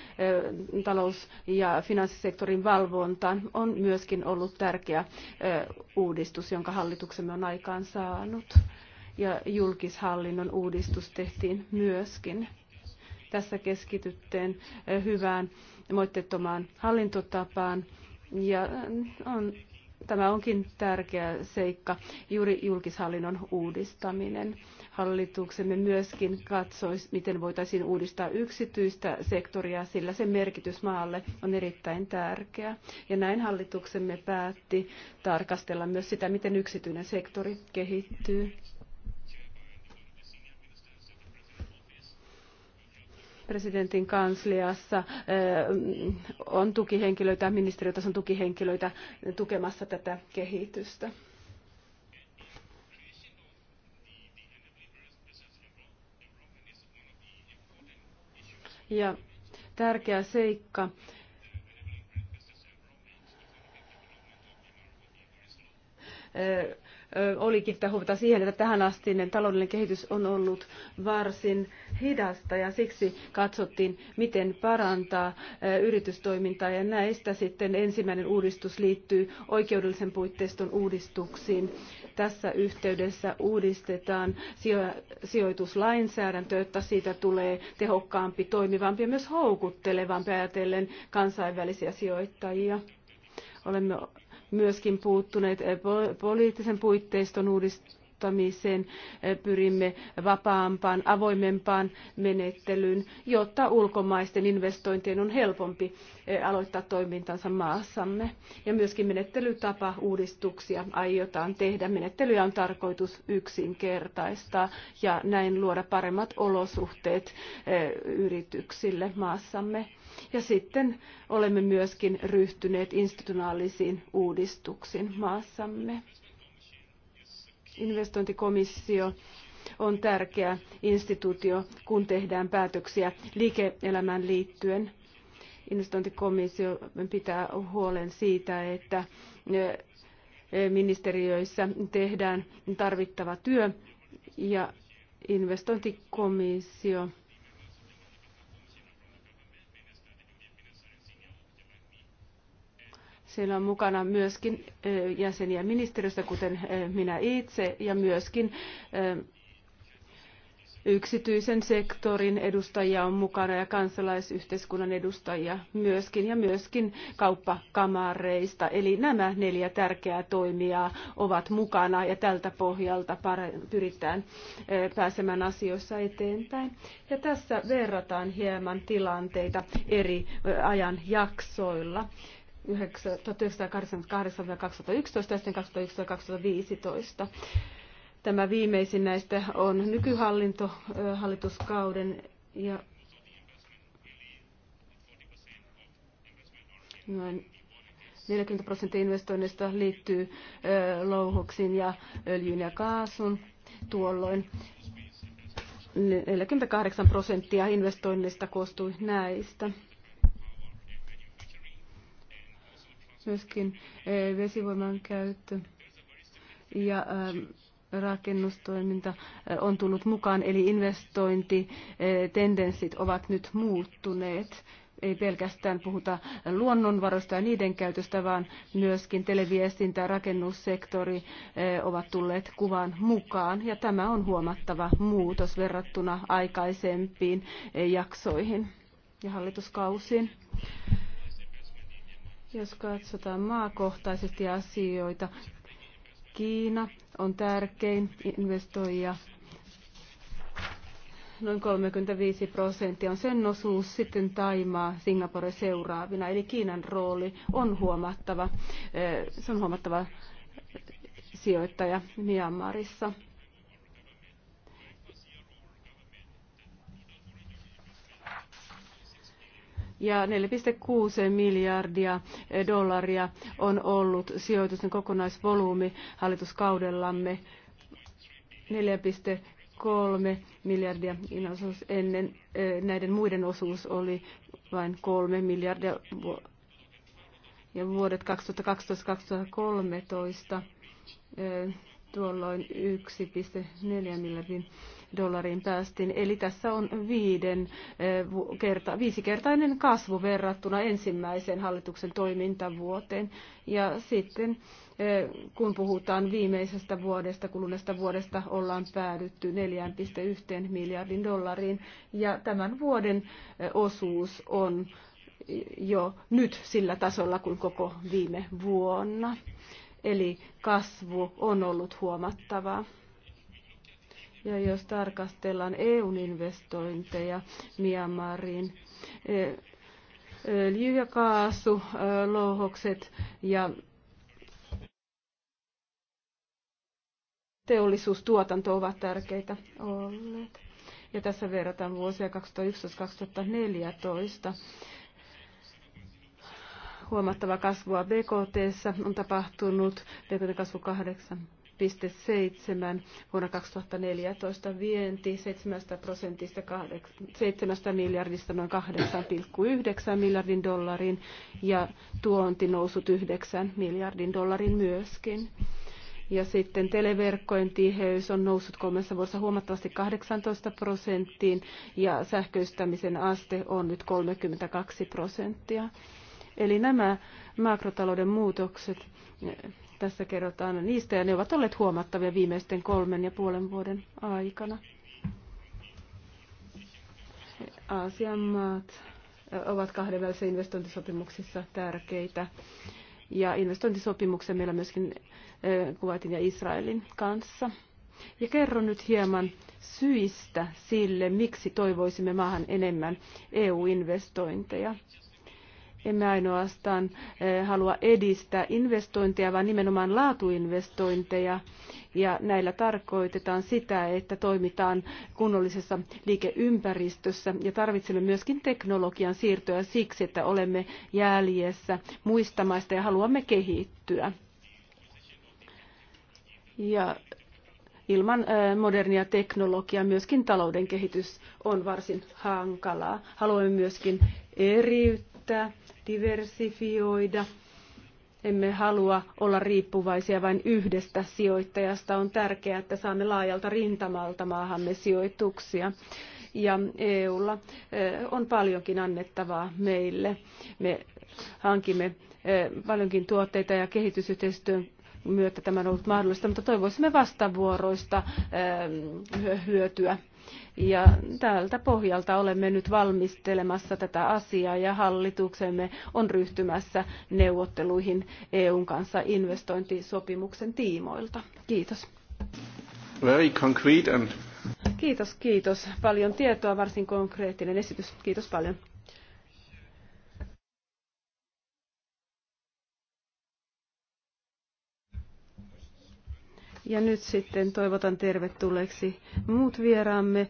talous- ja finanssisektorin valvontaan on myöskin ollut tärkeä uudistus, jonka hallituksemme on aikaan saanut. Ja julkishallinnon uudistus tehtiin myöskin. Tässä keskitytteen hyvään moitteettomaan hallintotapaan ja on tämä onkin tärkeä seikka, juuri julkishallinnon uudistaminen. Hallituksemme myöskin katsoi, miten voitaisiin uudistaa yksityistä sektoria, sillä sen merkitys maalle on erittäin tärkeä. Ja näin hallituksemme päätti tarkastella myös sitä, miten yksityinen sektori kehittyy. presidentin kansliassa eh, on tukihenkilöitä, ministeriötason tukihenkilöitä tukemassa tätä kehitystä. ja tärkeä seikka oli kiinnittää huomiota siihen, että tähän niin taloudellinen kehitys on ollut varsin hidasta ja siksi katsottiin, miten parantaa yritystoimintaa ja näistä sitten ensimmäinen uudistus liittyy oikeudellisen puitteiston uudistuksiin. Tässä yhteydessä uudistetaan sijoituslainsäädäntö, jotta siitä tulee tehokkaampi, toimivampi ja myös houkuttelevampi ajatellen kansainvälisiä sijoittajia. Olemme myöskin puuttuneet eh, poliittisen puitteiston uudistamiseen. Eh, pyrimme vapaampaan, avoimempaan menettelyyn, jotta ulkomaisten investointien on helpompi eh, aloittaa toimintansa maassamme. Ja myöskin menettelytapa uudistuksia aiotaan tehdä. Menettelyjä on tarkoitus yksinkertaistaa ja näin luoda paremmat olosuhteet yrityksille maassamme ja sitten olemme myöskin ryhtyneet institutionaalisiin uudistuksiin maassamme. Investointikomissio on tärkeä instituutio, kun tehdään päätöksiä liike-elämään liittyen. Investointikomissio pitää huolen siitä, että e, e, ministeriöissä tehdään tarvittava työ ja investointikomissio Siellä on mukana myöskin jäseniä ministeriöstä, kuten minä itse, ja myöskin yksityisen sektorin edustajia on mukana ja kansalaisyhteiskunnan edustajia myöskin ja myöskin kauppakamareista. Eli nämä neljä tärkeää toimijaa ovat mukana ja tältä pohjalta pyritään pääsemään asioissa eteenpäin. Ja tässä verrataan hieman tilanteita eri ajanjaksoilla. 1988-2011 ja sitten 2011-2015. Tämä viimeisin näistä on nykyhallinto hallituskauden ja noin 40 prosenttia investoinnista liittyy louhoksiin ja öljyyn ja kaasun. Tuolloin 48 prosenttia investoinnista koostui näistä. myöskin eh, vesivoiman käyttö ja eh, rakennustoiminta eh, on tullut mukaan, eli investointitendenssit ovat nyt muuttuneet. Ei pelkästään puhuta luonnonvaroista ja niiden käytöstä, vaan myöskin televiestintä ja rakennussektori ovat tulleet kuvan mukaan. Ja tämä on huomattava muutos verrattuna aikaisempiin jaksoihin ja hallituskausiin. Jos katsotaan maakohtaisesti asioita, Kiina on tärkein investoija. Noin 35 prosenttia on sen osuus, sitten Taimaa, Singapore seuraavina. Eli Kiinan rooli on huomattava. Eh, se on huomattava sijoittaja Myanmarissa. ja 4,6 miljardia dollaria on ollut sijoitusten kokonaisvolyymi hallituskaudellamme 4,3 miljardia ennen eh, näiden muiden osuus oli vain 3 miljardia ja vuodet 2012-2013 eh, tuolloin 1,4 miljardin dollariin päästiin. Eli tässä on viiden eh, kerta, viisikertainen kasvu verrattuna ensimmäiseen hallituksen toimintavuoteen. Ja sitten eh, kun puhutaan viimeisestä vuodesta, kuluneesta vuodesta, ollaan päädytty 4,1 miljardin dollariin. Ja tämän vuoden eh, osuus on jo nyt sillä tasolla kuin koko viime vuonna. Eli kasvu on ollut huomattavaa. Ja jos tarkastellaan EUn investointeja Myanmariin, e, e, öljykaasu, louhokset ja teollisuustuotanto ovat tärkeitä olleet. Ja tässä verrataan vuosia 2011-2014. Huomattava kasvua BKT on tapahtunut, BKT kasvu 8 7,7 vuonna 2014 vienti 7 prosentista 7 miljardista noin 8,9 miljardin dollarin ja tuonti noussut 9 miljardin dollarin myöskin. Ja sitten televerkkojen tiheys on noussut kolmessa vuodessa huomattavasti 18 prosenttiin ja sähköistämisen aste on nyt 32 prosenttia. Eli nämä makrotalouden muutokset tässä kerrotaan niistä ja ne ovat olleet huomattavia viimeisten kolmen ja puolen vuoden aikana. Aasian maat ovat kahdenvälisissä investointisopimuksissa tärkeitä. Ja investointisopimuksen meillä myöskin Kuwaitin ja Israelin kanssa. Ja kerron nyt hieman syistä sille, miksi toivoisimme maahan enemmän EU-investointeja emme ainoastaan eh, halua edistää investointeja, vaan nimenomaan laatuinvestointeja. Ja näillä tarkoitetaan sitä, että toimitaan kunnollisessa liikeympäristössä ja tarvitsemme myöskin teknologian siirtoa siksi, että olemme jäljessä muista maista ja haluamme kehittyä. Ja ilman eh, modernia teknologiaa myöskin talouden kehitys on varsin hankalaa. Haluamme myöskin eriyttää kehittää, diversifioida. Emme halua olla riippuvaisia vain yhdestä sijoittajasta. On tärkeää, että saamme laajalta rintamalta maahamme sijoituksia ja EUlla eh, on paljonkin annettavaa meille. Me hankimme eh, paljonkin tuotteita ja kehitysyhteistyön myötä tämä on ollut mahdollista, mutta toivoisimme vastavuoroista eh, hyötyä ja tältä pohjalta olemme nyt valmistelemassa tätä asiaa ja hallituksemme on ryhtymässä neuvotteluihin EUn kanssa investointisopimuksen tiimoilta. Kiitos. Very concrete and... Kiitos, kiitos. Paljon tietoa, varsin konkreettinen esitys. Kiitos paljon. Ja nyt sitten toivotan tervetulleeksi muut vieraamme.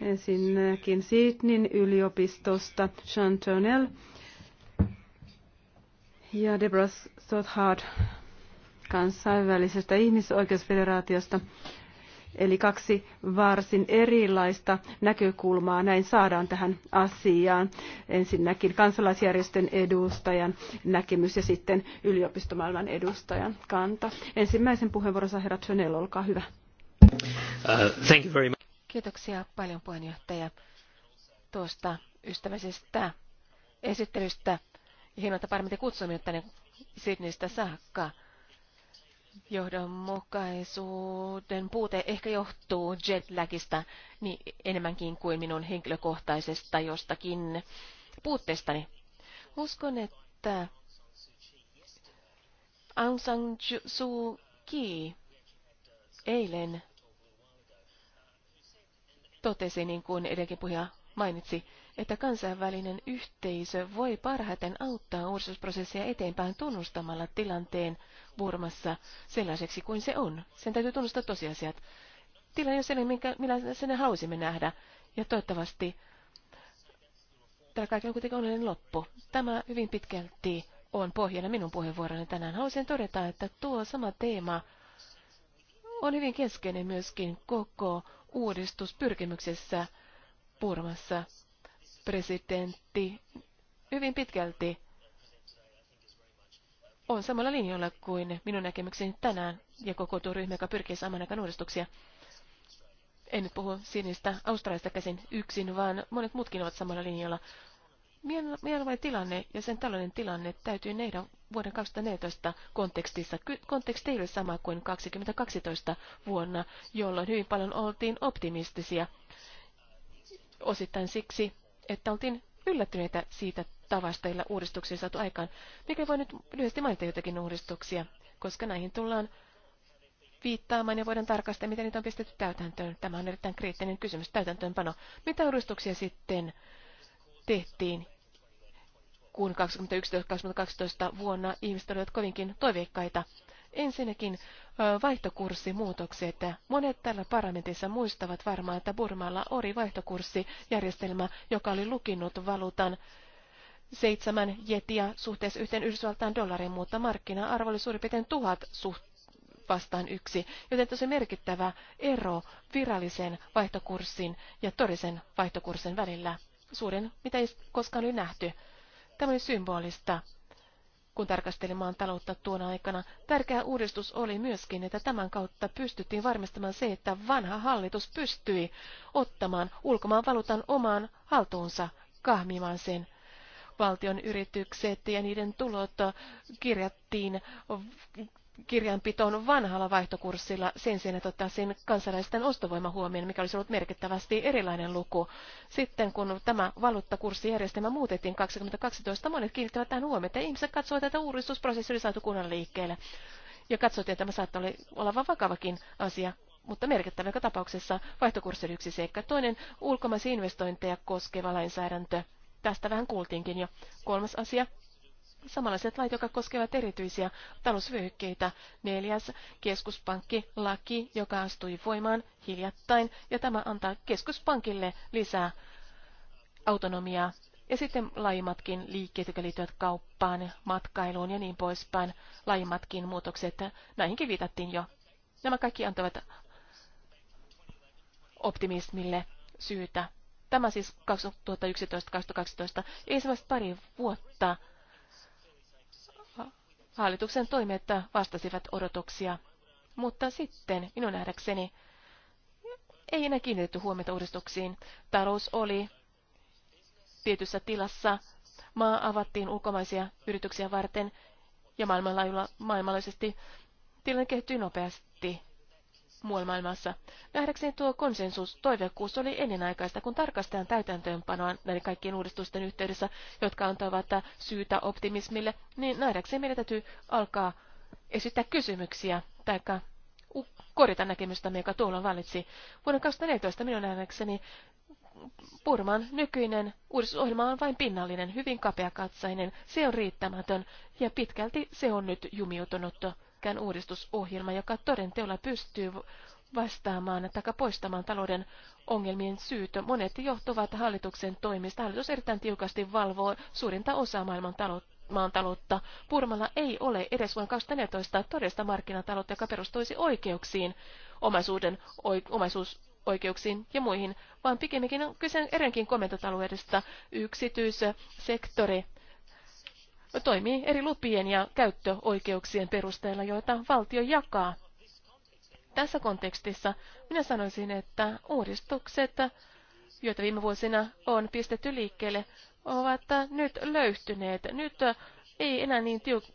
Ensinnäkin Sydneyn yliopistosta Chantonel ja Deborah Stothard kansainvälisestä ihmisoikeusfederaatiosta. Eli kaksi varsin erilaista näkökulmaa näin saadaan tähän asiaan. Ensinnäkin kansalaisjärjestön edustajan näkemys ja sitten yliopistomaailman edustajan kanta. Ensimmäisen puheenvuoronsa herra Tönel, olkaa hyvä. Uh, thank you very much. Kiitoksia paljon puheenjohtaja tuosta ystävällisestä esittelystä. Hienoa, että parmite kutsui tänne Sydneystä saakka johdonmukaisuuden puute ehkä johtuu jetlagista niin enemmänkin kuin minun henkilökohtaisesta jostakin puutteestani. Uskon, että Aung San Suu Kyi eilen totesi, niin kuin edelläkin puhuja mainitsi, että kansainvälinen yhteisö voi parhaiten auttaa uudistusprosessia eteenpäin tunnustamalla tilanteen Burmassa sellaiseksi kuin se on. Sen täytyy tunnustaa tosiasiat. Tilanne on sellainen, minkä, millä sen halusimme nähdä. Ja toivottavasti tällä kaikella on kuitenkin onnellinen loppu. Tämä hyvin pitkälti on pohjana minun puheenvuoroni tänään. Haluaisin todeta, että tuo sama teema on hyvin keskeinen myöskin koko uudistuspyrkimyksessä Burmassa. Presidentti hyvin pitkälti on samalla linjalla kuin minun näkemykseni tänään ja koko tuo ryhmä, joka pyrkii saamaan aikaan uudistuksia. En nyt puhu sinistä Australiasta käsin yksin, vaan monet muutkin ovat samalla linjalla. Mielenvain tilanne ja sen talouden tilanne täytyy nähdä vuoden 2014 kontekstissa. Konteksti ei ole sama kuin 2012 vuonna, jolloin hyvin paljon oltiin optimistisia. Osittain siksi, että oltiin yllättyneitä siitä tavasta, jolla uudistuksia saatu aikaan. Mikä voi nyt lyhyesti mainita jotakin uudistuksia, koska näihin tullaan viittaamaan ja voidaan tarkastaa, miten niitä on pistetty täytäntöön. Tämä on erittäin kriittinen kysymys, täytäntöönpano. Mitä uudistuksia sitten tehtiin, kun 2011-2012 vuonna ihmiset olivat kovinkin toiveikkaita Ensinnäkin vaihtokurssimuutokset. Monet täällä parlamentissa muistavat varmaan, että Burmalla oli vaihtokurssijärjestelmä, joka oli lukinnut valuutan seitsemän jetiä suhteessa yhteen Yhdysvaltain dollariin, mutta markkina-arvo oli suurin piirtein tuhat suht vastaan yksi, joten tosi merkittävä ero virallisen vaihtokurssin ja todellisen vaihtokurssin välillä. Suurin, mitä ei koskaan ole nähty. Tämä oli symbolista kun maan taloutta tuona aikana. Tärkeä uudistus oli myöskin, että tämän kautta pystyttiin varmistamaan se, että vanha hallitus pystyi ottamaan ulkomaan valuutan omaan haltuunsa, kahmimaan sen. Valtion yritykset ja niiden tulot kirjattiin kirjanpitoon vanhalla vaihtokurssilla sen sijaan, että ottaisiin kansalaisten ostovoima huomioon, mikä olisi ollut merkittävästi erilainen luku. Sitten kun tämä valuuttakurssijärjestelmä muutettiin 2012, monet kiinnittävät tähän että Ihmiset katsovat, että uudistusprosessi oli saatu kunnan liikkeelle. Ja katsottiin, että tämä saattaa olla vakavakin asia mutta merkittävä joka tapauksessa vaihtokurssi oli yksi seikka. Toinen ulkomaisia investointeja koskeva lainsäädäntö. Tästä vähän kuultiinkin jo. Kolmas asia, samanlaiset lait, jotka koskevat erityisiä talousvyöhykkeitä. Neljäs keskuspankkilaki, joka astui voimaan hiljattain, ja tämä antaa keskuspankille lisää autonomiaa. Ja sitten laimatkin liikkeet, jotka liittyvät kauppaan, matkailuun ja niin poispäin. laimatkin muutokset, näihinkin viitattiin jo. Nämä kaikki antavat optimismille syytä. Tämä siis 2011-2012, ei se pari vuotta Hallituksen toimet vastasivat odotuksia, mutta sitten minun nähdäkseni ei enää kiinnitetty huomiota uudistuksiin. Talous oli tietyssä tilassa, maa avattiin ulkomaisia yrityksiä varten ja maailmanlaajuisesti tilanne kehittyi nopeasti muualla maailmassa. Nähdäkseni tuo konsensus toiveikkuus oli ennenaikaista, kun tarkastetaan täytäntöönpanoa näiden kaikkien uudistusten yhteydessä, jotka antavat syytä optimismille, niin nähdäkseni meidän täytyy alkaa esittää kysymyksiä tai korjata näkemystä, joka tuolla valitsi. Vuonna 2014 minun nähdäkseni Purman nykyinen uudistusohjelma on vain pinnallinen, hyvin kapeakatsainen, se on riittämätön ja pitkälti se on nyt jumiutunut mikään uudistusohjelma, joka toden teolla pystyy vastaamaan tai poistamaan talouden ongelmien syyt. Monet johtuvat hallituksen toimista. Hallitus erittäin tiukasti valvoo suurinta osaa maailman taloutta maan taloutta. Purmalla ei ole edes vuonna 2014 todellista markkinataloutta, joka perustuisi oikeuksiin, omaisuuden, oi, omaisuusoikeuksiin ja muihin, vaan pikemminkin on kyse eräänkin komentotaloudesta yksityissektori toimii eri lupien ja käyttöoikeuksien perusteella, joita valtio jakaa. Tässä kontekstissa minä sanoisin, että uudistukset, joita viime vuosina on pistetty liikkeelle, ovat nyt löytyneet. Nyt ei enää niin tiuk-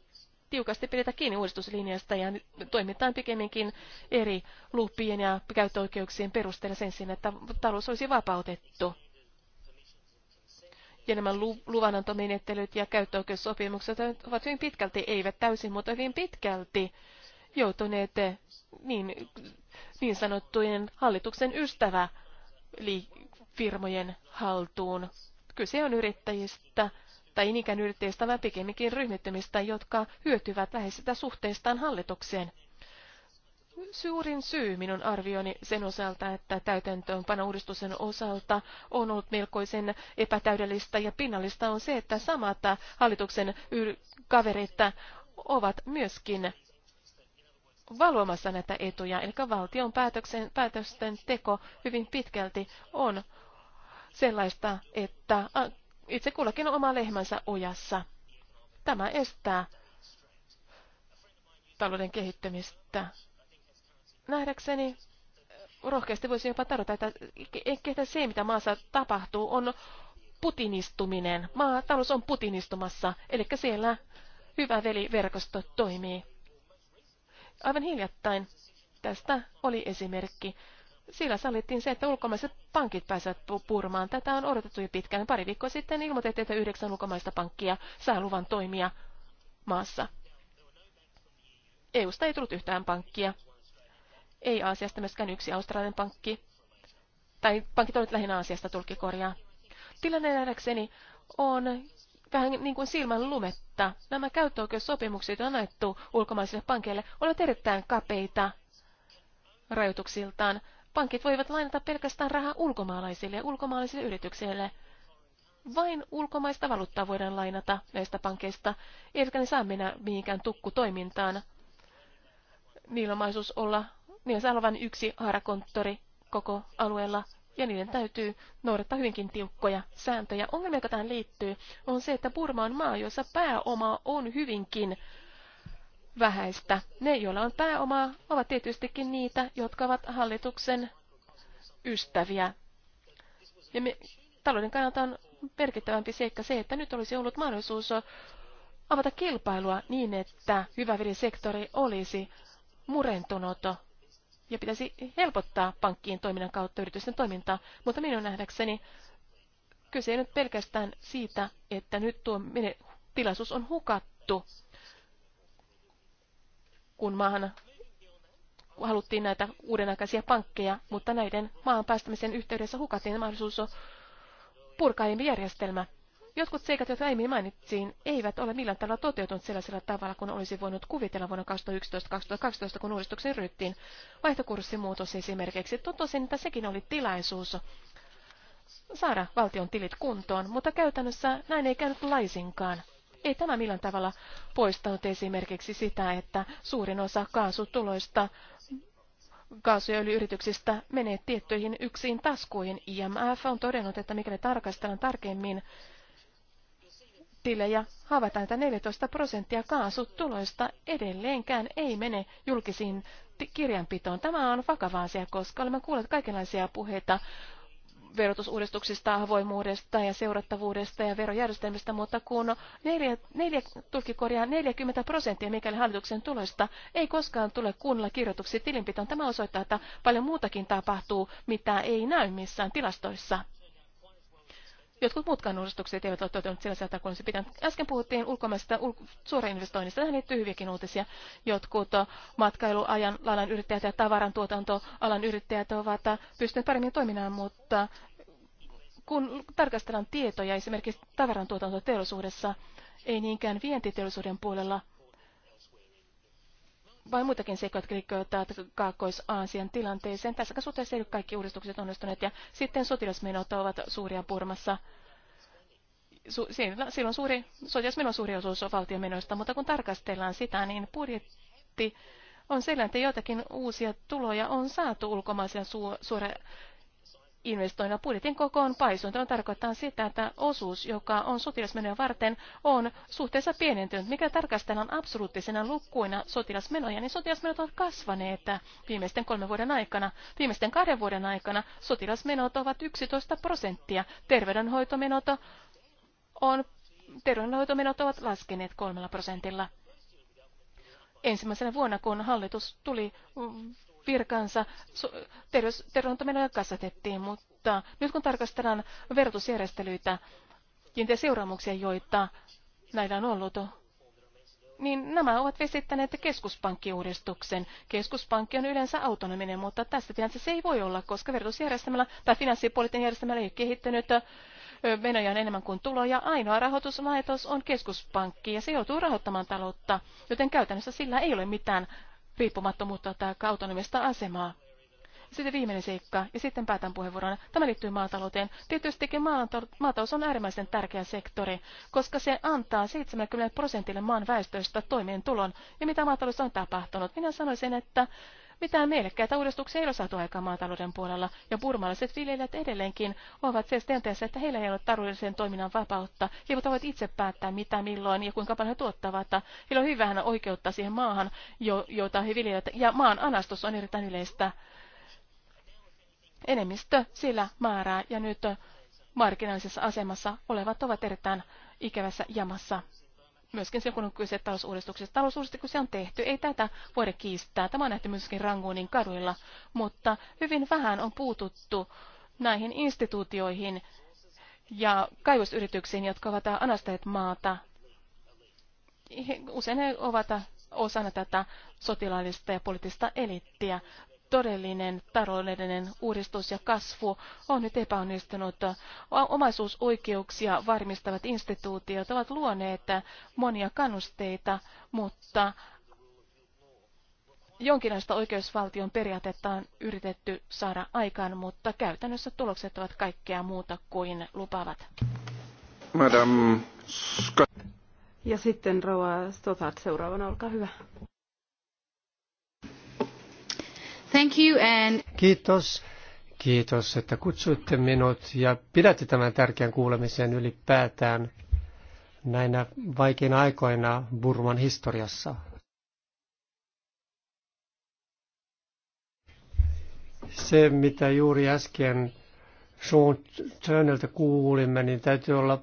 tiukasti pidetä kiinni uudistuslinjasta ja toimitaan pikemminkin eri lupien ja käyttöoikeuksien perusteella sen sijaan, että talous olisi vapautettu ja nämä luvanantomenettelyt ja käyttöoikeussopimukset ovat hyvin pitkälti, eivät täysin, mutta hyvin pitkälti joutuneet eh, niin, niin sanottujen hallituksen ystävä firmojen haltuun. Kyse on yrittäjistä tai inikään yrittäjistä, vaan pikemminkin ryhmittymistä, jotka hyötyvät sitä suhteistaan hallitukseen. Suurin syy minun arvioni sen osalta, että täytäntöönpano osalta on ollut melkoisen epätäydellistä ja pinnallista on se, että samat hallituksen kaverit ovat myöskin valvomassa näitä etuja. Eli valtion päätöksen, päätösten teko hyvin pitkälti on sellaista, että itse kullakin on oma lehmänsä ojassa. Tämä estää talouden kehittämistä nähdäkseni rohkeasti voisi jopa tarjota, että ketä se, mitä maassa tapahtuu, on putinistuminen. Maatalous on putinistumassa, eli siellä hyvä veliverkosto toimii. Aivan hiljattain tästä oli esimerkki. Sillä sallittiin se, että ulkomaiset pankit pääsevät purmaan. Tätä on odotettu jo pitkään. Pari viikkoa sitten ilmoitettiin, että yhdeksän ulkomaista pankkia saa luvan toimia maassa. EUsta ei tullut yhtään pankkia. Ei Aasiasta myöskään yksi Australian pankki. Tai pankit ovat lähinnä Aasiasta tulkikorjaa. Tilanne nähdäkseni on vähän niin kuin silmän lumetta. Nämä käyttöoikeussopimukset on annettu ulkomaisille pankeille ovat erittäin kapeita rajoituksiltaan. Pankit voivat lainata pelkästään rahaa ulkomaalaisille ja ulkomaalaisille yrityksille. Vain ulkomaista valuuttaa voidaan lainata näistä pankeista, eivätkä ne saa mennä mihinkään tukkutoimintaan. Niillä on mahdollisuus olla Niillä saa olla vain yksi haarakonttori koko alueella, ja niiden täytyy noudattaa hyvinkin tiukkoja sääntöjä. Ongelma, joka tähän liittyy, on se, että Burma on maa, jossa pääoma on hyvinkin vähäistä. Ne, joilla on pääomaa, ovat tietystikin niitä, jotka ovat hallituksen ystäviä. Ja me, talouden kannalta on merkittävämpi seikka se, että nyt olisi ollut mahdollisuus avata kilpailua niin, että sektori olisi murentunut ja pitäisi helpottaa pankkiin toiminnan kautta yritysten toimintaa, mutta minun nähdäkseni kyse ei nyt pelkästään siitä, että nyt tuo tilaisuus on hukattu, kun maahan haluttiin näitä uudenaikaisia pankkeja, mutta näiden maan päästämisen yhteydessä hukattiin mahdollisuus purkaa järjestelmä. Jotkut seikat, jotka aiemmin mainitsin, eivät ole millään tavalla toteutunut sellaisella tavalla, kun olisi voinut kuvitella vuonna 2011-2012, kun uudistuksen ryhtiin. Vaihtokurssimuutos esimerkiksi. Totosin, että sekin oli tilaisuus saada valtion tilit kuntoon, mutta käytännössä näin ei käynyt laisinkaan. Ei tämä millään tavalla poistanut esimerkiksi sitä, että suurin osa kaasutuloista Kaasu- ja öljyyrityksistä menee tiettyihin yksiin taskuihin. IMF on todennut, että mikäli tarkastellaan tarkemmin tilejä, havaitaan, että 14 prosenttia kaasutuloista edelleenkään ei mene julkisiin kirjanpitoon. Tämä on vakava asia, koska olemme kuulleet kaikenlaisia puheita verotusuudistuksista, avoimuudesta ja seurattavuudesta ja verojärjestelmistä, mutta kun neljä, neljä, tulkikorjaa 40 prosenttia mikäli hallituksen tuloista ei koskaan tule kunnolla kirjoituksi tilinpitoon, tämä osoittaa, että paljon muutakin tapahtuu, mitä ei näy missään tilastoissa jotkut muutkaan uudistukset eivät ole toteutuneet sillä sieltä, kun se pitää. Äsken puhuttiin ulkomaisesta ul- suorainvestoinnista, tähän liittyy hyviäkin uutisia. Jotkut matkailuajan alan yrittäjät ja tavarantuotantoalan yrittäjät ovat pystyneet paremmin toimimaan, mutta kun tarkastellaan tietoja esimerkiksi tavarantuotantoteollisuudessa, ei niinkään vientiteollisuuden puolella – vai muitakin seikkoja, jotka liittyvät Kaakkois-Aasian tilanteeseen. Tässä suhteessa ei ole kaikki uudistukset onnistuneet ja sitten sotilasmenot ovat suuria purmassa. Su- silloin suuri, sotilasmeno on suuri osuus valtion menoista, mutta kun tarkastellaan sitä, niin budjetti on sellainen, että joitakin uusia tuloja on saatu ulkomaisia su- suora investoinnilla budjetin kokoon on Tämä tarkoittaa sitä, että osuus, joka on sotilasmenoja varten, on suhteessa pienentynyt. Mikä tarkastellaan absoluuttisena lukkuina sotilasmenoja, niin sotilasmenot ovat kasvaneet viimeisten kolmen vuoden aikana. Viimeisten kahden vuoden aikana sotilasmenot ovat 11 prosenttia. Terveydenhoitomenot on terveydenhoitomenot ovat laskeneet kolmella prosentilla ensimmäisenä vuonna, kun hallitus tuli virkansa terveydenhoitomenoja kasvatettiin, mutta nyt kun tarkastellaan verotusjärjestelyitä, kiinteä seuraamuksia, joita näillä on ollut, niin nämä ovat vesittäneet keskuspankkiuudistuksen. Keskuspankki on yleensä autonominen, mutta tässä tilanteessa se ei voi olla, koska verotusjärjestelmällä tai finanssipoliittinen järjestelmällä ei ole kehittynyt menoja on enemmän kuin tuloja. Ainoa rahoituslaitos on keskuspankki ja se joutuu rahoittamaan taloutta, joten käytännössä sillä ei ole mitään riippumattomuutta tai autonomista asemaa. Sitten viimeinen seikka, ja sitten päätän puheenvuoron. Tämä liittyy maatalouteen. Tietystikin maatalous on äärimmäisen tärkeä sektori, koska se antaa 70 prosentille maan väestöstä toimeentulon. Ja mitä maatalous on tapahtunut? Minä sanoisin, että mitään mielekkäitä uudistuksia ei ole saatu aikaan maatalouden puolella, ja burmalaiset viljelijät edelleenkin ovat siis tenteessä, että heillä ei ole taloudellisen toiminnan vapautta. He voivat itse päättää mitä, milloin ja kuinka paljon he tuottavat. Heillä on hyvin vähän oikeutta siihen maahan, jo, jota he viljelevät, ja maan anastus on erittäin yleistä. Enemmistö sillä määrää, ja nyt markkinaalisessa asemassa olevat ovat erittäin ikävässä jamassa myöskin silloin, kun on kyse talousuudistuksesta. Talousuudistus, kun se on tehty, ei tätä voida kiistää. Tämä on nähty myöskin Rangoonin kaduilla, mutta hyvin vähän on puututtu näihin instituutioihin ja kaivosyrityksiin, jotka ovat anastaneet maata. usein ne ovat osana tätä sotilaallista ja poliittista elittiä todellinen taloudellinen uudistus ja kasvu on nyt epäonnistunut. Omaisuusoikeuksia varmistavat instituutiot ovat luoneet monia kannusteita, mutta jonkinlaista oikeusvaltion periaatetta on yritetty saada aikaan, mutta käytännössä tulokset ovat kaikkea muuta kuin lupavat. Madame. Ja sitten Rova Stotat seuraavana, olkaa hyvä. Thank you and... Kiitos. Kiitos, että kutsuitte minut ja pidätte tämän tärkeän kuulemisen ylipäätään näinä vaikeina aikoina Burman historiassa. Se, mitä juuri äsken Sean Turneltä kuulimme, niin täytyy olla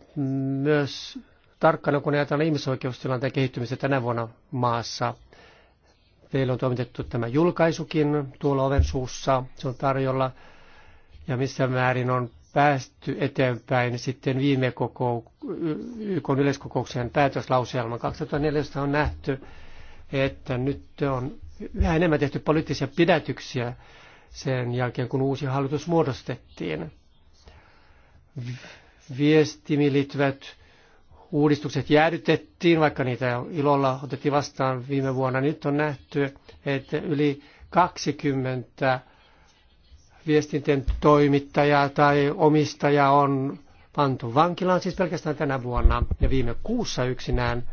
myös tarkkana, kun ajatellaan ihmisoikeustilanteen kehittymistä tänä vuonna maassa – Teille on toimitettu tämä julkaisukin tuolla oven suussa, se on tarjolla, ja missä määrin on päästy eteenpäin sitten viime kokou- YK yleiskokouksen päätöslauselman 2014 on nähty, että nyt on yhä enemmän tehty poliittisia pidätyksiä sen jälkeen, kun uusi hallitus muodostettiin. Viestimi liittyvät uudistukset jäädytettiin, vaikka niitä ilolla otettiin vastaan viime vuonna. Nyt on nähty, että yli 20 viestinten toimittajaa tai omistajaa on pantu vankilaan siis pelkästään tänä vuonna. Ja viime kuussa yksinään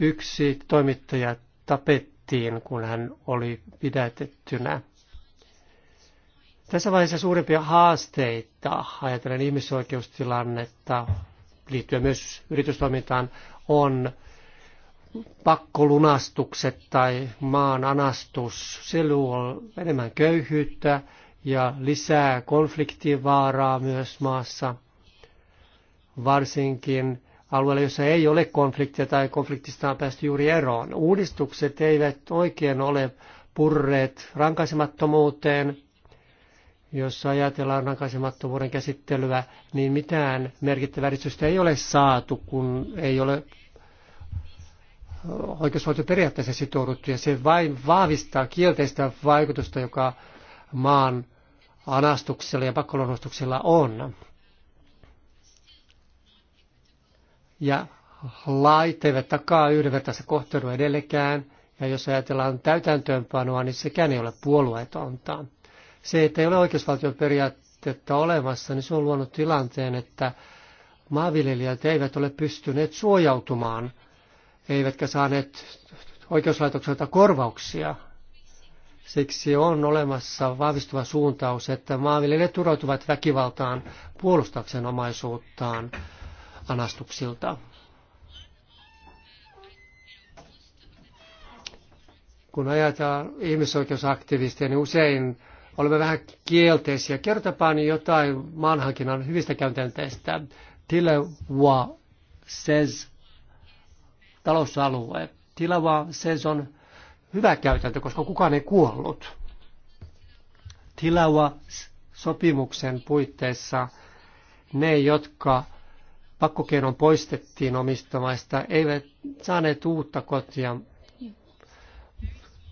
yksi toimittaja tapettiin, kun hän oli pidätettynä. Tässä vaiheessa suurimpia haasteita, ajatellen ihmisoikeustilannetta, liittyen myös yritystoimintaan, on pakkolunastukset tai maan anastus. Se luo enemmän köyhyyttä ja lisää konfliktivaaraa myös maassa, varsinkin alueella, jossa ei ole konfliktia tai konfliktista on päästy juuri eroon. Uudistukset eivät oikein ole purreet rankaisemattomuuteen, jos ajatellaan rankaisemattomuuden käsittelyä, niin mitään merkittävää edistystä ei ole saatu, kun ei ole oikeusvaltioperiaatteeseen sitouduttu. Ja se vain vahvistaa kielteistä vaikutusta, joka maan anastuksella ja pakkolonnostuksella on. Ja lait eivät takaa yhdenvertaista kohtelua edellekään, ja jos ajatellaan täytäntöönpanoa, niin sekään ei ole puolueetonta. Se, että ei ole oikeusvaltioperiaatetta olemassa, niin se on luonut tilanteen, että maanviljelijät eivät ole pystyneet suojautumaan, eivätkä saaneet oikeuslaitokselta korvauksia. Siksi on olemassa vahvistuva suuntaus, että maanviljelijät turvautuvat väkivaltaan puolustakseen omaisuuttaan anastuksilta. Kun ajatellaan ihmisoikeusaktivisteja, niin usein olemme vähän kielteisiä. Kertopa niin jotain maanhankinnan hyvistä käytänteistä. Tilewa says talousalue. Tilewa says on hyvä käytäntö, koska kukaan ei kuollut. Tilewa sopimuksen puitteissa ne, jotka pakkokeinon poistettiin omistamaista, eivät saaneet uutta kotia,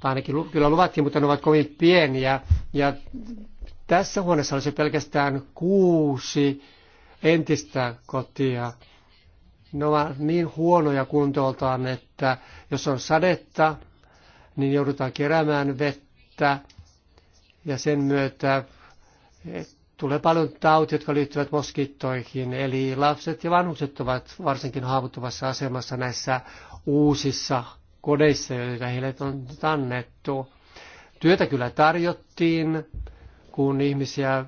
tai ainakin kyllä luvattiin, mutta ne ovat kovin pieniä. Ja tässä huoneessa olisi pelkästään kuusi entistä kotia. Ne ovat niin huonoja kuntoltaan, että jos on sadetta, niin joudutaan keräämään vettä ja sen myötä tulee paljon tautia, jotka liittyvät moskittoihin. Eli lapset ja vanhukset ovat varsinkin haavoittuvassa asemassa näissä uusissa kodeissa, joita heille on annettu. Työtä kyllä tarjottiin, kun ihmisiä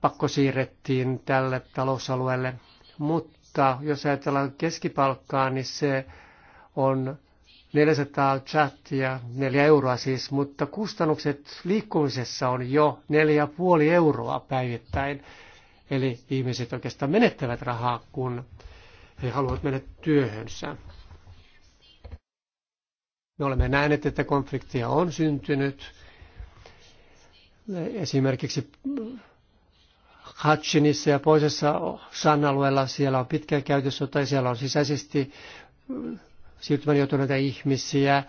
pakko siirrettiin tälle talousalueelle, mutta jos ajatellaan keskipalkkaa, niin se on 400 chattia, 4 euroa siis, mutta kustannukset liikkumisessa on jo 4,5 euroa päivittäin. Eli ihmiset oikeastaan menettävät rahaa, kun he haluavat mennä työhönsä. Me olemme nähneet, että konflikteja on syntynyt. Esimerkiksi Hatchinissa ja poisessa San alueella siellä on pitkä käytössä tai siellä on sisäisesti siirtymän joutuneita ihmisiä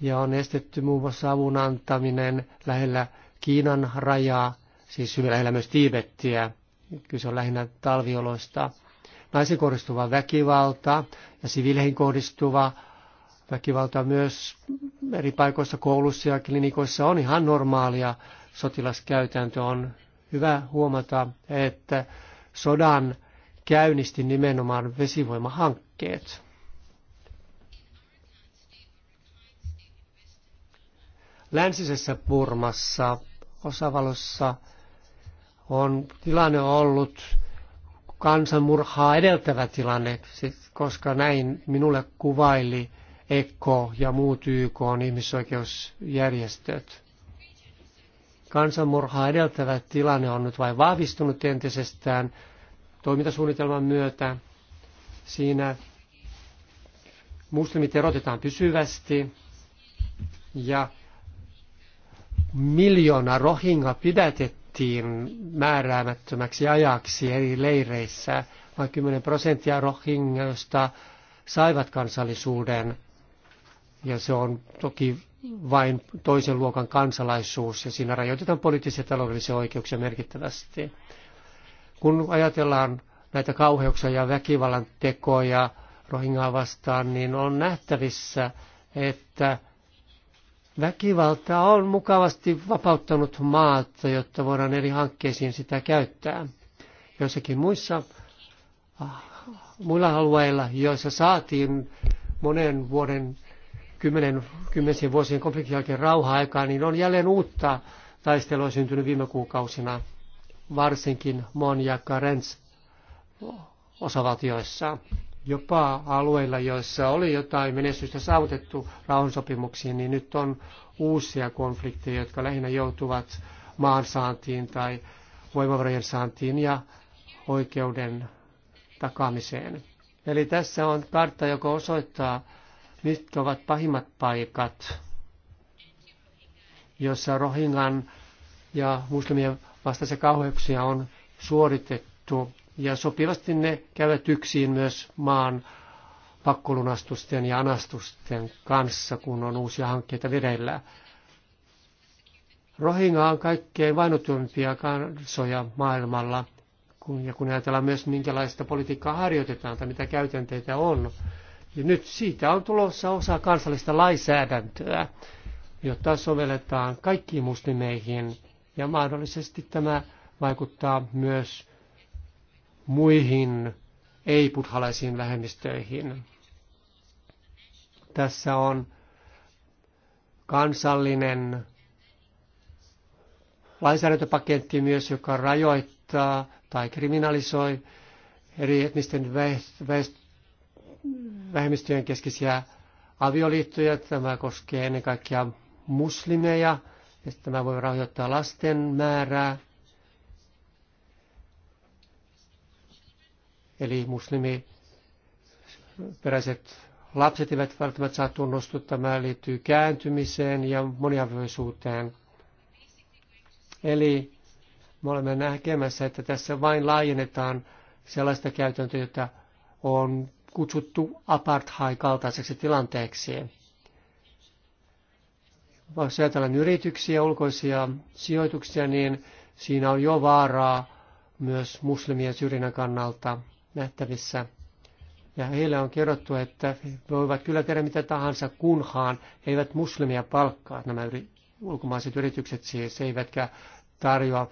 ja on estetty muun muassa avun antaminen lähellä Kiinan rajaa, siis hyvin lähellä myös Tiibettiä. Kyse on lähinnä talvioloista. Naisiin kohdistuva väkivalta ja siviileihin kohdistuva Väkivalta myös eri paikoissa, koulussa ja klinikoissa on ihan normaalia. Sotilaskäytäntö on hyvä huomata, että sodan käynnisti nimenomaan vesivoimahankkeet. Länsisessä Burmassa, osavalossa, on tilanne ollut kansanmurhaa edeltävä tilanne, siis koska näin minulle kuvaili ECO ja muut YK on ihmisoikeusjärjestöt. Kansanmurhaa edeltävä tilanne on nyt vain vahvistunut entisestään toimintasuunnitelman myötä. Siinä muslimit erotetaan pysyvästi ja miljoona rohinga pidätettiin määräämättömäksi ajaksi eri leireissä, vain 10 prosenttia rohingoista saivat kansallisuuden ja se on toki vain toisen luokan kansalaisuus ja siinä rajoitetaan poliittisia ja taloudellisia oikeuksia merkittävästi. Kun ajatellaan näitä kauheuksia ja väkivallan tekoja rohingaa vastaan, niin on nähtävissä, että väkivalta on mukavasti vapauttanut maata, jotta voidaan eri hankkeisiin sitä käyttää. Joissakin muissa ah, muilla alueilla, joissa saatiin monen vuoden kymmenen, kymmenisen vuosien konfliktin jälkeen rauha-aikaa, niin on jälleen uutta taistelua syntynyt viime kuukausina, varsinkin Mon ja Karens osavaltioissa. Jopa alueilla, joissa oli jotain menestystä saavutettu rauhansopimuksiin, niin nyt on uusia konflikteja, jotka lähinnä joutuvat maansaantiin tai voimavarojen saantiin ja oikeuden takaamiseen. Eli tässä on kartta, joka osoittaa, mitkä ovat pahimmat paikat, jossa Rohingan ja muslimien vastaisia kauheuksia on suoritettu. Ja sopivasti ne käyvät yksin myös maan pakkolunastusten ja anastusten kanssa, kun on uusia hankkeita vireillä. Rohinga on kaikkein vainotuimpia kansoja maailmalla, kun, ja kun ajatellaan myös minkälaista politiikkaa harjoitetaan tai mitä käytänteitä on, ja nyt siitä on tulossa osa kansallista lainsäädäntöä, jota sovelletaan kaikkiin muslimeihin ja mahdollisesti tämä vaikuttaa myös muihin ei-buddhalaisiin vähemmistöihin. Tässä on kansallinen lainsäädäntöpaketti myös, joka rajoittaa tai kriminalisoi eri etnisten väest- vähemmistöjen keskisiä avioliittoja. Tämä koskee ennen kaikkea muslimeja, ja tämä voi rajoittaa lasten määrää. Eli muslimi peräiset lapset eivät välttämättä saa tunnustua. Tämä liittyy kääntymiseen ja moniavioisuuteen. Eli me olemme näkemässä, että tässä vain laajennetaan sellaista käytäntöä, jota on kutsuttu apartheid-kaltaiseksi tilanteeksi. Jos ajatellaan yrityksiä, ulkoisia sijoituksia, niin siinä on jo vaaraa myös muslimien syrjinnän kannalta nähtävissä. Ja heille on kerrottu, että voivat kyllä tehdä mitä tahansa, kunhan he eivät muslimia palkkaa, nämä yri- ulkomaiset yritykset siis, eivätkä tarjoa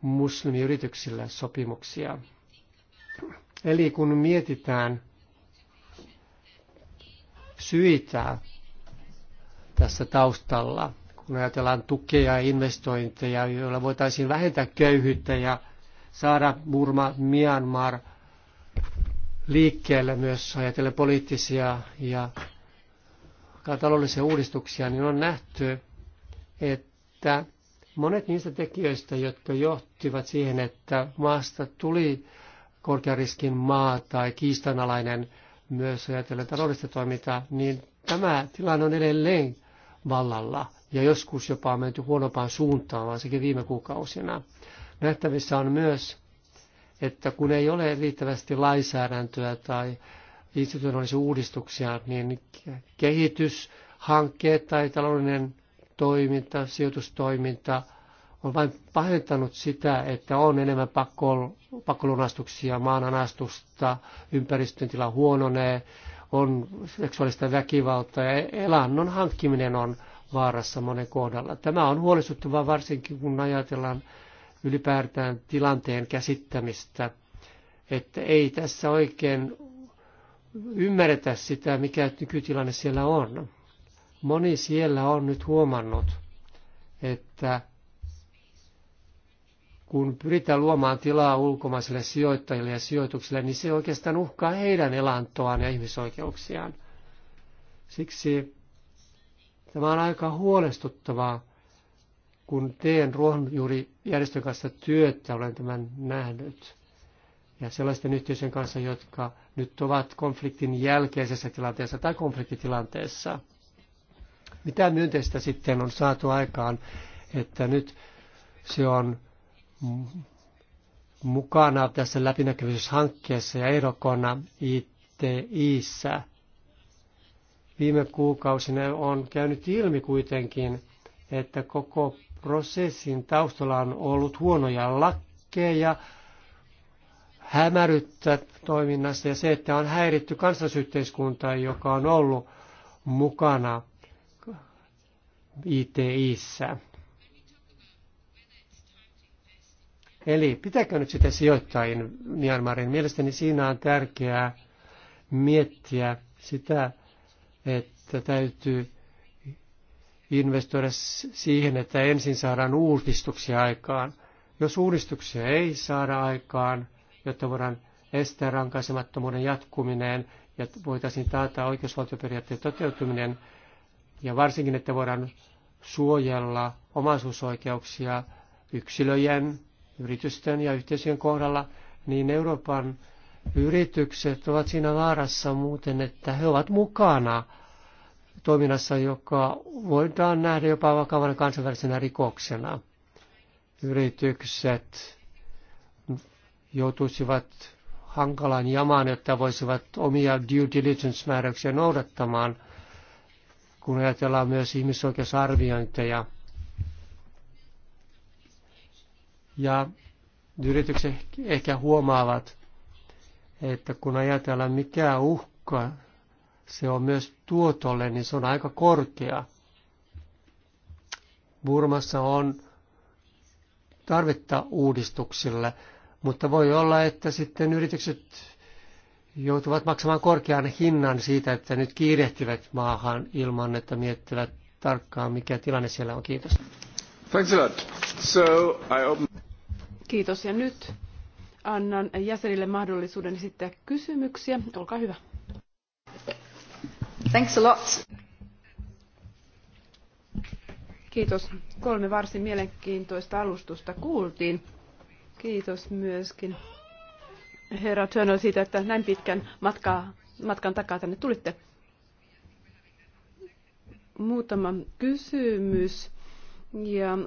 muslimiyrityksille sopimuksia. Eli kun mietitään syitä tässä taustalla, kun ajatellaan tukea ja investointeja, joilla voitaisiin vähentää köyhyyttä ja saada Burma, Myanmar liikkeelle myös ajatellen poliittisia ja taloudellisia uudistuksia, niin on nähty, että monet niistä tekijöistä, jotka johtivat siihen, että maasta tuli korkeariskin maa tai kiistanalainen myös ajatellen taloudellista toimintaa, niin tämä tilanne on edelleen vallalla ja joskus jopa on menty huonompaan suuntaan, varsinkin viime kuukausina. Nähtävissä on myös, että kun ei ole riittävästi lainsäädäntöä tai institutionaalisia uudistuksia, niin kehityshankkeet tai taloudellinen toiminta, sijoitustoiminta on vain pahentanut sitä, että on enemmän pakko pakkolunastuksia, maananastusta, ympäristön tila huononee, on seksuaalista väkivaltaa ja elannon hankkiminen on vaarassa monen kohdalla. Tämä on huolestuttavaa varsinkin, kun ajatellaan ylipäätään tilanteen käsittämistä, että ei tässä oikein ymmärretä sitä, mikä nykytilanne siellä on. Moni siellä on nyt huomannut, että kun pyritään luomaan tilaa ulkomaisille sijoittajille ja sijoituksille, niin se oikeastaan uhkaa heidän elantoaan ja ihmisoikeuksiaan. Siksi tämä on aika huolestuttavaa, kun teen ruohonjuurijärjestön kanssa työtä, olen tämän nähnyt. Ja sellaisten yhteisöjen kanssa, jotka nyt ovat konfliktin jälkeisessä tilanteessa tai konfliktitilanteessa. Mitä myönteistä sitten on saatu aikaan, että nyt se on mukana tässä läpinäkyvyyshankkeessa ja ehdokona ITIssä. Viime kuukausina on käynyt ilmi kuitenkin, että koko prosessin taustalla on ollut huonoja lakkeja, hämäryttä toiminnassa ja se, että on häiritty kansallisyhteiskuntaa, joka on ollut mukana ITIssä. Eli pitääkö nyt sitä sijoittaa Myanmarin? Mielestäni siinä on tärkeää miettiä sitä, että täytyy investoida siihen, että ensin saadaan uudistuksia aikaan. Jos uudistuksia ei saada aikaan, jotta voidaan estää rankaisemattomuuden jatkuminen ja voitaisiin taata oikeusvaltioperiaatteen toteutuminen ja varsinkin, että voidaan suojella omaisuusoikeuksia yksilöjen yritysten ja yhteisöjen kohdalla, niin Euroopan yritykset ovat siinä vaarassa muuten, että he ovat mukana toiminnassa, joka voidaan nähdä jopa vakavana kansainvälisenä rikoksena. Yritykset joutuisivat hankalaan jamaan, jotta voisivat omia due diligence-määräyksiä noudattamaan, kun ajatellaan myös ihmisoikeusarviointeja – Ja yritykset ehkä huomaavat, että kun ajatellaan mikä uhka se on myös tuotolle, niin se on aika korkea. Burmassa on tarvetta uudistuksille, mutta voi olla, että sitten yritykset joutuvat maksamaan korkean hinnan siitä, että nyt kiirehtivät maahan ilman, että miettivät tarkkaan, mikä tilanne siellä on. Kiitos. Thanks a lot. So I open... Kiitos. Ja nyt annan jäsenille mahdollisuuden esittää kysymyksiä. Olkaa hyvä. Thanks a lot. Kiitos. Kolme varsin mielenkiintoista alustusta kuultiin. Kiitos myöskin herra Turner siitä, että näin pitkän matkaa, matkan takaa tänne tulitte. Muutama kysymys ja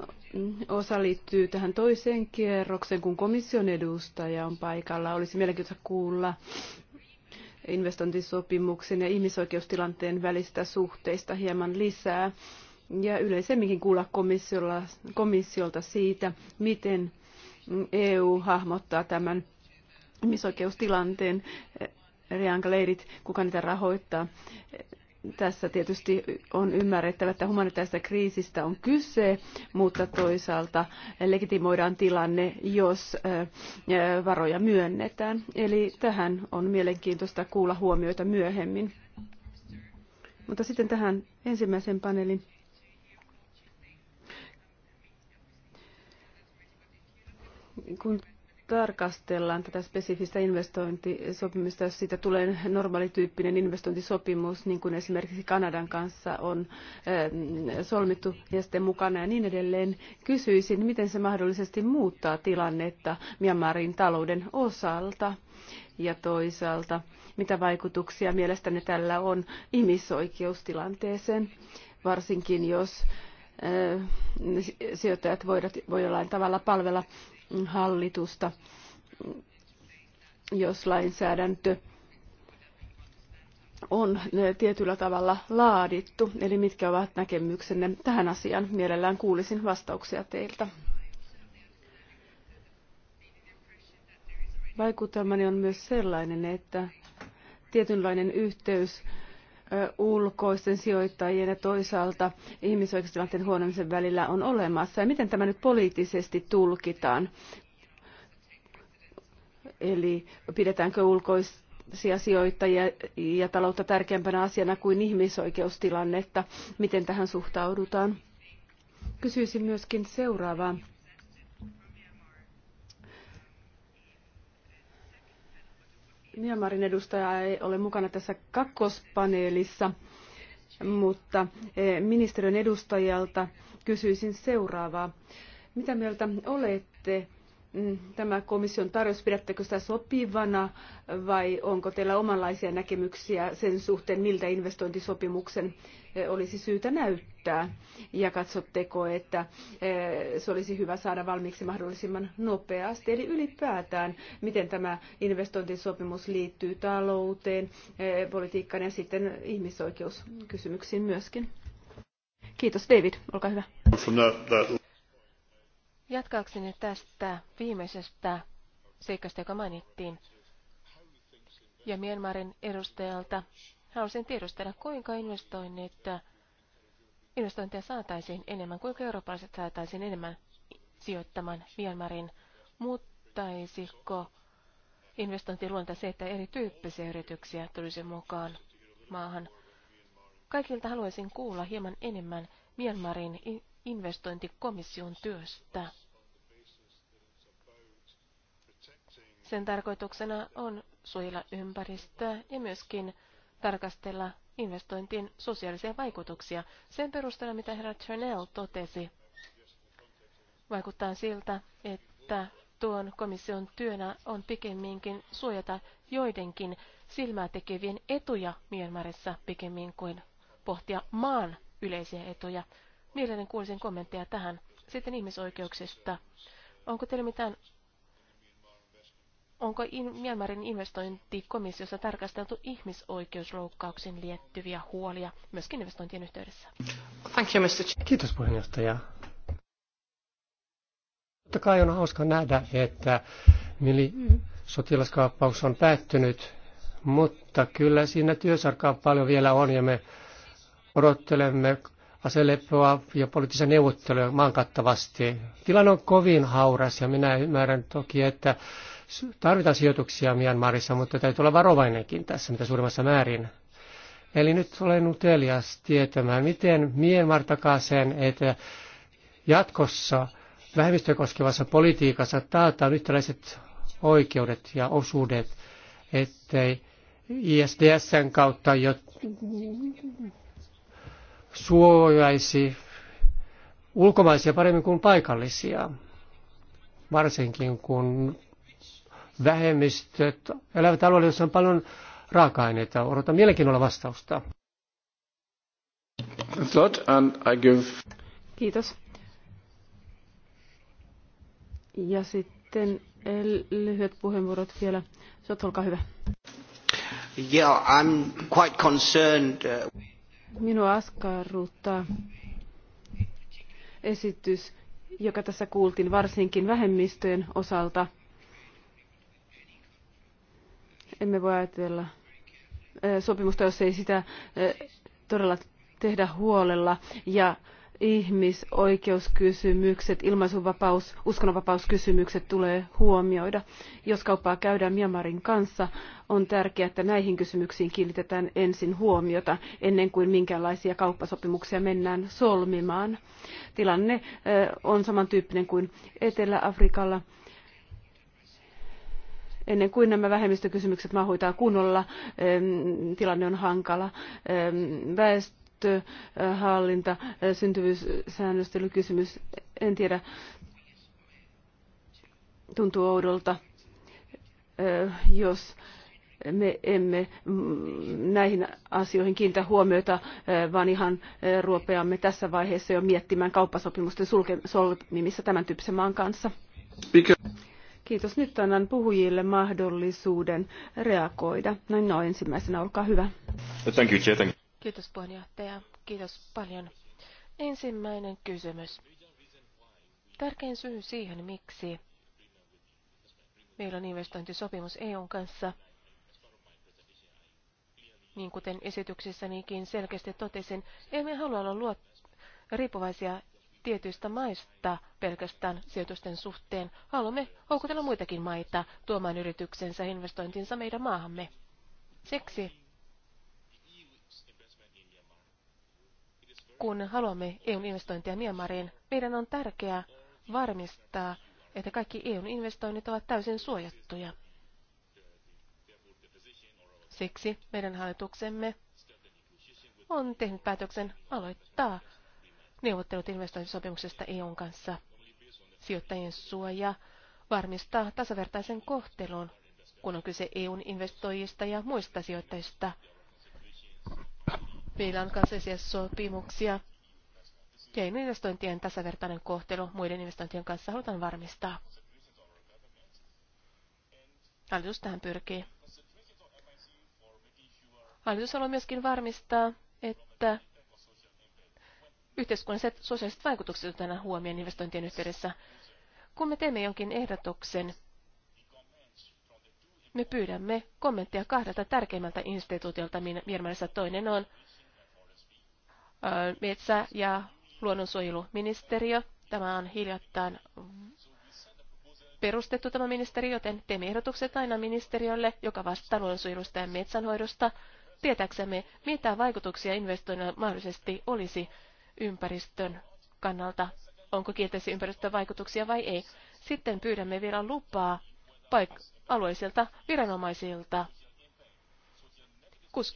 osa liittyy tähän toiseen kierrokseen, kun komission edustaja on paikalla. Olisi mielenkiintoista kuulla investointisopimuksen ja ihmisoikeustilanteen välistä suhteista hieman lisää. Ja yleisemminkin kuulla komissiolta siitä, miten EU hahmottaa tämän ihmisoikeustilanteen, reangaleirit, kuka niitä rahoittaa tässä tietysti on ymmärrettävä, että humanitaarista kriisistä on kyse, mutta toisaalta legitimoidaan tilanne, jos varoja myönnetään. Eli tähän on mielenkiintoista kuulla huomioita myöhemmin. Mutta sitten tähän ensimmäisen paneelin. Kun tarkastellaan tätä spesifistä investointisopimusta, jos siitä tulee normaalityyppinen investointisopimus, niin kuin esimerkiksi Kanadan kanssa on eh, solmittu ja sitten mukana ja niin edelleen, kysyisin, miten se mahdollisesti muuttaa tilannetta Myanmarin talouden osalta ja toisaalta, mitä vaikutuksia mielestäni tällä on ihmisoikeustilanteeseen, varsinkin jos eh, sijoittajat voivat jollain tavalla palvella hallitusta, jos lainsäädäntö on eh, tietyllä tavalla laadittu. Eli mitkä ovat näkemyksenne tähän asiaan? Mielellään kuulisin vastauksia teiltä. Vaikutelmani on myös sellainen, että tietynlainen yhteys ulkoisten sijoittajien ja toisaalta ihmisoikeustilanteen huonomisen välillä on olemassa ja miten tämä nyt poliittisesti tulkitaan? Eli pidetäänkö ulkoisia sijoittajia ja taloutta tärkeämpänä asiana kuin ihmisoikeustilannetta? Miten tähän suhtaudutaan? Kysyisin myöskin seuraavaa Myanmarin edustaja ei ole mukana tässä kakkospaneelissa, mutta eh, ministeriön edustajalta kysyisin seuraavaa. Mitä mieltä olette Mm, tämä komission tarjous, pidättekö sitä sopivana vai onko teillä omanlaisia näkemyksiä sen suhteen, miltä investointisopimuksen eh, olisi syytä näyttää? Ja katsotteko, että eh, se olisi hyvä saada valmiiksi mahdollisimman nopeasti? Eli ylipäätään, miten tämä investointisopimus liittyy talouteen, eh, politiikkaan ja sitten ihmisoikeuskysymyksiin myöskin? Kiitos David, olkaa hyvä. Jatkaakseni tästä viimeisestä seikasta, joka mainittiin, ja Myanmarin edustajalta haluaisin tiedustella, kuinka investoinnit, investointeja saataisiin enemmän, kuinka eurooppalaiset saataisiin enemmän sijoittamaan Myanmarin, muuttaisiko investointiluonta se, että erityyppisiä yrityksiä tulisi mukaan maahan. Kaikilta haluaisin kuulla hieman enemmän Myanmarin investointikomission työstä. Sen tarkoituksena on suojella ympäristöä ja myöskin tarkastella investointien sosiaalisia vaikutuksia sen perusteella, mitä herra Chernell totesi. Vaikuttaa siltä, että tuon komission työnä on pikemminkin suojata joidenkin silmää tekevien etuja Myanmarissa pikemmin kuin pohtia maan yleisiä etuja. Mielelläni kuulisin kommentteja tähän. Sitten ihmisoikeuksista. Onko teillä mitään Onko in, Myanmarin investointikomissiossa tarkasteltu ihmisoikeusloukkauksiin liittyviä huolia myöskin investointien yhteydessä? Thank you, Mr. Kiitos puheenjohtaja. Totta kai on hauska nähdä, että mili sotilaskaappaus on päättynyt, mutta kyllä siinä työsarkaa paljon vielä on ja me odottelemme aselepoa ja poliittisia neuvotteluja maan kattavasti. Tilanne on kovin hauras ja minä ymmärrän toki, että tarvitaan sijoituksia Myanmarissa, mutta täytyy olla varovainenkin tässä mitä suurimmassa määrin. Eli nyt olen utelias tietämään, miten Myanmar takaa sen, että jatkossa vähemmistöä koskevassa politiikassa taataan yhtäläiset oikeudet ja osuudet, ettei ISDSn kautta jo suojaisi ulkomaisia paremmin kuin paikallisia, varsinkin kun vähemmistöt elävät alueella, jossa on paljon raaka-aineita. Odotan mielenkiinnolla vastausta. Kiitos. Ja sitten lyhyet puheenvuorot vielä. Sot, olkaa hyvä. Yeah, I'm quite concerned. Uh, Minua askarruttaa esitys, joka tässä kuultiin varsinkin vähemmistöjen osalta. Emme voi ajatella sopimusta, jos ei sitä todella tehdä huolella ja ihmisoikeuskysymykset, ilmaisunvapaus, uskonnonvapauskysymykset tulee huomioida. Jos kauppaa käydään Myanmarin kanssa, on tärkeää, että näihin kysymyksiin kiinnitetään ensin huomiota ennen kuin minkäänlaisia kauppasopimuksia mennään solmimaan. Tilanne on samantyyppinen kuin Etelä-Afrikalla ennen kuin nämä vähemmistökysymykset mahoitaa kunnolla, tilanne on hankala. Väestö hallinta, syntyvyyssäännöstelykysymys, en tiedä, tuntuu oudolta, jos me emme näihin asioihin kiinnitä huomiota, vaan ihan ruopeamme tässä vaiheessa jo miettimään kauppasopimusten solmimissa tämän tyyppisen maan kanssa. Kiitos. Nyt annan puhujille mahdollisuuden reagoida. Näin no, no ensimmäisenä, olkaa hyvä. Thank you, Chair. Kiitos puheenjohtaja. Kiitos paljon. Ensimmäinen kysymys. Tärkein syy siihen, miksi meillä on investointisopimus EUn kanssa, niin kuten esityksessänikin selkeästi totesin, emme halua olla luot, riippuvaisia tietyistä maista pelkästään sijoitusten suhteen. Haluamme houkutella muitakin maita tuomaan yrityksensä investointinsa meidän maahamme. Siksi kun haluamme EUn investointia Myanmariin, meidän on tärkeää varmistaa, että kaikki EUn investoinnit ovat täysin suojattuja. Siksi meidän hallituksemme on tehnyt päätöksen aloittaa neuvottelut investointisopimuksesta EUn kanssa. Sijoittajien suoja varmistaa tasavertaisen kohtelun, kun on kyse EUn investoijista ja muista sijoittajista – Meillä on kansallisia sopimuksia ja investointien tasavertainen kohtelu muiden investointien kanssa halutaan varmistaa. Hallitus tähän pyrkii. Hallitus haluaa myöskin varmistaa, että yhteiskunnalliset sosiaaliset vaikutukset otetaan huomioon investointien yhteydessä. Kun me teemme jonkin ehdotuksen, me pyydämme kommentteja kahdelta tärkeimmältä instituutiolta, Myanmarissa toinen on metsä- ja luonnonsuojeluministeriö. Tämä on hiljattain perustettu tämä ministeriö, joten teemme ehdotukset aina ministeriölle, joka vastaa luonnonsuojelusta ja metsänhoidosta, tietääksemme, mitä vaikutuksia investoinnilla mahdollisesti olisi ympäristön kannalta, onko kielteisiä vaikutuksia vai ei. Sitten pyydämme vielä lupaa paik- alueisilta viranomaisilta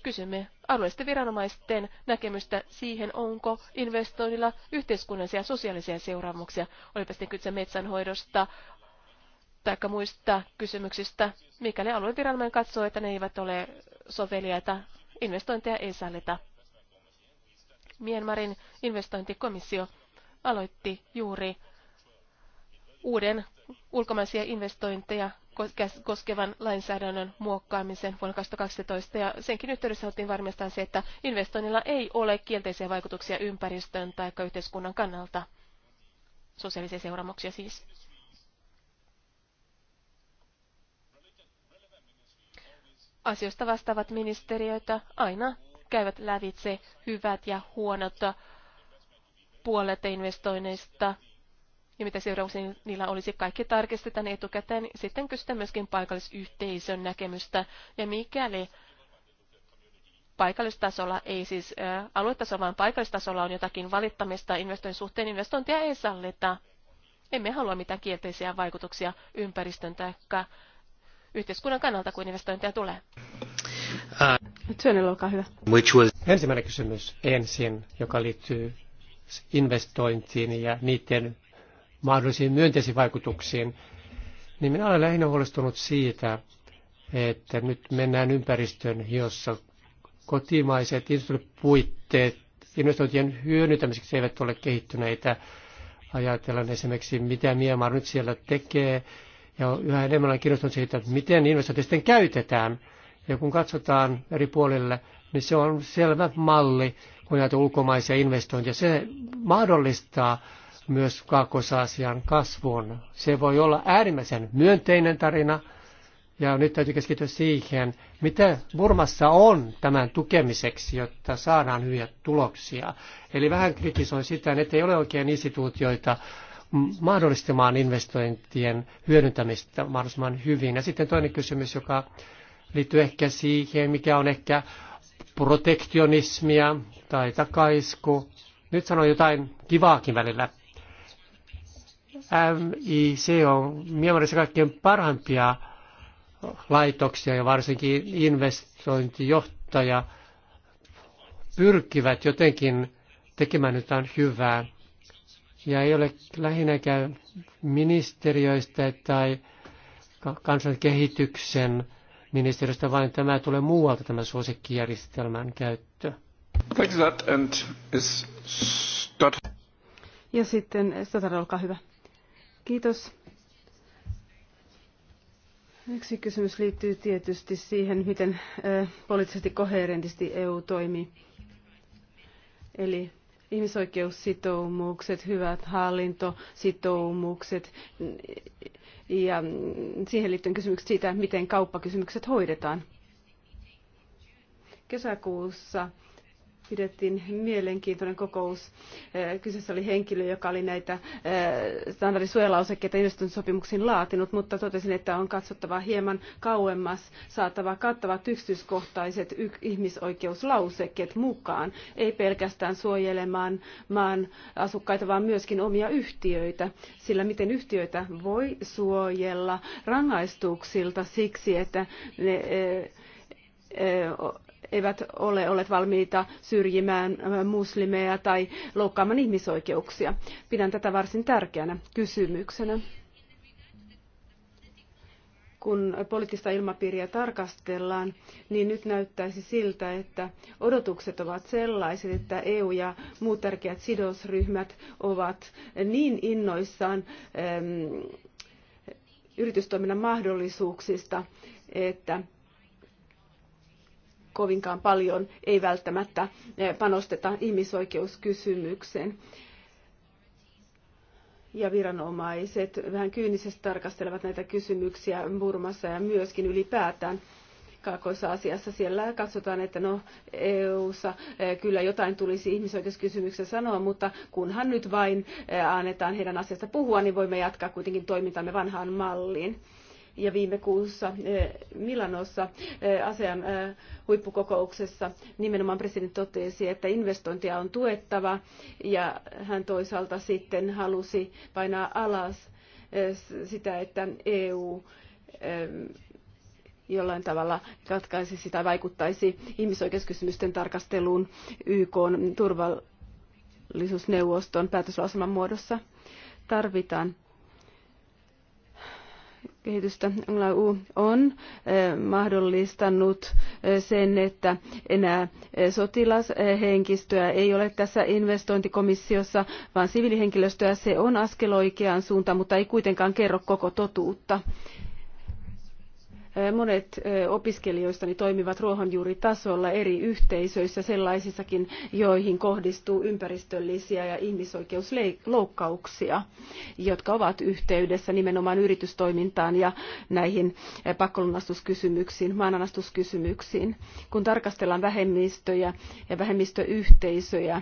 kysymme alueellisten viranomaisten näkemystä siihen, onko investoinnilla yhteiskunnallisia ja sosiaalisia seuraamuksia, olipa sitten kyse metsänhoidosta tai muista kysymyksistä, mikäli alueen viranomainen katsoo, että ne eivät ole soveliaita, investointeja ei sallita. Myanmarin investointikomissio aloitti juuri uuden ulkomaisia investointeja koskevan lainsäädännön muokkaamisen vuonna 2012 ja senkin yhteydessä otin varmistaa se, että investoinnilla ei ole kielteisiä vaikutuksia ympäristön tai yhteiskunnan kannalta. Sosiaalisia seuraamuksia siis. Asioista vastaavat ministeriöitä aina käyvät lävitse hyvät ja huonot puolet investoinneista ja mitä seurauksia niillä olisi. Kaikki tarkistetaan etukäteen. Niin sitten kysytään myöskin paikallisyhteisön näkemystä. Ja mikäli paikallistasolla, ei siis ä, aluetasolla, vaan paikallistasolla on jotakin valittamista investoinnin suhteen, niin investointia ei sallita. Emme halua mitään kielteisiä vaikutuksia ympäristön tai yhteiskunnan kannalta, kun investointeja tulee. Työnillä, olkaa hyvä. Which was... Ensimmäinen kysymys ensin, joka liittyy investointiin ja niiden mahdollisiin myönteisiin vaikutuksiin, niin minä olen lähinnä huolestunut siitä, että nyt mennään ympäristön, jossa kotimaiset puitteet investointien hyödyntämiseksi eivät ole kehittyneitä. Ajatellaan esimerkiksi, mitä Miemar nyt siellä tekee, ja yhä enemmän on kiinnostunut siitä, miten investointi sitten käytetään. Ja kun katsotaan eri puolille, niin se on selvä malli, kun näitä ulkomaisia investointeja. Se mahdollistaa myös Kaakkois-Aasian kasvun. Se voi olla äärimmäisen myönteinen tarina, ja nyt täytyy keskittyä siihen, mitä Burmassa on tämän tukemiseksi, jotta saadaan hyviä tuloksia. Eli vähän kritisoin sitä, että ei ole oikein instituutioita mahdollistamaan investointien hyödyntämistä mahdollisimman hyvin. Ja sitten toinen kysymys, joka liittyy ehkä siihen, mikä on ehkä protektionismia tai takaisku. Nyt sanon jotain kivaakin välillä. MIC on Miemarissa kaikkein parhaimpia laitoksia ja varsinkin investointijohtaja pyrkivät jotenkin tekemään jotain hyvää. Ja ei ole lähinnäkään ministeriöistä tai kansankehityksen ministeriöstä, vaan tämä tulee muualta tämä suosikkijärjestelmän käyttö. Ja sitten Stotar, olkaa hyvä. Kiitos. Yksi kysymys liittyy tietysti siihen, miten poliittisesti koherentisti EU toimii. Eli ihmisoikeussitoumukset, hyvät hallintositoumukset ja siihen liittyen kysymykset siitä, miten kauppakysymykset hoidetaan. Kesäkuussa pidettiin mielenkiintoinen kokous. Äh, kyseessä oli henkilö, joka oli näitä äh, standardisuojalausekkeita investointisopimuksiin laatinut, mutta totesin, että on katsottava hieman kauemmas saatava kattavat yksityiskohtaiset ihmisoikeuslausekkeet mukaan, ei pelkästään suojelemaan maan asukkaita, vaan myöskin omia yhtiöitä, sillä miten yhtiöitä voi suojella rangaistuksilta siksi, että ne äh, eivät ole olleet valmiita syrjimään äh, muslimeja tai loukkaamaan ihmisoikeuksia. Pidän tätä varsin tärkeänä kysymyksenä. Kun poliittista ilmapiiriä tarkastellaan, niin nyt näyttäisi siltä, että odotukset ovat sellaiset, että EU ja muut tärkeät sidosryhmät ovat niin innoissaan ähm, yritystoiminnan mahdollisuuksista, että kovinkaan paljon ei välttämättä eh, panosteta ihmisoikeuskysymykseen. Ja viranomaiset vähän kyynisesti tarkastelevat näitä kysymyksiä Burmassa ja myöskin ylipäätään Kaakkois-Aasiassa. Siellä katsotaan, että no EU-ssa eh, kyllä jotain tulisi ihmisoikeuskysymyksessä sanoa, mutta kunhan nyt vain eh, annetaan heidän asiasta puhua, niin voimme jatkaa kuitenkin toimintamme vanhaan malliin ja viime kuussa eh, Milanossa eh, ASEAN eh, huippukokouksessa nimenomaan presidentti totesi, että investointia on tuettava ja hän toisaalta sitten halusi painaa alas sitä, että EU jollain tavalla katkaisisi tai vaikuttaisi ihmisoikeuskysymysten tarkasteluun YK turvallisuusneuvoston päätöslauselman muodossa. Tarvitaan kehitystä. Englau on eh, mahdollistanut eh, sen, että enää eh, sotilashenkistöä ei ole tässä investointikomissiossa, vaan siviilihenkilöstöä se on askel oikeaan suuntaan, mutta ei kuitenkaan kerro koko totuutta. Monet opiskelijoistani toimivat ruohonjuuritasolla eri yhteisöissä, sellaisissakin, joihin kohdistuu ympäristöllisiä ja ihmisoikeusloukkauksia, jotka ovat yhteydessä nimenomaan yritystoimintaan ja näihin pakkolunastuskysymyksiin, maananastuskysymyksiin. Kun tarkastellaan vähemmistöjä ja vähemmistöyhteisöjä,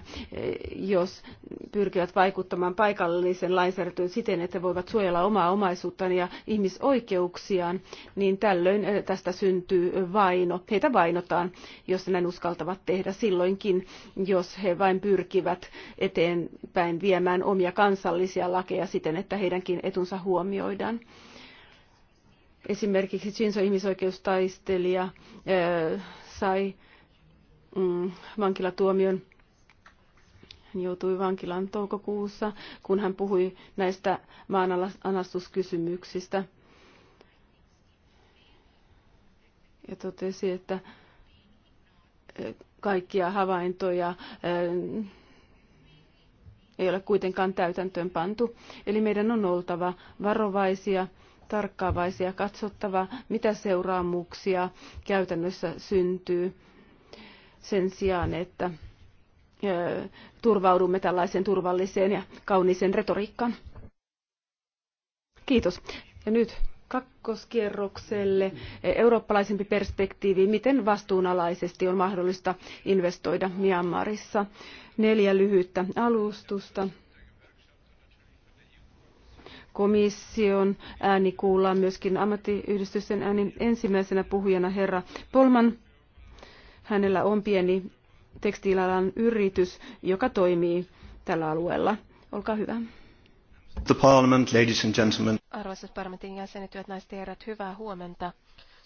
jos pyrkivät vaikuttamaan paikallisen lainsäädäntöön siten, että voivat suojella omaa omaisuuttaan ja ihmisoikeuksiaan, niin tällöin Tällöin eh, tästä syntyy vaino. Heitä vainotaan, jos ne uskaltavat tehdä silloinkin, jos he vain pyrkivät eteenpäin viemään omia kansallisia lakeja siten, että heidänkin etunsa huomioidaan esimerkiksi Jinso ihmisoikeustaistelija eh, sai mm, vankilatuomion. Hän joutui vankilaan toukokuussa, kun hän puhui näistä maanalastuskysymyksistä. ja totesi, että e, kaikkia havaintoja e, ei ole kuitenkaan täytäntöön pantu. Eli meidän on oltava varovaisia, tarkkaavaisia, katsottava, mitä seuraamuksia käytännössä syntyy sen sijaan, että e, turvaudumme tällaiseen turvalliseen ja kauniiseen retoriikkaan. Kiitos. Ja nyt kakkoskierrokselle e, eurooppalaisempi perspektiivi, miten vastuunalaisesti on mahdollista investoida Myanmarissa. Neljä lyhyttä alustusta. Komission ääni kuullaan myöskin ammattiyhdistysten äänin ensimmäisenä puhujana herra Polman. Hänellä on pieni tekstiilialan yritys, joka toimii tällä alueella. Olkaa hyvä. The Parliament, ladies and gentlemen. Arvoisat parlamentin jäsenet, hyvät naiset ja herrat, hyvää huomenta.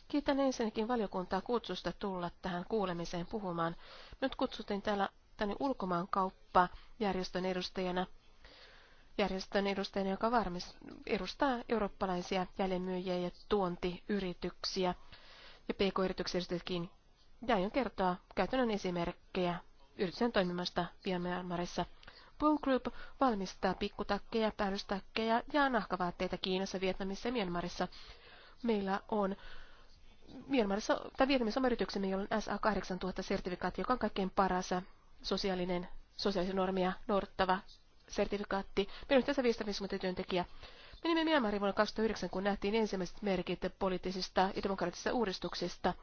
Kiitän ensinnäkin valiokuntaa kutsusta tulla tähän kuulemiseen puhumaan. Nyt kutsutin täällä tänne ulkomaankauppajärjestön edustajana järjestön edustajana, joka varmis, edustaa eurooppalaisia jälleenmyyjiä ja tuontiyrityksiä ja pk-yrityksiäkin. Ja aion kertoa käytännön esimerkkejä yritysten toimimasta Myanmarissa. Bull Group valmistaa pikkutakkeja, päällystakkeja ja nahkavaatteita Kiinassa, Vietnamissa ja Myanmarissa. Meillä on Myanmarissa, tai Vietnamissa on yrityksemme, jolla on SA8000-sertifikaatti, joka on kaikkein paras sosiaalinen, sosiaalisen normia noudattava sertifikaatti. Meillä on yhteensä 550 työntekijää. Menimme Myanmariin vuonna 2009, kun nähtiin ensimmäiset merkit poliittisista ja demokraattisista uudistuksista.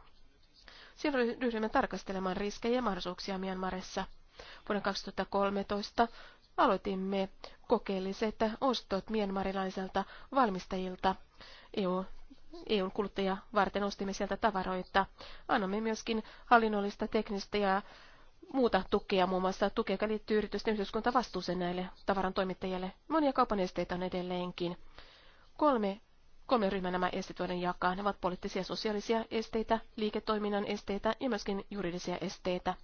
Silloin ryhdyimme tarkastelemaan riskejä ja mahdollisuuksia Myanmarissa. Vuonna 2013 aloitimme kokeelliset ostot mienmarilaiselta valmistajilta EU EUn kuluttaja varten ostimme sieltä tavaroita. Annamme myöskin hallinnollista, teknistä ja muuta tukea, muun muassa tukea, joka liittyy yritysten yhteiskuntavastuuseen näille tavaran toimittajille. Monia kaupan esteitä on edelleenkin. Kolme, kolme ryhmää nämä esteet voidaan jakaa. Ne ovat poliittisia, sosiaalisia esteitä, liiketoiminnan esteitä ja myöskin juridisia esteitä.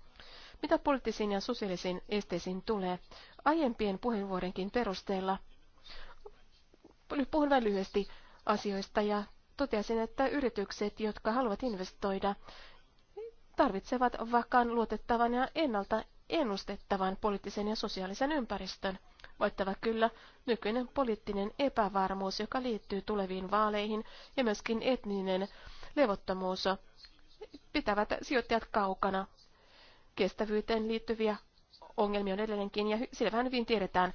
Mitä poliittisiin ja sosiaalisiin esteisiin tulee, aiempien puheenvuorenkin perusteella puhun vain lyhyesti asioista ja totesin, että yritykset, jotka haluavat investoida, tarvitsevat vakaan, luotettavan ja ennalta ennustettavan poliittisen ja sosiaalisen ympäristön. Voittava kyllä, nykyinen poliittinen epävarmuus, joka liittyy tuleviin vaaleihin ja myöskin etninen levottomuus, pitävät sijoittajat kaukana kestävyyteen liittyviä ongelmia on edelleenkin, ja sillä vähän hyvin tiedetään,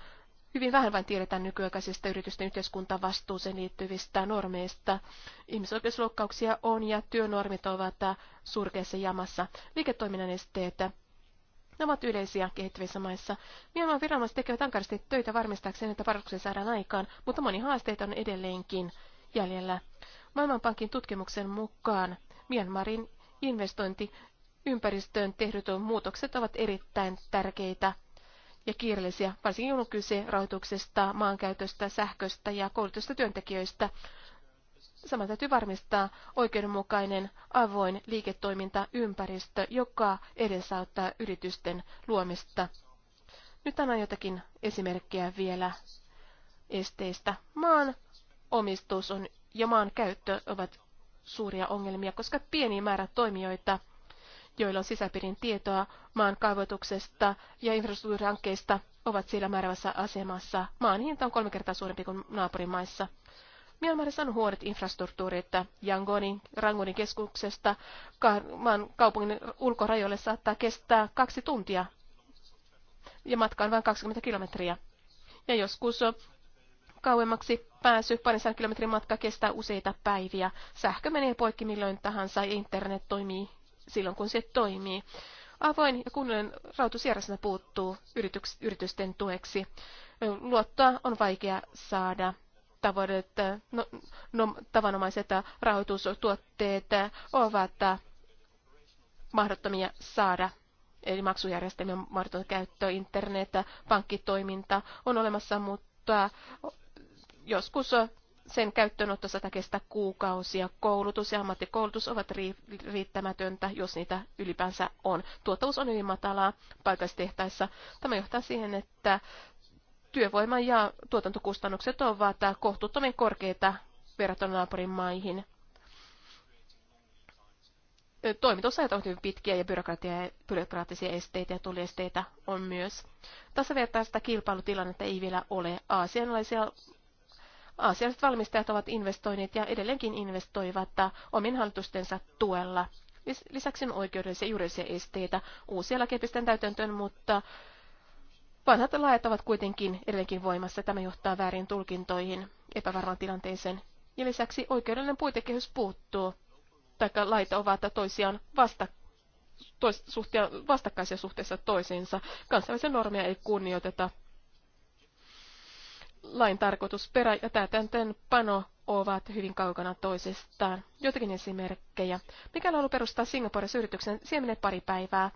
hyvin vähän vain tiedetään nykyaikaisista yritysten yhteiskuntavastuuseen liittyvistä normeista. Ihmisoikeusloukkauksia on ja työnormit ovat surkeassa jamassa. Liiketoiminnan esteet ne ovat yleisiä kehittyvissä maissa. Myanmar viranomaiset tekevät ankarasti töitä varmistaakseen, että parannuksia saadaan aikaan, mutta moni haasteita on edelleenkin jäljellä. Maailmanpankin tutkimuksen mukaan Myanmarin investointi ympäristöön tehdyt muutokset ovat erittäin tärkeitä ja kiireellisiä, varsinkin kun on kyse rahoituksesta, maankäytöstä, sähköstä ja koulutusta työntekijöistä. Sama täytyy varmistaa oikeudenmukainen, avoin liiketoimintaympäristö, joka edesauttaa yritysten luomista. Nyt annan jotakin esimerkkejä vielä esteistä. Maan omistus on, ja maan käyttö ovat suuria ongelmia, koska pieni määrä toimijoita joilla on sisäpiirin tietoa maan kaavoituksesta ja infrastruktuurihankkeista, ovat siellä määrävässä asemassa. Maan hinta on kolme kertaa suurempi kuin naapurimaissa. Myanmarissa on huonot infrastruktuurit Yangonin, Rangonin keskuksesta. Ka- maan kaupungin ulkorajoille saattaa kestää kaksi tuntia ja matka on vain 20 kilometriä. Ja joskus kauemmaksi pääsy parin kilometrin matka kestää useita päiviä. Sähkö menee poikki milloin tahansa ja internet toimii silloin, kun se toimii. Avoin ja kunnollinen rahoitusjärjestelmä puuttuu yrityks- yritysten tueksi. Luottoa on vaikea saada. Tavoitet, äh, no, no, tavanomaiset äh, rahoitustuotteet äh, ovat mahdottomia saada eli on mahdoton käyttö, internet, pankkitoiminta on olemassa, mutta joskus sen käyttöönotto saattaa kestää kuukausia. Koulutus ja ammattikoulutus ovat riittämätöntä, jos niitä ylipäänsä on. Tuottavuus on hyvin matalaa paikallistehtaissa. Tämä johtaa siihen, että työvoima- ja tuotantokustannukset ovat kohtuuttomien korkeita verrattuna naapurin maihin. Toimitusajat ovat hyvin pitkiä ja byrokraattisia esteitä ja tuliesteitä on myös. vertaista kilpailutilannetta ei vielä ole. Aasianlaisia Aasialaiset valmistajat ovat investoineet ja edelleenkin investoivat omin hallitustensa tuella. Lisäksi on oikeudellisia ja juridisia esteitä. Uusia lakeja täytäntöön, mutta vanhat lait ovat kuitenkin edelleenkin voimassa. Tämä johtaa väärin tulkintoihin, epävarmaan tilanteeseen. Ja lisäksi oikeudellinen puitekehys puuttuu, taikka lait ovat toisiaan vasta, tois, suhtia, vastakkaisia suhteessa toisiinsa. Kansainvälisiä normeja ei kunnioiteta lain tarkoitusperä ja täytäntöönpano ovat hyvin kaukana toisistaan. Jotakin esimerkkejä. Mikäli ollut perustaa Singaporessa yrityksen, siihen menee pari päivää.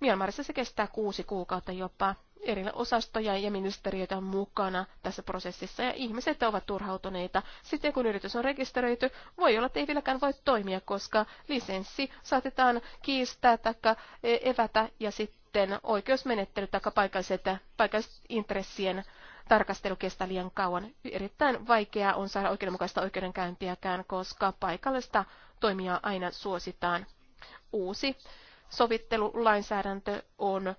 Myanmarissa se kestää kuusi kuukautta jopa. Eri osastoja ja ministeriöitä on mukana tässä prosessissa ja ihmiset ovat turhautuneita. Sitten kun yritys on rekisteröity, voi olla, että ei vieläkään voi toimia, koska lisenssi saatetaan kiistää tai e- evätä ja sitten oikeusmenettely tai paikalliset, paikalliset intressien tarkastelu kestää liian kauan. Erittäin vaikeaa on saada oikeudenmukaista oikeudenkäyntiäkään, koska paikallista toimijaa aina suositaan. Uusi sovittelulainsäädäntö on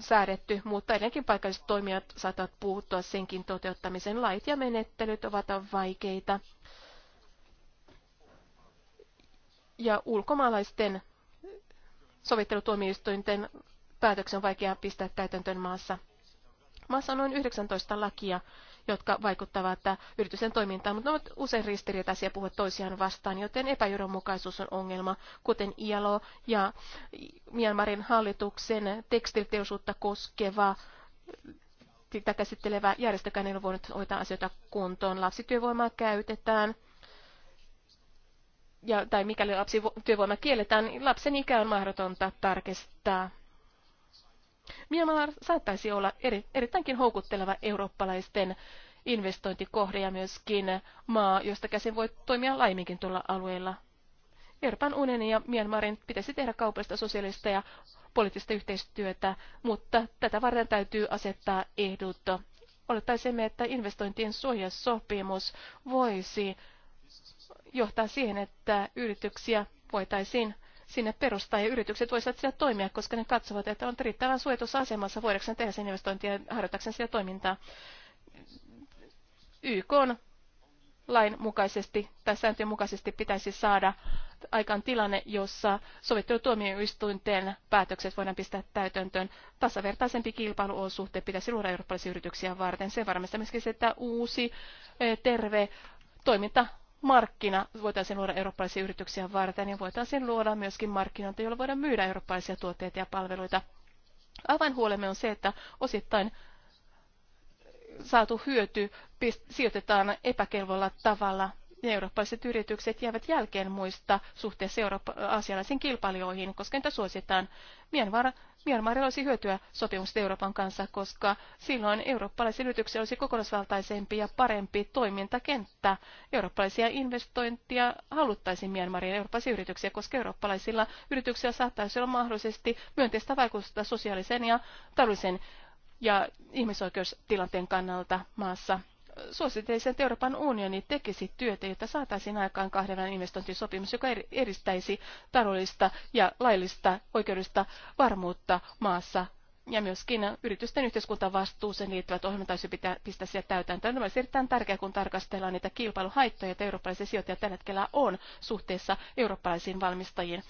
säädetty, mutta edelleenkin paikalliset toimijat saattavat puuttua senkin toteuttamisen Lait ja menettelyt ovat vaikeita. Ja ulkomaalaisten sovittelutuomioistuinten päätöksen on vaikea pistää täytäntöön maassa. Maassa on noin 19 lakia, jotka vaikuttavat yritysten toimintaan, mutta ne ovat usein ristiriitaisia puhua toisiaan vastaan, joten epäjohdonmukaisuus on ongelma, kuten ILO ja Myanmarin hallituksen tekstiliteollisuutta koskeva sitä käsittelevä järjestökään ei ole voinut hoitaa asioita kuntoon. Lapsityövoimaa käytetään, ja, tai mikäli lapsityövoima kielletään, niin lapsen ikä on mahdotonta tarkistaa. Myanmar saattaisi olla eri, erittäinkin houkutteleva eurooppalaisten investointikohde ja myöskin maa, josta käsin voi toimia laiminkin tuolla alueella. Euroopan unionin ja Myanmarin pitäisi tehdä kaupallista, sosiaalista ja poliittista yhteistyötä, mutta tätä varten täytyy asettaa ehdot. Olettaisimme, että investointien suojasopimus voisi johtaa siihen, että yrityksiä voitaisiin sinne perustaa ja yritykset voisivat siellä toimia, koska ne katsovat, että on riittävän suojatussa asemassa voidakseen tehdä sen investointia ja harjoittakseen sitä toimintaa. YK on lain mukaisesti tai sääntöjen mukaisesti pitäisi saada aikaan tilanne, jossa sovittelutuomioistuinten päätökset voidaan pistää täytäntöön. Tasavertaisempi kilpailuolosuhteet pitäisi luoda eurooppalaisia yrityksiä varten. Sen varmistamiseksi, että uusi, eh, terve toiminta markkina voitaisiin luoda eurooppalaisia yrityksiä varten ja voitaisiin luoda myöskin markkinoita, joilla voidaan myydä eurooppalaisia tuotteita ja palveluita. Avainhuolemme on se, että osittain saatu hyöty sijoitetaan epäkelvolla tavalla ja eurooppalaiset yritykset jäävät jälkeen muista suhteessa eurooppa- asialaisiin kilpailijoihin, koska niitä suositaan. Myanmar Myanmarilla olisi hyötyä sopimusta Euroopan kanssa, koska silloin eurooppalaisille yrityksille olisi kokonaisvaltaisempi ja parempi toimintakenttä. Eurooppalaisia investointia haluttaisiin Myanmarin eurooppalaisia yrityksiä, koska eurooppalaisilla yrityksillä saattaisi olla mahdollisesti myönteistä vaikutusta sosiaalisen ja taloudellisen ja ihmisoikeustilanteen kannalta maassa suosittelisin, että Euroopan unioni tekisi työtä, jotta saataisiin aikaan kahdenvälinen investointisopimus, joka eristäisi taloudellista ja laillista oikeudellista varmuutta maassa ja myöskin yritysten yhteiskuntavastuuseen liittyvät ohjelmat täytyy pitää pistää sieltä täytäntöön. Tämä on erittäin tärkeää, kun tarkastellaan niitä kilpailuhaittoja, joita eurooppalaisia sijoittajia tällä hetkellä on suhteessa eurooppalaisiin valmistajiin.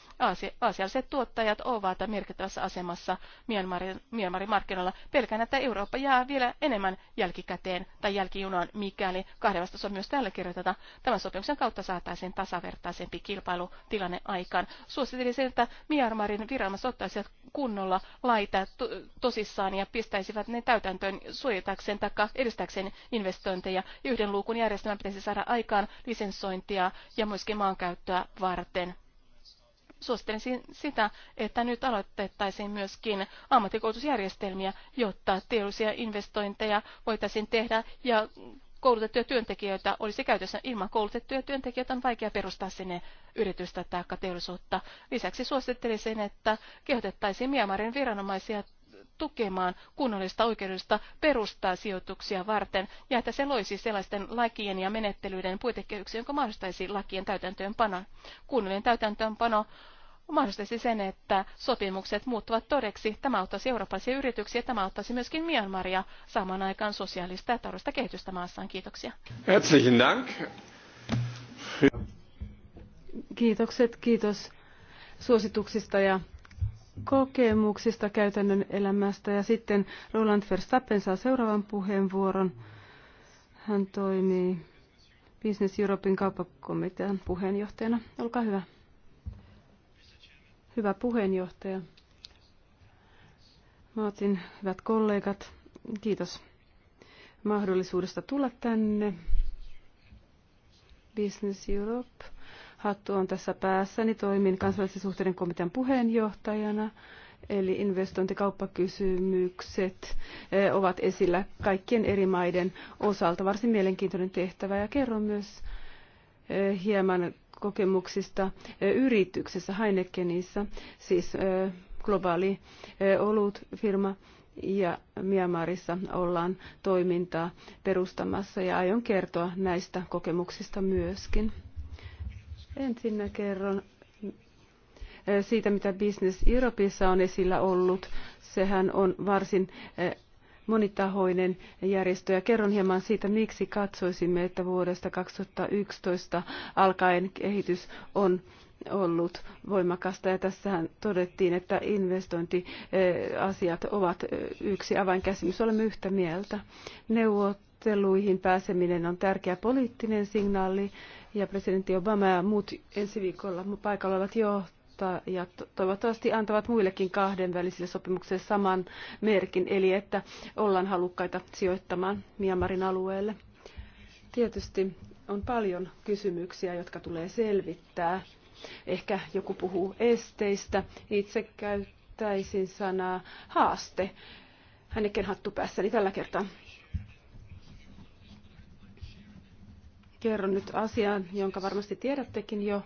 Aasia, tuottajat ovat merkittävässä asemassa Myanmarin, Myanmarin markkinoilla. Pelkään, että Eurooppa jää vielä enemmän jälkikäteen tai jälkijunaan, mikäli kahdenvasta myös tällä kirjoiteta. Tämän sopimuksen kautta saataisiin tasavertaisempi kilpailutilanne aikaan. Suosittelisin, että Myanmarin viranomaiset ottaisivat kunnolla laita tosissaan ja pistäisivät ne täytäntöön suojatakseen tai edistääkseen investointeja. Yhden luukun järjestelmä pitäisi saada aikaan lisensointia ja myöskin maankäyttöä varten. Suosittelisin sitä, että nyt aloitettaisiin myöskin ammattikoulutusjärjestelmiä, jotta teollisia investointeja voitaisiin tehdä ja koulutettuja työntekijöitä olisi käytössä. Ilman koulutettuja työntekijöitä on vaikea perustaa sinne yritystä tai teollisuutta. Lisäksi suosittelisin, että kehotettaisiin Myanmarin viranomaisia tukemaan kunnollista oikeudellista perustaa sijoituksia varten ja että se loisi sellaisten lakien ja menettelyiden puitekehyksiä, jonka mahdollistaisi lakien täytäntöönpanon. Kunnollinen täytäntöönpano mahdollistaisi sen, että sopimukset muuttuvat todeksi. Tämä auttaisi eurooppalaisia yrityksiä, tämä auttaisi myöskin Myanmaria saamaan aikaan sosiaalista ja taloudellista kehitystä maassaan. Kiitoksia. Herzlichen Dank. Kiitokset, kiitos suosituksista ja kokemuksista käytännön elämästä ja sitten Roland Verstappen saa seuraavan puheenvuoron. Hän toimii Business Europein kauppakomitean puheenjohtajana. Olkaa hyvä. Hyvä puheenjohtaja. Maatin hyvät kollegat, kiitos mahdollisuudesta tulla tänne. Business Europe hattu on tässä päässäni. Toimin kansallisen suhteiden komitean puheenjohtajana. Eli investointikauppakysymykset eh, ovat esillä kaikkien eri maiden osalta. Varsin mielenkiintoinen tehtävä ja kerron myös eh, hieman kokemuksista eh, yrityksessä Heinekenissä, siis globaali firma ja Myanmarissa ollaan toimintaa perustamassa ja aion kertoa näistä kokemuksista myöskin. Ensinnä kerron eh, siitä, mitä Business Europeissa on esillä ollut. Sehän on varsin eh, monitahoinen järjestö ja kerron hieman siitä, miksi katsoisimme, että vuodesta 2011 alkaen kehitys on ollut voimakasta ja tässähän todettiin, että investointiasiat eh, ovat yksi avainkäsimys. Olemme yhtä mieltä. Neuvotteluihin pääseminen on tärkeä poliittinen signaali ja presidentti Obama ja muut ensi viikolla paikalla olevat johtajat toivottavasti antavat muillekin kahdenvälisille sopimukselle saman merkin, eli että ollaan halukkaita sijoittamaan Myanmarin alueelle. Tietysti on paljon kysymyksiä, jotka tulee selvittää. Ehkä joku puhuu esteistä. Itse käyttäisin sanaa haaste. Hänekin hattu päässäni tällä kertaa. kerron nyt asian, jonka varmasti tiedättekin jo,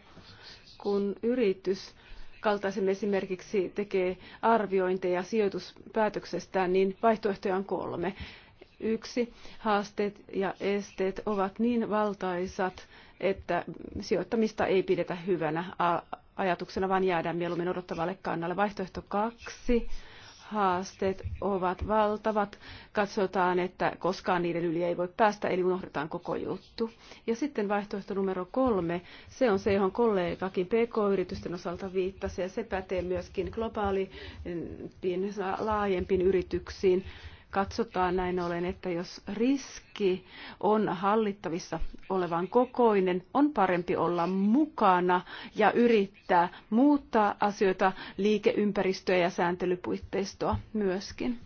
kun yritys kaltaisemme esimerkiksi tekee arviointeja sijoituspäätöksestä, niin vaihtoehtoja on kolme. Yksi, haasteet ja esteet ovat niin valtaisat, että sijoittamista ei pidetä hyvänä ajatuksena, vaan jäädään mieluummin odottavalle kannalle. Vaihtoehto kaksi, haasteet ovat valtavat. Katsotaan, että koskaan niiden yli ei voi päästä, eli unohdetaan koko juttu. Ja sitten vaihtoehto numero kolme, se on se, johon kollegakin PK-yritysten osalta viittasi, ja se pätee myöskin globaaliin laajempiin yrityksiin. Katsotaan näin ollen, että jos riski on hallittavissa olevan kokoinen, on parempi olla mukana ja yrittää muuttaa asioita, liikeympäristöä ja sääntelypuitteistoa myöskin.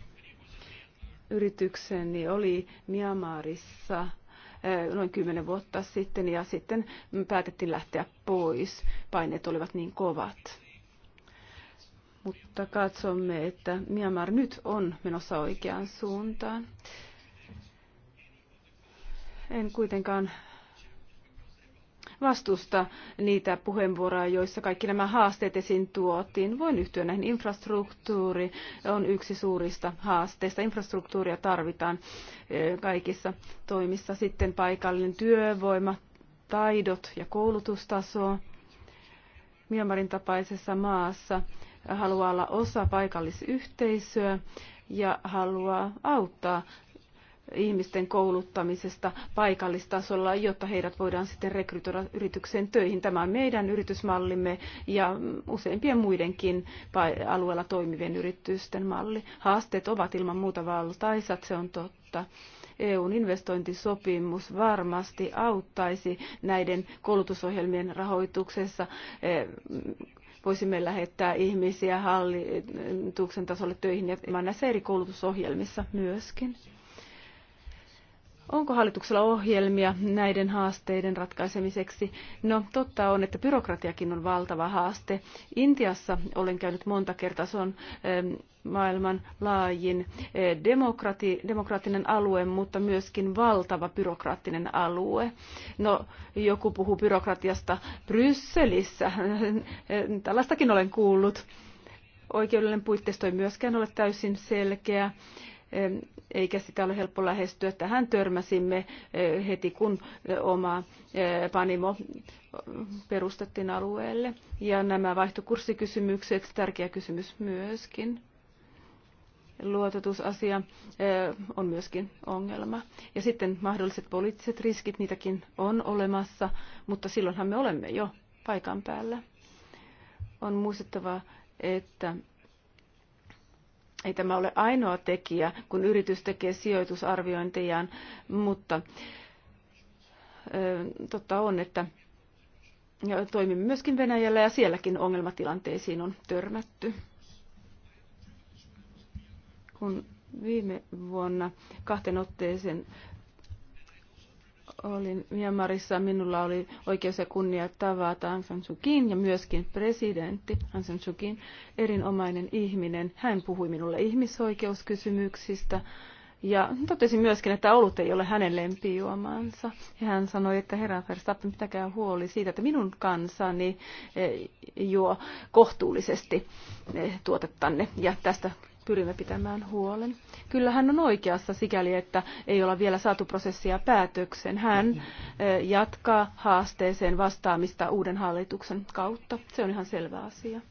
Yritykseni oli Myanmarissa eh, noin kymmenen vuotta sitten ja sitten päätettiin lähteä pois. Paineet olivat niin kovat mutta katsomme, että Myanmar nyt on menossa oikeaan suuntaan. En kuitenkaan vastusta niitä puheenvuoroja, joissa kaikki nämä haasteet esiin tuotiin. Voin yhtyä näihin. Infrastruktuuri on yksi suurista haasteista. Infrastruktuuria tarvitaan e, kaikissa toimissa. Sitten paikallinen työvoima, taidot ja koulutustaso. Myanmarin tapaisessa maassa haluaa olla osa paikallisyhteisöä ja haluaa auttaa ihmisten kouluttamisesta paikallistasolla, jotta heidät voidaan sitten rekrytoida yritykseen töihin. Tämä on meidän yritysmallimme ja useimpien muidenkin alueella toimivien yritysten malli. Haasteet ovat ilman muuta valtaisat, se on totta. EUn investointisopimus varmasti auttaisi näiden koulutusohjelmien rahoituksessa eh, voisimme lähettää ihmisiä hallituksen tasolle töihin ja näissä eri koulutusohjelmissa myöskin. Onko hallituksella ohjelmia näiden haasteiden ratkaisemiseksi? No, totta on, että byrokratiakin on valtava haaste. Intiassa olen käynyt monta kertaa, se on maailman laajin e, demokrati, demokraattinen alue, mutta myöskin valtava byrokraattinen alue. No, joku puhuu byrokratiasta Brysselissä, tällaistakin olen kuullut. Oikeudellinen puitteisto ei myöskään ole täysin selkeä eikä sitä ole helppo lähestyä. Tähän törmäsimme eh, heti, kun eh, oma eh, panimo perustettiin alueelle. Ja nämä vaihtokurssikysymykset, tärkeä kysymys myöskin luototusasia on myöskin ongelma. Ja sitten mahdolliset poliittiset riskit, niitäkin on olemassa, mutta silloinhan me olemme jo paikan päällä. On muistettava, että ei tämä ole ainoa tekijä, kun yritys tekee sijoitusarviointejaan, mutta totta on, että toimimme myöskin Venäjällä ja sielläkin ongelmatilanteisiin on törmätty. Kun viime vuonna kahteen otteeseen olin Myanmarissa, minulla oli oikeus ja kunnia tavata Aung San Suu Kyin ja myöskin presidentti Aung San Suu Kyin, erinomainen ihminen. Hän puhui minulle ihmisoikeuskysymyksistä ja totesi myöskin, että olut ei ole hänen lempijuomansa. Ja hän sanoi, että herra Verstappen, pitäkää huoli siitä, että minun kansani eh, juo kohtuullisesti eh, tuotettanne ja tästä pyrimme pitämään huolen. Kyllä hän on oikeassa sikäli, että ei olla vielä saatu prosessia päätöksen. Hän eh, jatkaa haasteeseen vastaamista uuden hallituksen kautta. Se on ihan selvä asia.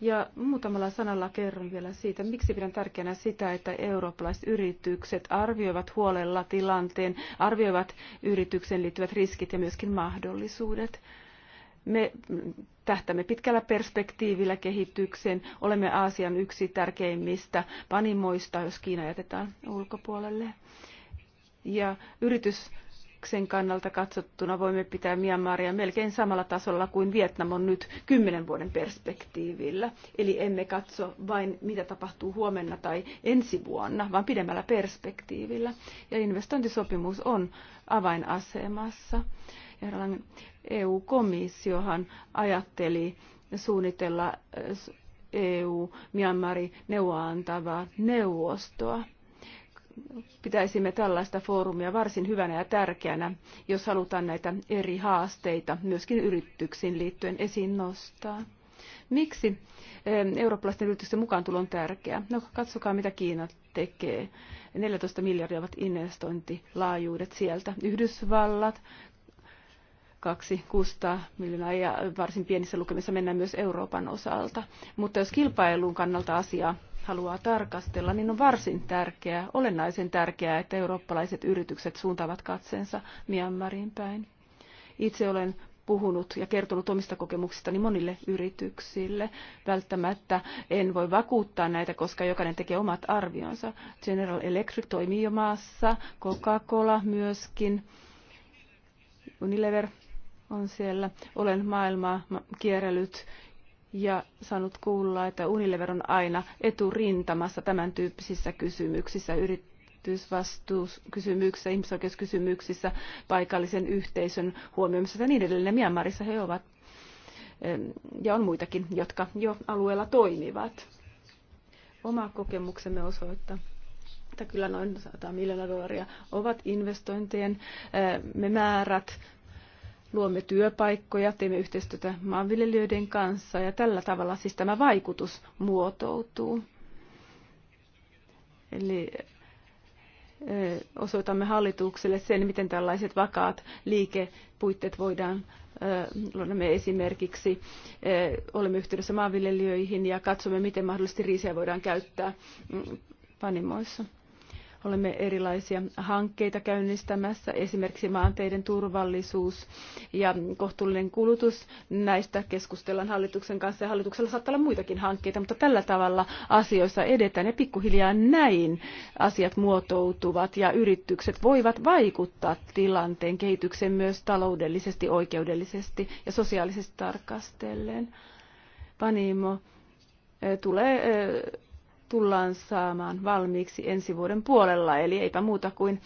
Ja muutamalla sanalla kerron vielä siitä, miksi pidän tärkeänä sitä, että eurooppalaiset yritykset arvioivat huolella tilanteen, arvioivat yrityksen liittyvät riskit ja myöskin mahdollisuudet. Me tähtäämme pitkällä perspektiivillä kehityksen. Olemme Aasian yksi tärkeimmistä panimoista, jos Kiina jätetään ulkopuolelle. Ja yrityksen kannalta katsottuna voimme pitää Myanmaria melkein samalla tasolla kuin Vietnam on nyt kymmenen vuoden perspektiivillä. Eli emme katso vain mitä tapahtuu huomenna tai ensi vuonna, vaan pidemmällä perspektiivillä. Ja investointisopimus on avainasemassa. EU-komissiohan ajatteli suunnitella äh, EU-Myanmarin neuvoa antavaa neuvostoa pitäisimme tällaista foorumia varsin hyvänä ja tärkeänä, jos halutaan näitä eri haasteita myöskin yrityksiin liittyen esiin nostaa. Miksi äh, eurooppalaisten yritysten mukaantulo on tärkeää? No katsokaa mitä Kiina tekee. 14 miljardia ovat investointilaajuudet sieltä. Yhdysvallat kaksi kuusta miljoonaa ja varsin pienissä lukemissa mennään myös Euroopan osalta. Mutta jos kilpailun kannalta asiaa haluaa tarkastella, niin on varsin tärkeää, olennaisen tärkeää, että eurooppalaiset yritykset suuntaavat katseensa Myanmarin päin. Itse olen puhunut ja kertonut omista kokemuksistani monille yrityksille. Välttämättä en voi vakuuttaa näitä, koska jokainen tekee omat arvionsa. General Electric toimii jo maassa, Coca-Cola myöskin, Unilever – on siellä. Olen maailmaa kierrellyt ja saanut kuulla, että Unilever on aina eturintamassa tämän tyyppisissä kysymyksissä, yritysvastuuskysymyksissä, ihmisoikeuskysymyksissä, paikallisen yhteisön huomioimisessa ja niin edelleen. Myanmarissa he ovat ja on muitakin, jotka jo alueella toimivat. Oma kokemuksemme osoittaa että kyllä noin 100 miljoonaa dollaria ovat investointien määrät luomme työpaikkoja, teemme yhteistyötä maanviljelijöiden kanssa ja tällä tavalla siis tämä vaikutus muotoutuu. Eli osoitamme hallitukselle sen, miten tällaiset vakaat liikepuitteet voidaan me esimerkiksi olemme yhteydessä maanviljelijöihin ja katsomme, miten mahdollisesti riisiä voidaan käyttää mm, panimoissa. Olemme erilaisia hankkeita käynnistämässä, esimerkiksi maanteiden turvallisuus ja kohtuullinen kulutus. Näistä keskustellaan hallituksen kanssa ja hallituksella saattaa olla muitakin hankkeita, mutta tällä tavalla asioissa edetään ja pikkuhiljaa näin asiat muotoutuvat ja yritykset voivat vaikuttaa tilanteen kehitykseen myös taloudellisesti, oikeudellisesti ja sosiaalisesti tarkastellen. Panimo eh, tulee eh, tullaan saamaan valmiiksi ensi vuoden puolella, eli eipä muuta kuin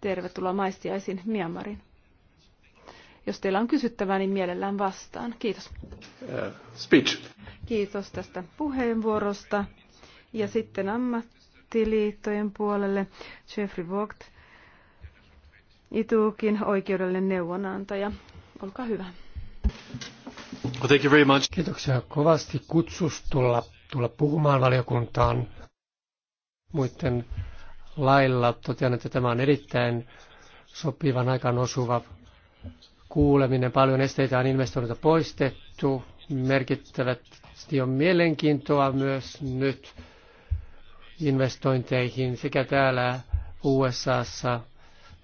tervetuloa maistiaisin Myanmarin. Jos teillä on kysyttävää, niin mielellään vastaan. Kiitos. Uh, speech. Kiitos tästä puheenvuorosta. Ja sitten ammattiliittojen puolelle Jeffrey Vogt, Itukin oikeudellinen neuvonantaja. Olkaa hyvä. Well, thank you very much. Kiitoksia kovasti kutsustulla tulla puhumaan valiokuntaan muiden lailla. Totean, että tämä on erittäin sopivan aikaan osuva kuuleminen. Paljon esteitä on investoinnilta poistettu. Merkittävästi on mielenkiintoa myös nyt investointeihin sekä täällä USAssa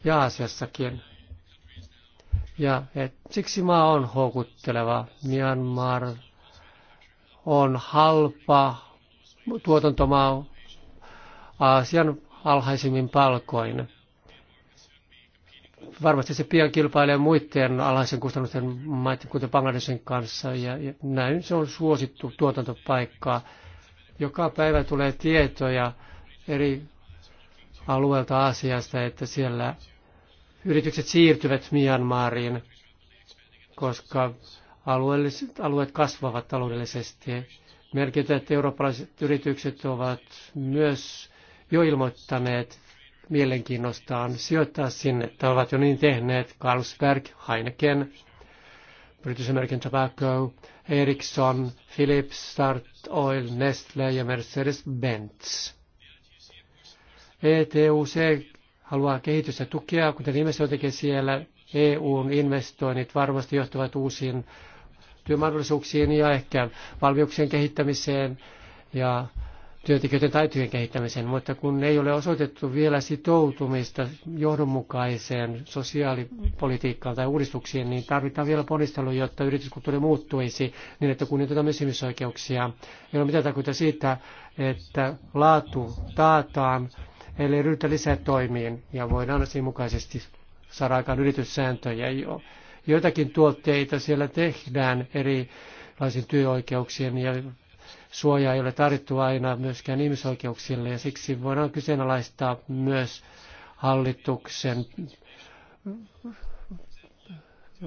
ja Aasiassakin. Ja et, siksi maa on houkutteleva. Myanmar, on halpa tuotantomaa Aasian alhaisimmin palkoin. Varmasti se pian kilpailee muiden alhaisen kustannusten maiden, kuten Bangladesin kanssa, ja, ja näin se on suosittu tuotantopaikkaa. Joka päivä tulee tietoja eri alueelta Aasiasta, että siellä yritykset siirtyvät Myanmariin, koska alueelliset, alueet kasvavat taloudellisesti. Merkitään että eurooppalaiset yritykset ovat myös jo ilmoittaneet mielenkiinnostaan sijoittaa sinne, että ovat jo niin tehneet Carlsberg, Heineken, British American Tobacco, Ericsson, Philips, Start Oil, Nestle ja Mercedes-Benz. ETUC haluaa kehitystä tukea, kuten ihmiset tekee siellä. EUn investoinnit varmasti johtavat uusiin työmahdollisuuksiin ja ehkä valmiuksien kehittämiseen ja työntekijöiden taitojen kehittämiseen, mutta kun ei ole osoitettu vielä sitoutumista johdonmukaiseen sosiaalipolitiikkaan tai uudistuksiin, niin tarvitaan vielä ponnistelua, jotta yrityskulttuuri muuttuisi niin, että kunnioitetaan myös ihmisoikeuksia. Ei ole mitään takuita siitä, että laatu taataan, eli ryhdytä toimiin ja voidaan asianmukaisesti saada aikaan yrityssääntöjä jo joitakin tuotteita siellä tehdään erilaisin työoikeuksien ja suojaa ei ole tarjottu aina myöskään ihmisoikeuksille ja siksi voidaan kyseenalaistaa myös hallituksen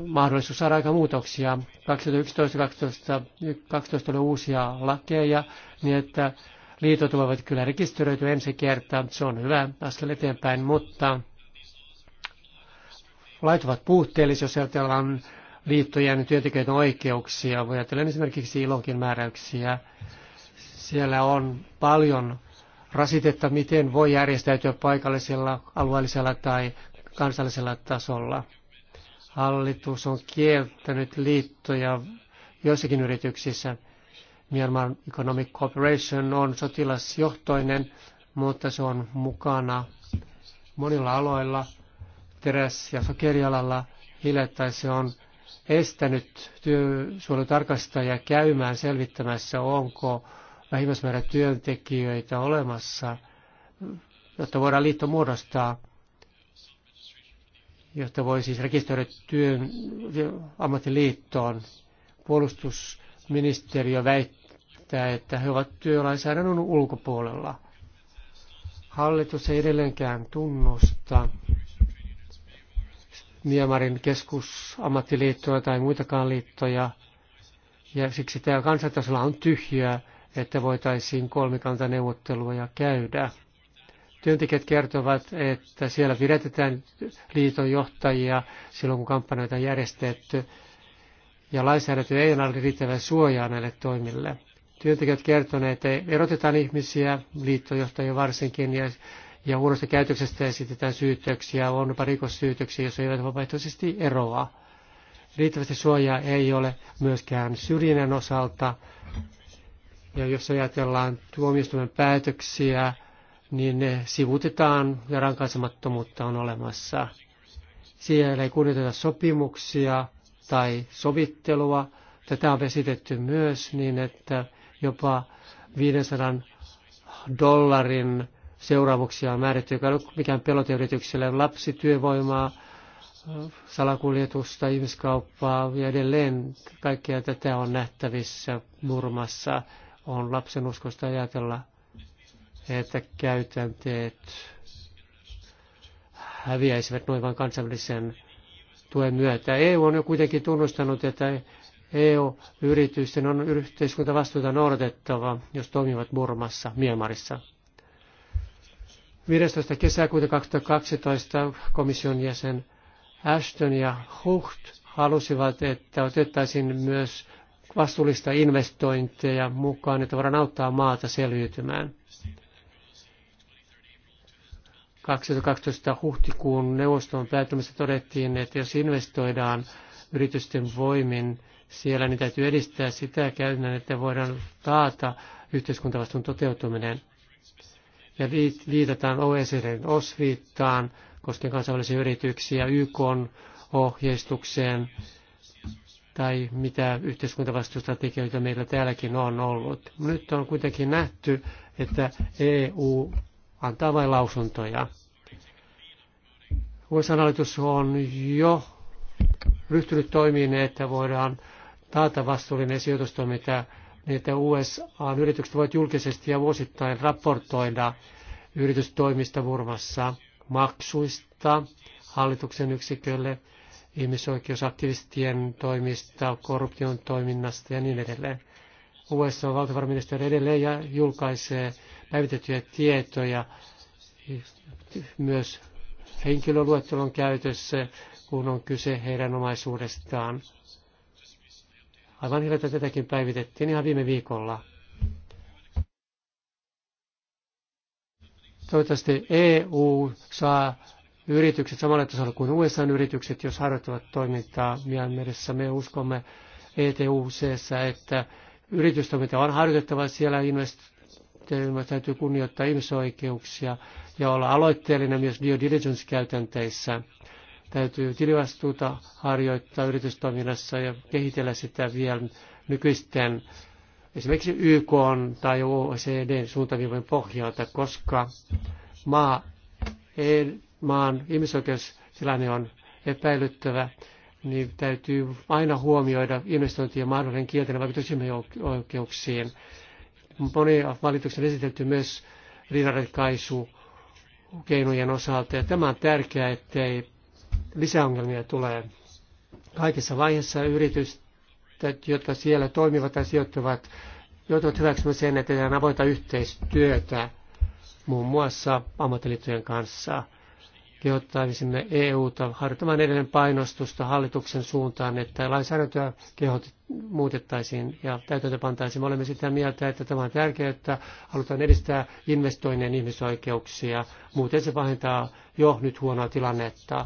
mahdollisuus saada aika muutoksia. 2011 2012 oli uusia lakeja, niin että liitot voivat kyllä rekisteröityä ensi kertaa. Se on hyvä askel eteenpäin, mutta lait ovat puutteellisia, jos ajatellaan liittojen työntekijöiden oikeuksia. Voi ajatella esimerkiksi ilonkin määräyksiä. Siellä on paljon rasitetta, miten voi järjestäytyä paikallisella, alueellisella tai kansallisella tasolla. Hallitus on kieltänyt liittoja joissakin yrityksissä. Myanmar Economic Corporation on sotilasjohtoinen, mutta se on mukana monilla aloilla – teräs- ja sokerialalla hiljattain se on estänyt työsuojelutarkastajia käymään selvittämässä, onko vähimmäismäärä työntekijöitä olemassa, jotta voidaan liitto muodostaa, jotta voi siis rekisteröidä työn ammattiliittoon. Puolustusministeriö väittää, että he ovat työlainsäädännön ulkopuolella. Hallitus ei edelleenkään tunnusta Miemarin keskusammattiliittoja tai muitakaan liittoja. Ja siksi tämä kansantasolla on tyhjää, että voitaisiin kolmikantaneuvotteluja käydä. Työntekijät kertovat, että siellä pidätetään liiton johtajia silloin, kun kampanjoita on järjestetty, ja lainsäädäntö ei ole riittävän suojaa näille toimille. Työntekijät kertoneet, että erotetaan ihmisiä, liittojohtajia varsinkin, ja ja huonosta käytöksestä esitetään syytöksiä, on rikossyytöksiä, jos eivät vapaaehtoisesti eroa. Riittävästi suojaa ei ole myöskään syrjinnän osalta. Ja jos ajatellaan tuomioistuimen päätöksiä, niin ne sivutetaan ja rankaisemattomuutta on olemassa. Siellä ei kunnioiteta sopimuksia tai sovittelua. Tätä on vesitetty myös niin, että jopa 500 dollarin Seuraavuksia on määrätty, joka ei ole mikään peloteyritykselle. Lapsityövoimaa, salakuljetusta, ihmiskauppaa ja edelleen kaikkea tätä on nähtävissä Murmassa. On lapsen uskosta ajatella, että käytänteet häviäisivät noin vain kansainvälisen tuen myötä. EU on jo kuitenkin tunnustanut, että EU-yritysten on yhteiskuntavastuuta noudatettava, jos toimivat Burmassa, Miemarissa. 15. kesäkuuta 2012 komission jäsen Ashton ja Hucht halusivat, että otettaisiin myös vastuullista investointeja mukaan, että voidaan auttaa maata selviytymään. 2012 huhtikuun neuvoston päättymässä todettiin, että jos investoidaan yritysten voimin siellä, niin täytyy edistää sitä käytännön, että voidaan taata yhteiskuntavastuun toteutuminen – ja viitataan OECDn osviittaan koskien kansainvälisiä yrityksiä, YK ohjeistukseen tai mitä yhteiskuntavastuustrategioita meillä täälläkin on ollut. Nyt on kuitenkin nähty, että EU antaa vain lausuntoja. USA-hallitus on jo ryhtynyt toimiin, että voidaan taata vastuullinen sijoitustoiminta niin että USA yritykset voivat julkisesti ja vuosittain raportoida yritystoimista Burmassa, maksuista, hallituksen yksikölle, ihmisoikeusaktivistien toimista, korruption toiminnasta ja niin edelleen. USA valtiovarainministeriö edelleen ja julkaisee päivitettyjä tietoja myös henkilöluettelon käytössä, kun on kyse heidän omaisuudestaan. Aivan hyvä, että tätäkin päivitettiin ihan viime viikolla. Toivottavasti EU saa yritykset samalla tasolla kuin USA-yritykset, jos harjoittavat toimintaa Mianmerissä. Me uskomme ETUC, että yritystoiminta on harjoitettava siellä, investoinnit täytyy kunnioittaa ihmisoikeuksia ja olla aloitteellinen myös due diligence-käytänteissä. Täytyy tilivastuuta harjoittaa yritystoiminnassa ja kehitellä sitä vielä nykyisten esimerkiksi YK tai OECD suuntaviivojen pohjalta, koska maa, ei, maan ihmisoikeustilanne on epäilyttävä, niin täytyy aina huomioida investointien mahdollinen kielteinen vaikutus ihmisoikeuksiin. Moni valituksen esitelty myös riidanratkaisu keinojen osalta. Ja tämä on tärkeää, ettei lisäongelmia tulee kaikissa vaiheissa yritystet, jotka siellä toimivat ja sijoittuvat, joutuvat hyväksymään sen, että tehdään avointa yhteistyötä muun muassa ammattiliittojen kanssa. Kehottaisimme EUta harjoittamaan edelleen painostusta hallituksen suuntaan, että lainsäädäntöä kehot muutettaisiin ja täytäntö pantaisiin. Me olemme sitä mieltä, että tämä on tärkeää, että halutaan edistää investoinnin ihmisoikeuksia. Muuten se pahentaa jo nyt huonoa tilannetta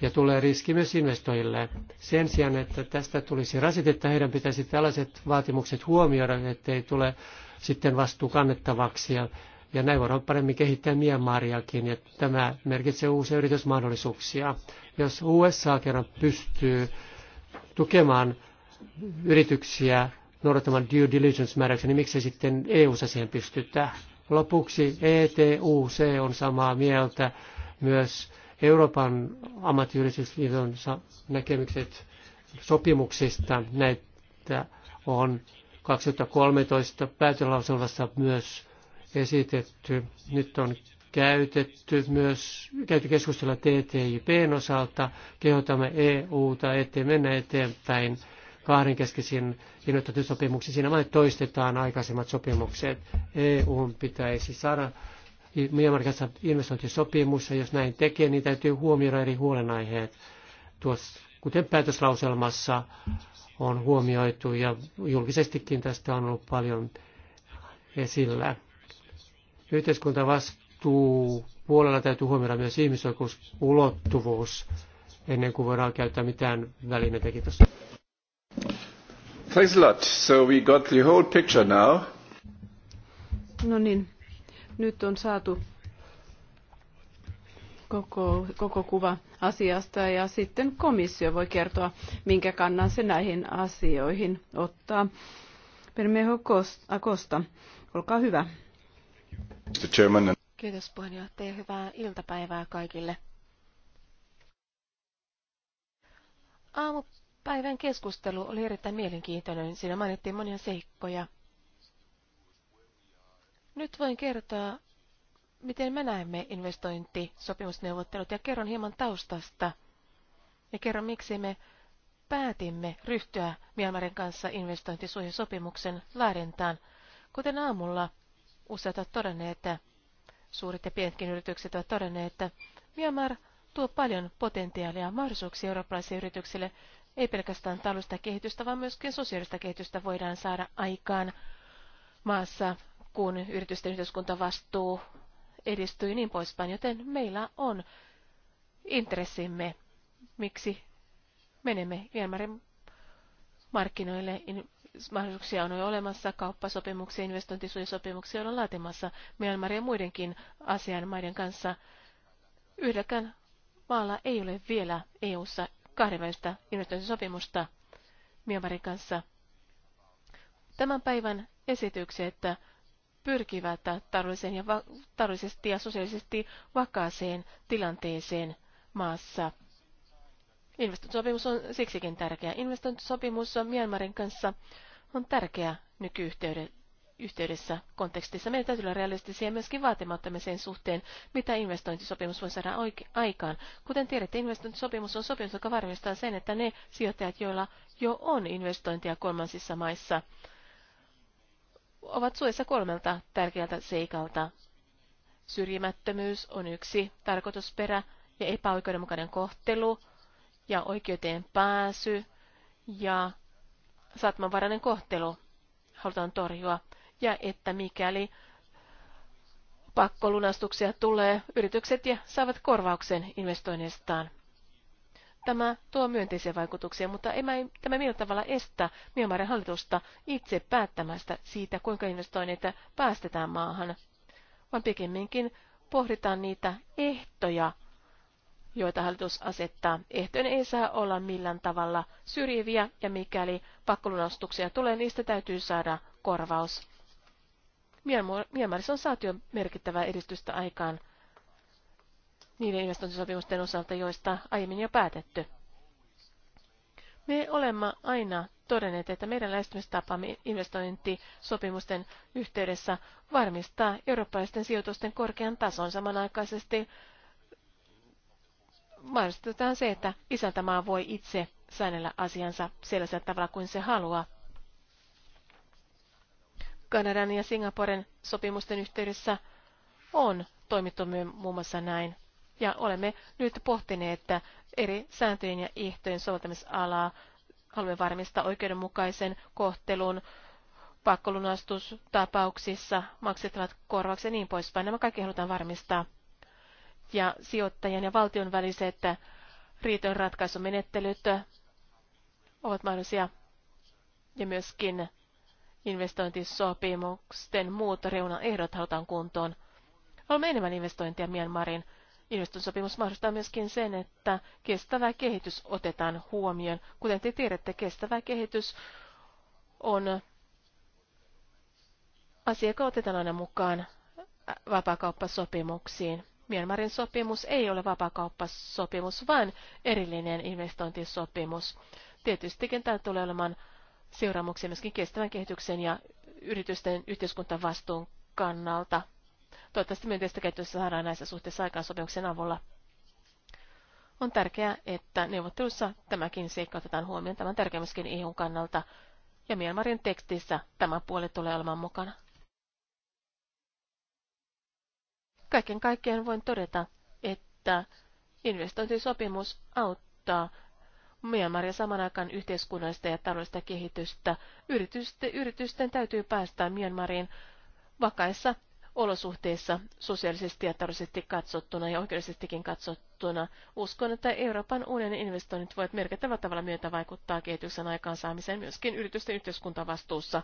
ja tulee riski myös investoijille. Sen sijaan, että tästä tulisi rasitetta, heidän pitäisi tällaiset vaatimukset huomioida, ettei tule sitten vastuu kannettavaksi ja, ja näin voidaan paremmin kehittää Myanmariakin ja tämä merkitsee uusia yritysmahdollisuuksia. Jos USA kerran pystyy tukemaan yrityksiä noudattamaan due diligence-määräyksiä, niin miksei sitten eu siihen pystytä? Lopuksi ETUC on samaa mieltä myös Euroopan ammattiyhdistysliiton näkemykset sopimuksista. Näitä on 2013 päätöslauselmassa myös esitetty. Nyt on käytetty myös käyty keskustella TTIPn osalta. Kehotamme EUta eteen mennä eteenpäin kahdenkeskisiin innoittatusopimuksiin. Siinä vain toistetaan aikaisemmat sopimukset. EUn pitäisi saada Myanmarin kanssa investointisopimus, ja jos näin tekee, niin täytyy huomioida eri huolenaiheet. Tuossa, kuten päätöslauselmassa on huomioitu, ja julkisestikin tästä on ollut paljon esillä. Yhteiskuntavastuu puolella täytyy huomioida myös ihmisoikeusulottuvuus ennen kuin voidaan käyttää mitään välineitä. Kiitos. Thanks a lot. So we got the whole picture now. No niin, nyt on saatu koko, koko kuva asiasta ja sitten komissio voi kertoa, minkä kannan se näihin asioihin ottaa. Permeho Akosta, äh, olkaa hyvä. Kiitos puheenjohtaja. Hyvää iltapäivää kaikille. Aamupäivän keskustelu oli erittäin mielenkiintoinen. Siinä mainittiin monia seikkoja, nyt voin kertoa, miten me näemme investointisopimusneuvottelut ja kerron hieman taustasta ja kerron, miksi me päätimme ryhtyä Mielmarin kanssa investointisuojasopimuksen laadentaan. Kuten aamulla useat ovat todenneet, että suuret ja pienetkin yritykset ovat todenneet, että Myanmar tuo paljon potentiaalia ja mahdollisuuksia eurooppalaisille yrityksille. Ei pelkästään taloudellista kehitystä, vaan myöskin sosiaalista kehitystä voidaan saada aikaan maassa kun yritysten yhteiskuntavastuu edistyi niin poispäin, joten meillä on intressimme, miksi menemme Viemärin markkinoille. Mahdollisuuksia on jo olemassa, kauppasopimuksia, investointisuojasopimuksia ollaan laatimassa Myanmarin ja muidenkin asianmaiden kanssa. Yhdelläkään maalla ei ole vielä EU-ssa kahdenvälistä investointisopimusta Myanmarin kanssa. Tämän päivän esitykset, että pyrkivät taloudelliseen ja va- taloudellisesti ja sosiaalisesti vakaaseen tilanteeseen maassa. Investointisopimus on siksikin tärkeä. Investointisopimus on Myanmarin kanssa on tärkeä nykyyhteydessä kontekstissa. Meidän täytyy olla realistisia myöskin vaatimattomia sen suhteen, mitä investointisopimus voi saada aikaan. Kuten tiedätte, investointisopimus on sopimus, joka varmistaa sen, että ne sijoittajat, joilla jo on investointia kolmansissa maissa, ovat suojassa kolmelta tärkeältä seikalta. Syrjimättömyys on yksi tarkoitusperä ja epäoikeudenmukainen kohtelu ja oikeuteen pääsy ja satmanvarainen kohtelu halutaan torjua. Ja että mikäli pakkolunastuksia tulee, yritykset ja saavat korvauksen investoinnistaan. Tämä tuo myönteisiä vaikutuksia, mutta ei, tämä millä tavalla estä Myanmarin hallitusta itse päättämästä siitä, kuinka investoinneita päästetään maahan, vaan pikemminkin pohditaan niitä ehtoja, joita hallitus asettaa. Ehtojen ei saa olla millään tavalla syrjiviä ja mikäli pakkolunastuksia tulee, niistä täytyy saada korvaus. Myanmarissa on saatu jo merkittävää edistystä aikaan niiden investointisopimusten osalta, joista aiemmin jo päätetty. Me olemme aina todenneet, että meidän lähestymistapamme investointisopimusten yhteydessä varmistaa eurooppalaisten sijoitusten korkean tason samanaikaisesti. Mahdollistetaan se, että isäntämaa voi itse säännellä asiansa sellaisella tavalla kuin se haluaa. Kanadan ja Singaporen sopimusten yhteydessä on toimittu muun muassa näin. Ja olemme nyt pohtineet, että eri sääntöjen ja ehtojen soveltamisalaa haluamme varmistaa oikeudenmukaisen kohtelun pakkolunastustapauksissa, maksettavat korvaukset ja niin poispäin. Nämä kaikki halutaan varmistaa. Ja sijoittajan ja valtion väliset riitojen ratkaisumenettelyt ovat mahdollisia ja myöskin investointisopimusten muut reunaehdot halutaan kuntoon. Olemme enemmän investointia Myanmarin sopimus mahdollistaa myöskin sen, että kestävä kehitys otetaan huomioon. Kuten te tiedätte, kestävä kehitys on asia, joka otetaan aina mukaan vapakauppasopimuksiin. Myanmarin sopimus ei ole vapakauppasopimus, vaan erillinen investointisopimus. Tietystikin tämä tulee olemaan seuraamuksia myöskin kestävän kehityksen ja yritysten yhteiskuntavastuun kannalta. Toivottavasti myönteistä käytössä saadaan näissä suhteissa aikaan sopimuksen avulla. On tärkeää, että neuvottelussa tämäkin seikka otetaan huomioon. Tämän tärkeä myöskin EUn kannalta. Ja Myanmarin tekstissä tämä puoli tulee olemaan mukana. Kaiken kaikkiaan voin todeta, että investointisopimus auttaa Myanmaria saman aikaan yhteiskunnallista ja taloudellista kehitystä. Yritysten, yritysten täytyy päästä Myanmariin vakaissa olosuhteissa sosiaalisesti ja taloudellisesti katsottuna ja oikeudellisestikin katsottuna. Uskon, että Euroopan unionin investoinnit voivat merkittävällä tavalla myötä vaikuttaa kehityksen aikaansaamiseen myöskin yritysten yhteiskuntavastuussa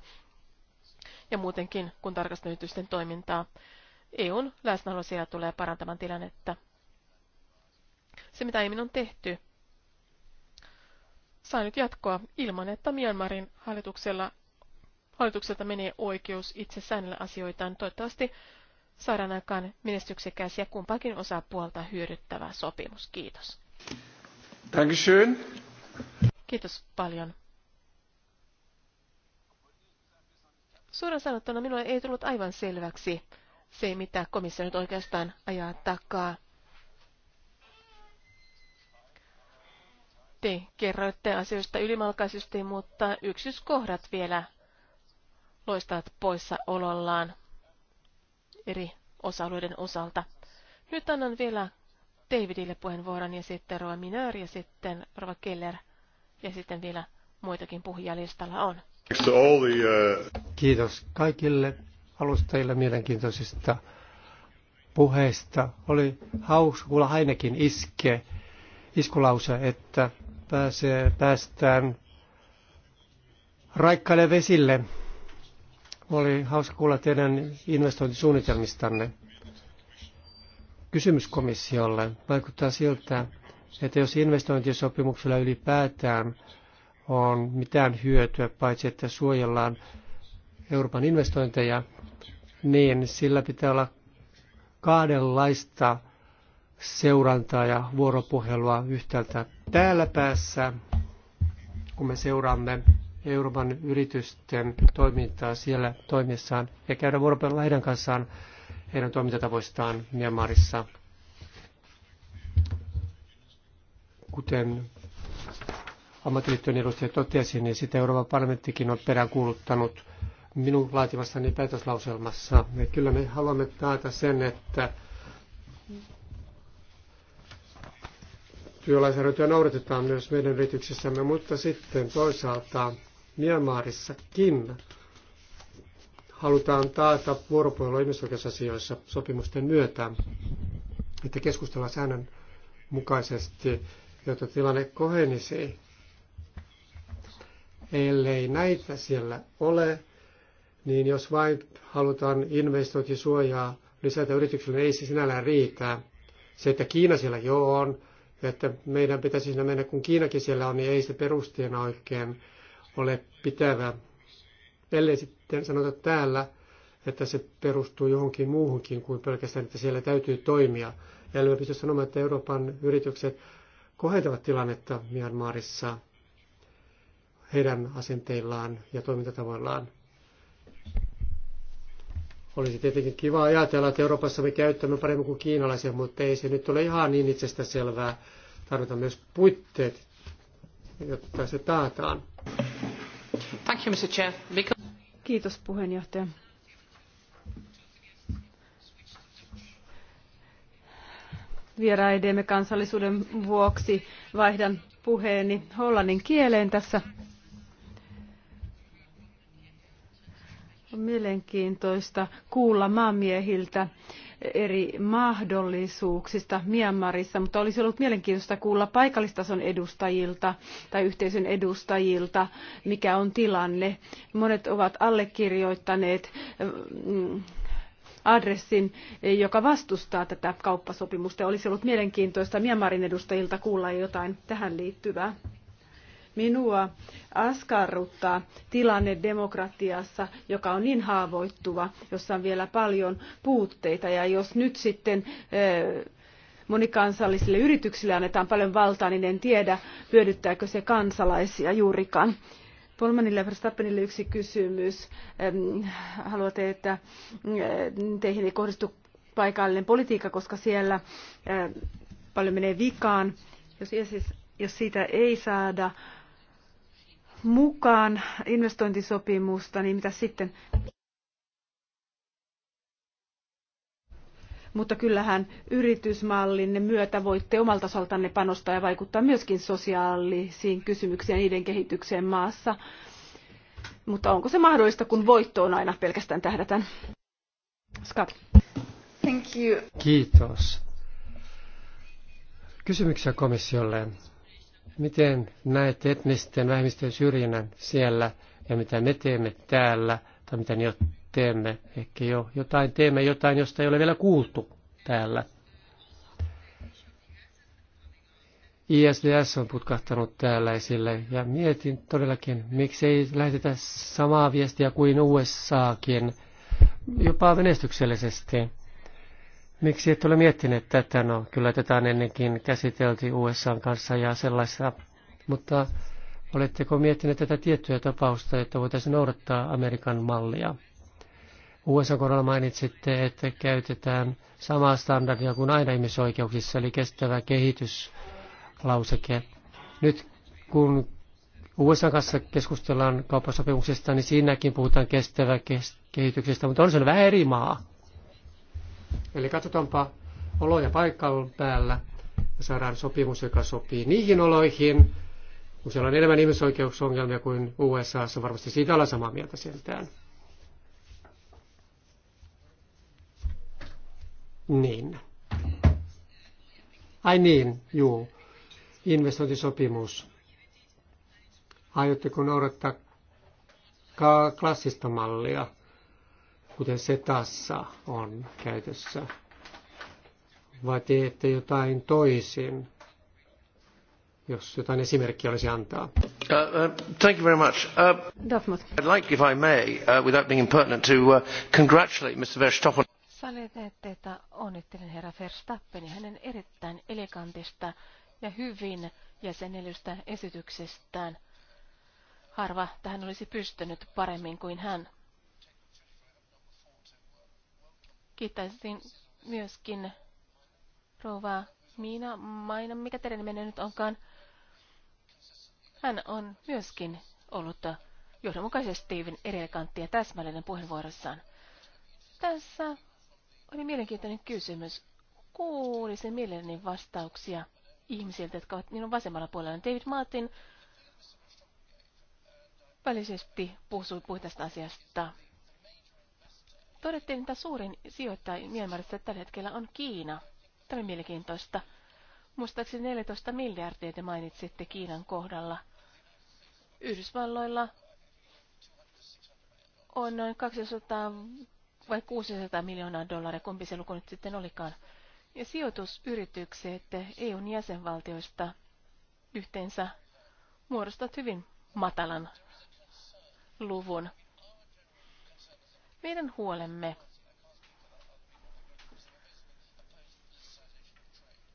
ja muutenkin, kun tarkastan yritysten toimintaa. EUn läsnäolo siellä tulee parantamaan tilannetta. Se, mitä aiemmin on tehty, saa nyt jatkoa ilman, että Myanmarin hallituksella Hallitukselta menee oikeus itse säännellä asioitaan. Toivottavasti saadaan aikaan menestyksekäs ja kumpaankin osapuolta hyödyttävä sopimus. Kiitos. Dankeschön. Kiitos paljon. Suoraan sanottuna minulle ei tullut aivan selväksi se, mitä komissio nyt oikeastaan ajaa takaa. Te kerroitte asioista ylimalkaisesti, mutta yksityiskohdat vielä loistavat poissaolollaan eri osa-alueiden osalta. Nyt annan vielä Davidille puheenvuoron ja sitten Roa Minör ja sitten Rova Keller ja sitten vielä muitakin puhujia listalla on. Uh, Kiitos kaikille alustajille mielenkiintoisista puheista. Oli hauska kuulla ainakin iske, iskulause, että pääsee, päästään raikkaille vesille oli hauska kuulla teidän investointisuunnitelmistanne. Kysymys komissiolle. Vaikuttaa siltä, että jos investointisopimuksella ylipäätään on mitään hyötyä, paitsi että suojellaan Euroopan investointeja, niin sillä pitää olla kahdenlaista seurantaa ja vuoropuhelua yhtäältä täällä päässä, kun me seuraamme Euroopan yritysten toimintaa siellä toimissaan ja käydä vuoropuhelua heidän kanssaan heidän toimintatavoistaan Myanmarissa. Kuten ammattiliittojen edustaja totesi, niin sitä Euroopan parlamenttikin on peräänkuuluttanut minun laatimassani päätöslauselmassa. Me kyllä me haluamme taata sen, että työlainsäädäntöä noudatetaan myös meidän yrityksissämme, mutta sitten toisaalta Myanmarissakin halutaan taata vuoropuhelu ihmisoikeusasioissa sopimusten myötä, että keskustellaan säännön mukaisesti, jotta tilanne kohenisi. Ellei näitä siellä ole, niin jos vain halutaan investointisuojaa lisätä yrityksille, niin ei se sinällään riitä. Se, että Kiina siellä jo on, että meidän pitäisi siinä mennä, kun Kiinakin siellä on, niin ei se perusteena oikein ole pitävä, ellei sitten sanota täällä, että se perustuu johonkin muuhunkin kuin pelkästään, että siellä täytyy toimia. Ja me pysty sanomaan, että Euroopan yritykset kohentavat tilannetta Myanmarissa heidän asenteillaan ja toimintatavoillaan. Olisi tietenkin kiva ajatella, että Euroopassa me käyttämme paremmin kuin kiinalaisia, mutta ei se nyt ole ihan niin itsestä selvää. Tarvitaan myös puitteet, jotta se taataan. Kiitos puheenjohtaja. Vieraidemme kansallisuuden vuoksi vaihdan puheeni hollannin kieleen tässä. On mielenkiintoista kuulla maamiehiltä eri mahdollisuuksista Myanmarissa, mutta olisi ollut mielenkiintoista kuulla paikallistason edustajilta tai yhteisön edustajilta, mikä on tilanne. Monet ovat allekirjoittaneet mm, adressin, joka vastustaa tätä kauppasopimusta. Olisi ollut mielenkiintoista Myanmarin edustajilta kuulla jotain tähän liittyvää. Minua askarruttaa tilanne demokratiassa, joka on niin haavoittuva, jossa on vielä paljon puutteita. Ja jos nyt sitten eh, monikansallisille yrityksille annetaan paljon valtaa, niin en tiedä, hyödyttääkö se kansalaisia juurikaan. Polmanille ja Verstappenille yksi kysymys. Haluatte, että eh, teihin ei kohdistu paikallinen politiikka, koska siellä eh, paljon menee vikaan. Jos, jos siitä ei saada mukaan investointisopimusta, niin mitä sitten? Mutta kyllähän yritysmallinne myötä voitte omalta osaltanne panostaa ja vaikuttaa myöskin sosiaalisiin kysymyksiin ja niiden kehitykseen maassa. Mutta onko se mahdollista, kun voitto on aina pelkästään tähdätän? Scott. Thank you. Kiitos. Kysymyksiä komissiolle. Miten näet etnisten vähemmistöjen syrjinnän siellä ja mitä me teemme täällä tai mitä jo teemme? Ehkä jo jotain teemme, jotain, josta ei ole vielä kuultu täällä. ISDS on putkahtanut täällä esille ja mietin todellakin, ei lähetetä samaa viestiä kuin USAkin, jopa menestyksellisesti. Miksi et ole miettinyt, tätä? No, kyllä tätä on ennenkin käsitelty USA kanssa ja sellaista, mutta oletteko miettineet tätä tiettyä tapausta, että voitaisiin noudattaa Amerikan mallia? USA kohdalla mainitsitte, että käytetään samaa standardia kuin aina ihmisoikeuksissa, eli kestävä kehityslauseke. Nyt kun USA kanssa keskustellaan kauppasopimuksesta, niin siinäkin puhutaan kestävä kehityksestä, mutta on se vähän eri maa. Eli katsotaanpa oloja paikalla päällä ja saadaan sopimus, joka sopii niihin oloihin, kun siellä on enemmän ihmisoikeusongelmia kuin USAssa, varmasti siitä ollaan samaa mieltä sieltään. Niin. Ai niin, juu. Investointisopimus. Aiotteko noudattaa klassista mallia? kuten se tässä on käytössä. Vai teette jotain toisin, jos jotain esimerkkiä olisi antaa? Uh, uh, thank you very much. Uh, I'd like, if I may, uh, without being impertinent, to uh, congratulate Mr. Verstappen. Saliteette, että onnittelen herra ja hänen erittäin elegantista ja hyvin jäsenellystä esityksestään. Harva tähän olisi pystynyt paremmin kuin hän. Kiittäisin myöskin rouva Miina Maina, mikä teidän nimenne nyt onkaan. Hän on myöskin ollut johdonmukaisesti Steven elegantti ja täsmällinen puheenvuorossaan. Tässä oli mielenkiintoinen kysymys. Kuulisin mielelläni vastauksia ihmisiltä, jotka ovat minun vasemmalla puolella. David Martin välisesti puhui tästä asiasta. Todettiin, että suurin sijoittaja Myanmarissa tällä hetkellä on Kiina. Tämä on mielenkiintoista. Muistaakseni 14 miljardia te mainitsitte Kiinan kohdalla. Yhdysvalloilla on noin 200 vai 600 miljoonaa dollaria, kumpi se luku nyt sitten olikaan. Ja sijoitusyritykset EUn jäsenvaltioista yhteensä muodostavat hyvin matalan luvun. Meidän huolemme,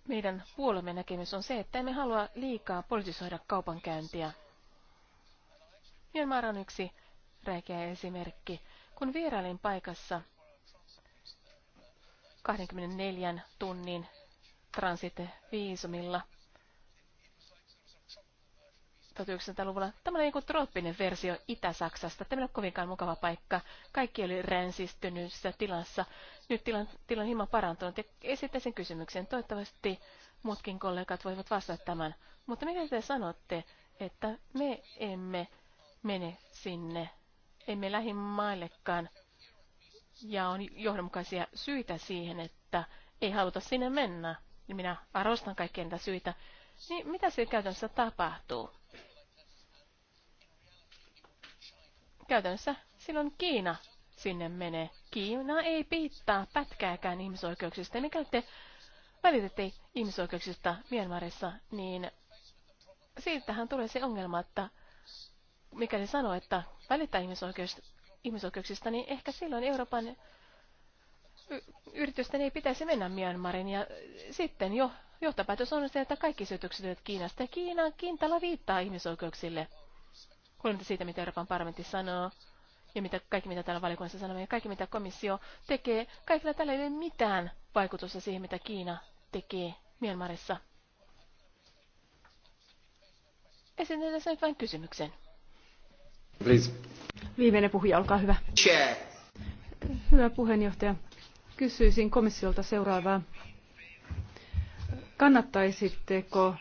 meidän puolemme näkemys on se, että emme halua liikaa politisoida kaupankäyntiä. Myanmar on yksi räikeä esimerkki. Kun vierailin paikassa 24 tunnin transitviisumilla, 1900-luvulla. Tämä oli joku trooppinen versio Itä-Saksasta. Tämä ei ole kovinkaan mukava paikka. Kaikki oli ränsistynyt tilassa. Nyt tilan, tilan hieman parantunut ja esittäisin kysymyksen. Toivottavasti muutkin kollegat voivat vastata tämän. Mutta mikä te sanotte, että me emme mene sinne, emme lähimaillekaan. Ja on johdonmukaisia syitä siihen, että ei haluta sinne mennä. minä arvostan kaikkia niitä syitä, niin mitä siellä käytännössä tapahtuu? Käytännössä silloin Kiina sinne menee. Kiina ei piittaa pätkääkään ihmisoikeuksista. Mikäli te välitette ihmisoikeuksista Myanmarissa, niin siitähän tulee se ongelma, että mikäli sanoo, että välittää ihmisoikeus, ihmisoikeuksista, niin ehkä silloin Euroopan yritysten ei pitäisi mennä Myanmarin ja sitten jo johtopäätös on se, että kaikki syytökset ovat Kiinasta ja Kiinan kintalla viittaa ihmisoikeuksille. Huolimatta siitä, mitä Euroopan parlamentti sanoo ja mitä, kaikki, mitä täällä valiokunnassa sanoo ja kaikki, mitä komissio tekee, kaikilla tällä ei ole mitään vaikutusta siihen, mitä Kiina tekee Myanmarissa. Esitän tässä nyt vain kysymyksen. Please. Viimeinen puhuja, olkaa hyvä. Chair. Hyvä puheenjohtaja. Kysyisin komissiolta seuraavaa. Kannattaisitteko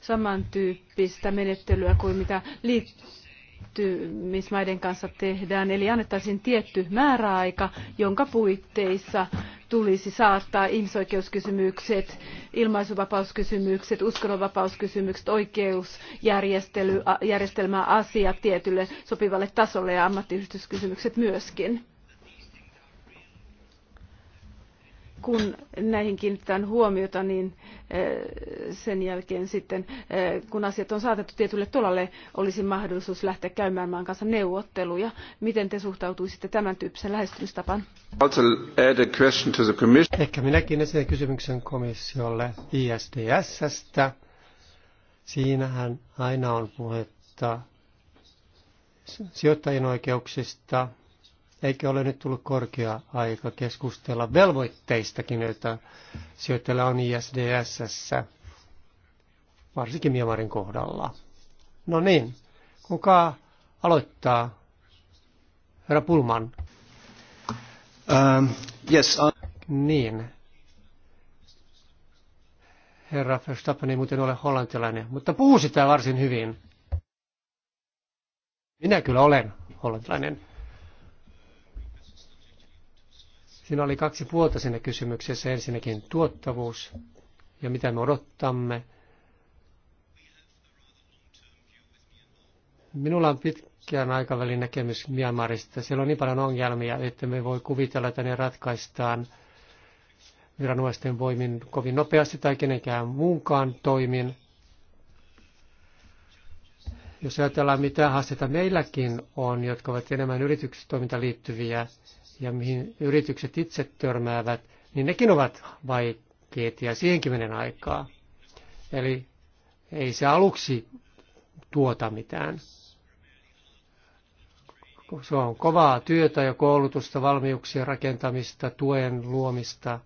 samantyyppistä menettelyä kuin mitä liittymismaiden kanssa tehdään, eli annettaisiin tietty määräaika, jonka puitteissa tulisi saattaa ihmisoikeuskysymykset, ilmaisuvapauskysymykset, uskonnonvapauskysymykset, oikeusjärjestelmäasiat tietylle sopivalle tasolle ja ammattiyhdistyskysymykset myöskin. kun näihin kiinnitetään huomiota, niin eh, sen jälkeen sitten, eh, kun asiat on saatettu tietylle tolalle, olisi mahdollisuus lähteä käymään maan kanssa neuvotteluja. Miten te suhtautuisitte tämän tyyppisen lähestymistapaan? Ehkä minäkin esitän kysymyksen komissiolle ISDSstä. Siinähän aina on puhetta sijoittajien oikeuksista, Eikö ole nyt tullut korkea aika keskustella velvoitteistakin, joita sijoittajilla on ISDSS, varsinkin Miemarin kohdalla? No niin, kuka aloittaa? Herra Pulman. Um, ähm, yes, I... Niin. Herra Verstappen ei muuten ole hollantilainen, mutta puhuu sitä varsin hyvin. Minä kyllä olen hollantilainen. Siinä oli kaksi puolta siinä kysymyksessä. Ensinnäkin tuottavuus ja mitä me odottamme. Minulla on pitkän aikavälin näkemys Myanmarista. Siellä on niin paljon ongelmia, että me voi kuvitella, että ne ratkaistaan viranomaisten voimin kovin nopeasti tai kenenkään muunkaan toimin. Jos ajatellaan, mitä haasteita meilläkin on, jotka ovat enemmän yritystoimintaan liittyviä, ja mihin yritykset itse törmäävät, niin nekin ovat vaikeita ja siihenkin menen aikaa. Eli ei se aluksi tuota mitään. Se on kovaa työtä ja koulutusta, valmiuksien rakentamista, tuen luomista,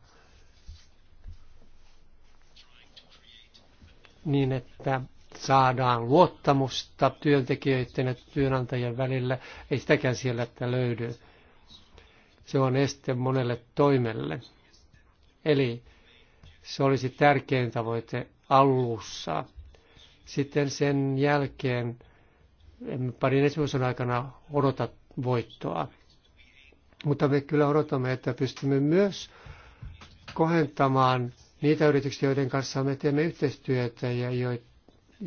niin että saadaan luottamusta työntekijöiden ja työnantajien välillä. Ei sitäkään siellä että löydy. Se on este monelle toimelle. Eli se olisi tärkein tavoite alussa. Sitten sen jälkeen parin ensimmäisen aikana odota voittoa. Mutta me kyllä odotamme, että pystymme myös kohentamaan niitä yrityksiä, joiden kanssa me teemme yhteistyötä ja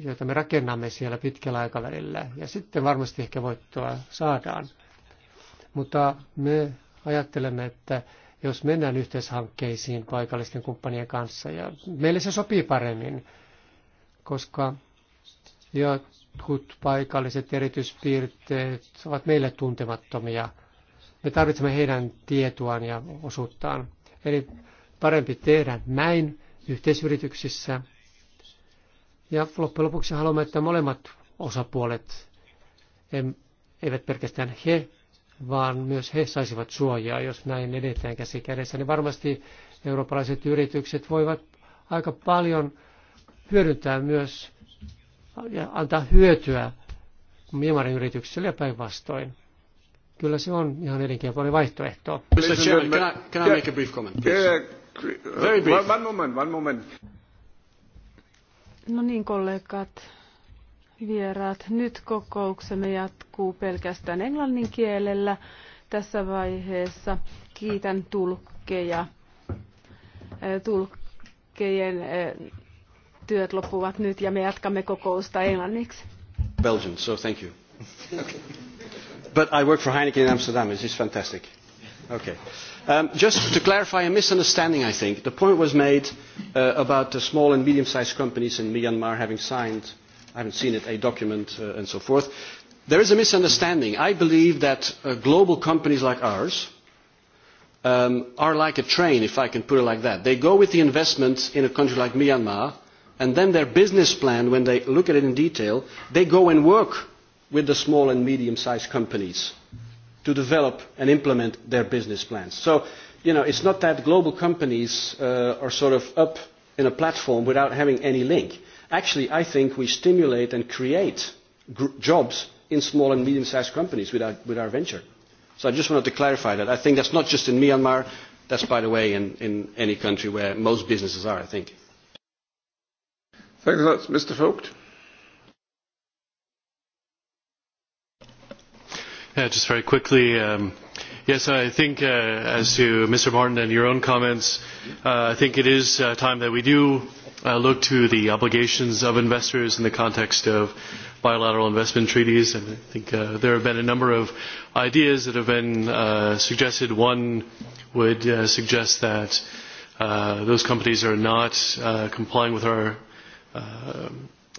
joita me rakennamme siellä pitkällä aikavälillä. Ja sitten varmasti ehkä voittoa saadaan. Mutta me ajattelemme, että jos mennään yhteishankkeisiin paikallisten kumppanien kanssa, ja meille se sopii paremmin, koska jotkut paikalliset erityispiirteet ovat meille tuntemattomia. Me tarvitsemme heidän tietoaan ja osuuttaan. Eli parempi tehdä näin yhteisyrityksissä. Ja loppujen lopuksi haluamme, että molemmat osapuolet eivät pelkästään he, vaan myös he saisivat suojaa, jos näin edetään käsi kädessä, niin varmasti eurooppalaiset yritykset voivat aika paljon hyödyntää myös ja antaa hyötyä Myanmarin yrityksille ja päinvastoin. Kyllä se on ihan elinkelpoinen vaihtoehto. Mr. Chairman, can I, can I make a brief comment, please? Very brief. One moment, one moment. No niin, kollegat vieraat. Nyt kokouksemme jatkuu pelkästään englannin kielellä. Tässä vaiheessa kiitän tulkkeja. Tulkkejen työt loppuvat nyt ja me jatkamme kokousta englanniksi. Belgium, so thank you. okay. But I work for Heineken in Amsterdam. This is fantastic. Okay. Um, just to clarify a misunderstanding, I think. The point was made uh, about the small and medium-sized companies in Myanmar having signed I haven't seen it, a document uh, and so forth. There is a misunderstanding. I believe that uh, global companies like ours um, are like a train, if I can put it like that. They go with the investment in a country like Myanmar, and then their business plan, when they look at it in detail, they go and work with the small and medium-sized companies to develop and implement their business plans. So, you know, it's not that global companies uh, are sort of up in a platform without having any link actually, I think we stimulate and create jobs in small and medium-sized companies with our, with our venture. So I just wanted to clarify that. I think that's not just in Myanmar. That's, by the way, in, in any country where most businesses are, I think. Thanks a lot. Mr. Vogt? Yeah, just very quickly, um, Yes, I think uh, as to Mr. Martin and your own comments, uh, I think it is uh, time that we do uh, look to the obligations of investors in the context of bilateral investment treaties. And I think uh, there have been a number of ideas that have been uh, suggested. One would uh, suggest that uh, those companies are not uh, complying with our uh,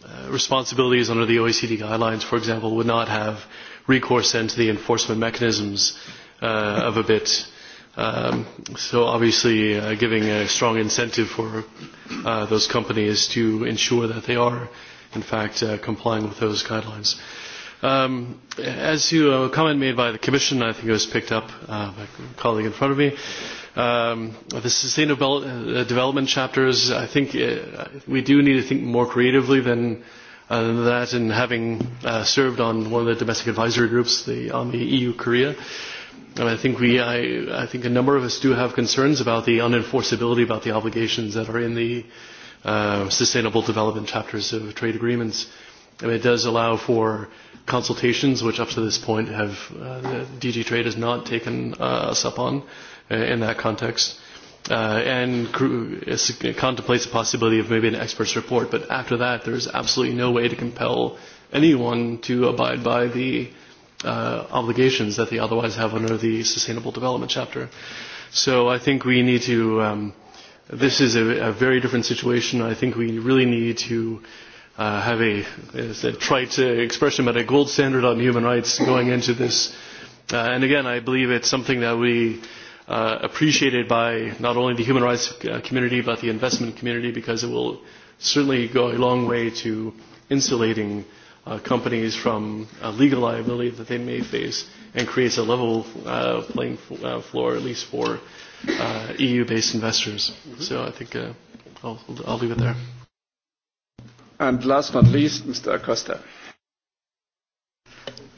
uh responsibilities under the OECD guidelines, for example, would not have recourse then to the enforcement mechanisms uh, uh, of a bit. Um, so obviously uh, giving a strong incentive for uh, those companies to ensure that they are in fact uh, complying with those guidelines. Um, as you a uh, comment made by the Commission, I think it was picked up uh, by a colleague in front of me. Um, the sustainable uh, development chapters, I think uh, we do need to think more creatively than uh, that. And having uh, served on one of the domestic advisory groups the, on the EU-Korea, And I think we, I, I think a number of us do have concerns about the unenforceability about the obligations that are in the uh, sustainable development chapters of trade agreements. And it does allow for consultations, which up to this point have uh, DG Trade has not taken uh, us up on uh, in that context, uh, and it contemplates the possibility of maybe an expert's report. But after that, there is absolutely no way to compel anyone to abide by the uh, uh, obligations that they otherwise have under the Sustainable Development Chapter. So I think we need to. Um, this is a, a very different situation. I think we really need to uh, have a, a trite expression, but a gold standard on human rights going into this. Uh, and again, I believe it's something that we uh, appreciated by not only the human rights uh, community but the investment community because it will certainly go a long way to insulating uh, companies from uh, legal liability that they may face and creates a level uh, playing f- uh, floor, at least for uh, EU-based investors. Mm-hmm. So I think uh, I'll, I'll leave it there. And last but not least, Mr. Acosta.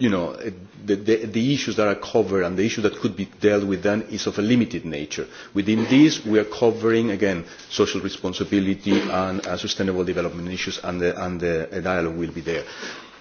you know, the, the, the issues that are covered and the issue that could be dealt with then is of a limited nature. Within this, we are covering, again, social responsibility and uh, sustainable development issues, and the, and the dialogue will be there.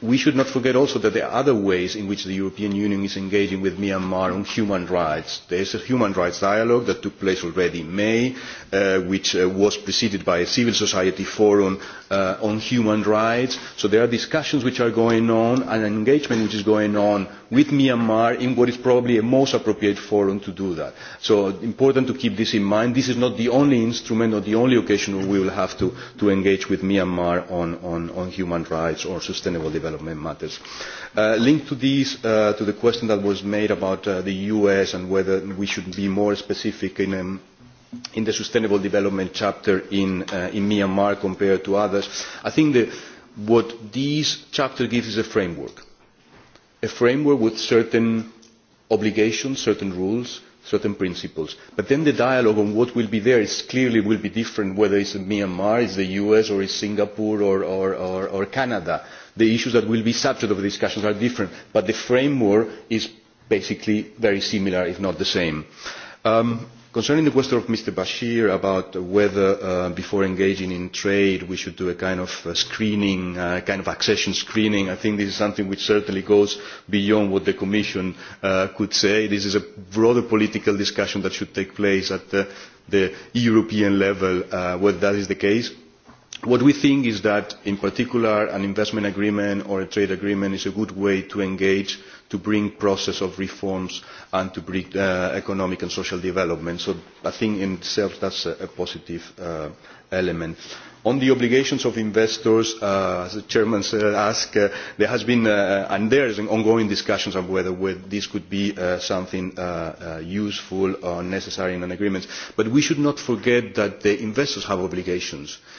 We should not forget also that there are other ways in which the European Union is engaging with Myanmar on human rights. There is a human rights dialogue that took place already in May, uh, which uh, was preceded by a civil society forum uh, on human rights. So there are discussions which are going on and an engagement which is going on with Myanmar in what is probably a most appropriate forum to do that. So important to keep this in mind. This is not the only instrument or the only occasion where we will have to, to engage with Myanmar on, on, on human rights or sustainable development matters. Uh, linked to this, uh, to the question that was made about uh, the US and whether we should be more specific in um, in the sustainable development chapter in, uh, in Myanmar compared to others. I think that what this chapter gives is a framework, a framework with certain obligations, certain rules, certain principles. But then the dialogue on what will be there is clearly will be different whether it's Myanmar, it's the US, or it's Singapore or, or, or, or Canada. The issues that will be subject of the discussions are different, but the framework is basically very similar, if not the same. Um, Concerning the question of Mr. Bashir about whether uh, before engaging in trade we should do a kind of uh, screening, uh, kind of accession screening, I think this is something which certainly goes beyond what the Commission uh, could say. This is a broader political discussion that should take place at uh, the European level, uh, whether that is the case what we think is that in particular an investment agreement or a trade agreement is a good way to engage to bring process of reforms and to bring uh, economic and social development so i think in itself that's a, a positive uh, element on the obligations of investors, uh, as the chairman asked, uh, there has been uh, and there is an ongoing discussions on whether, whether this could be uh, something uh, uh, useful or necessary in an agreement. But we should not forget that the investors have obligations. Uh,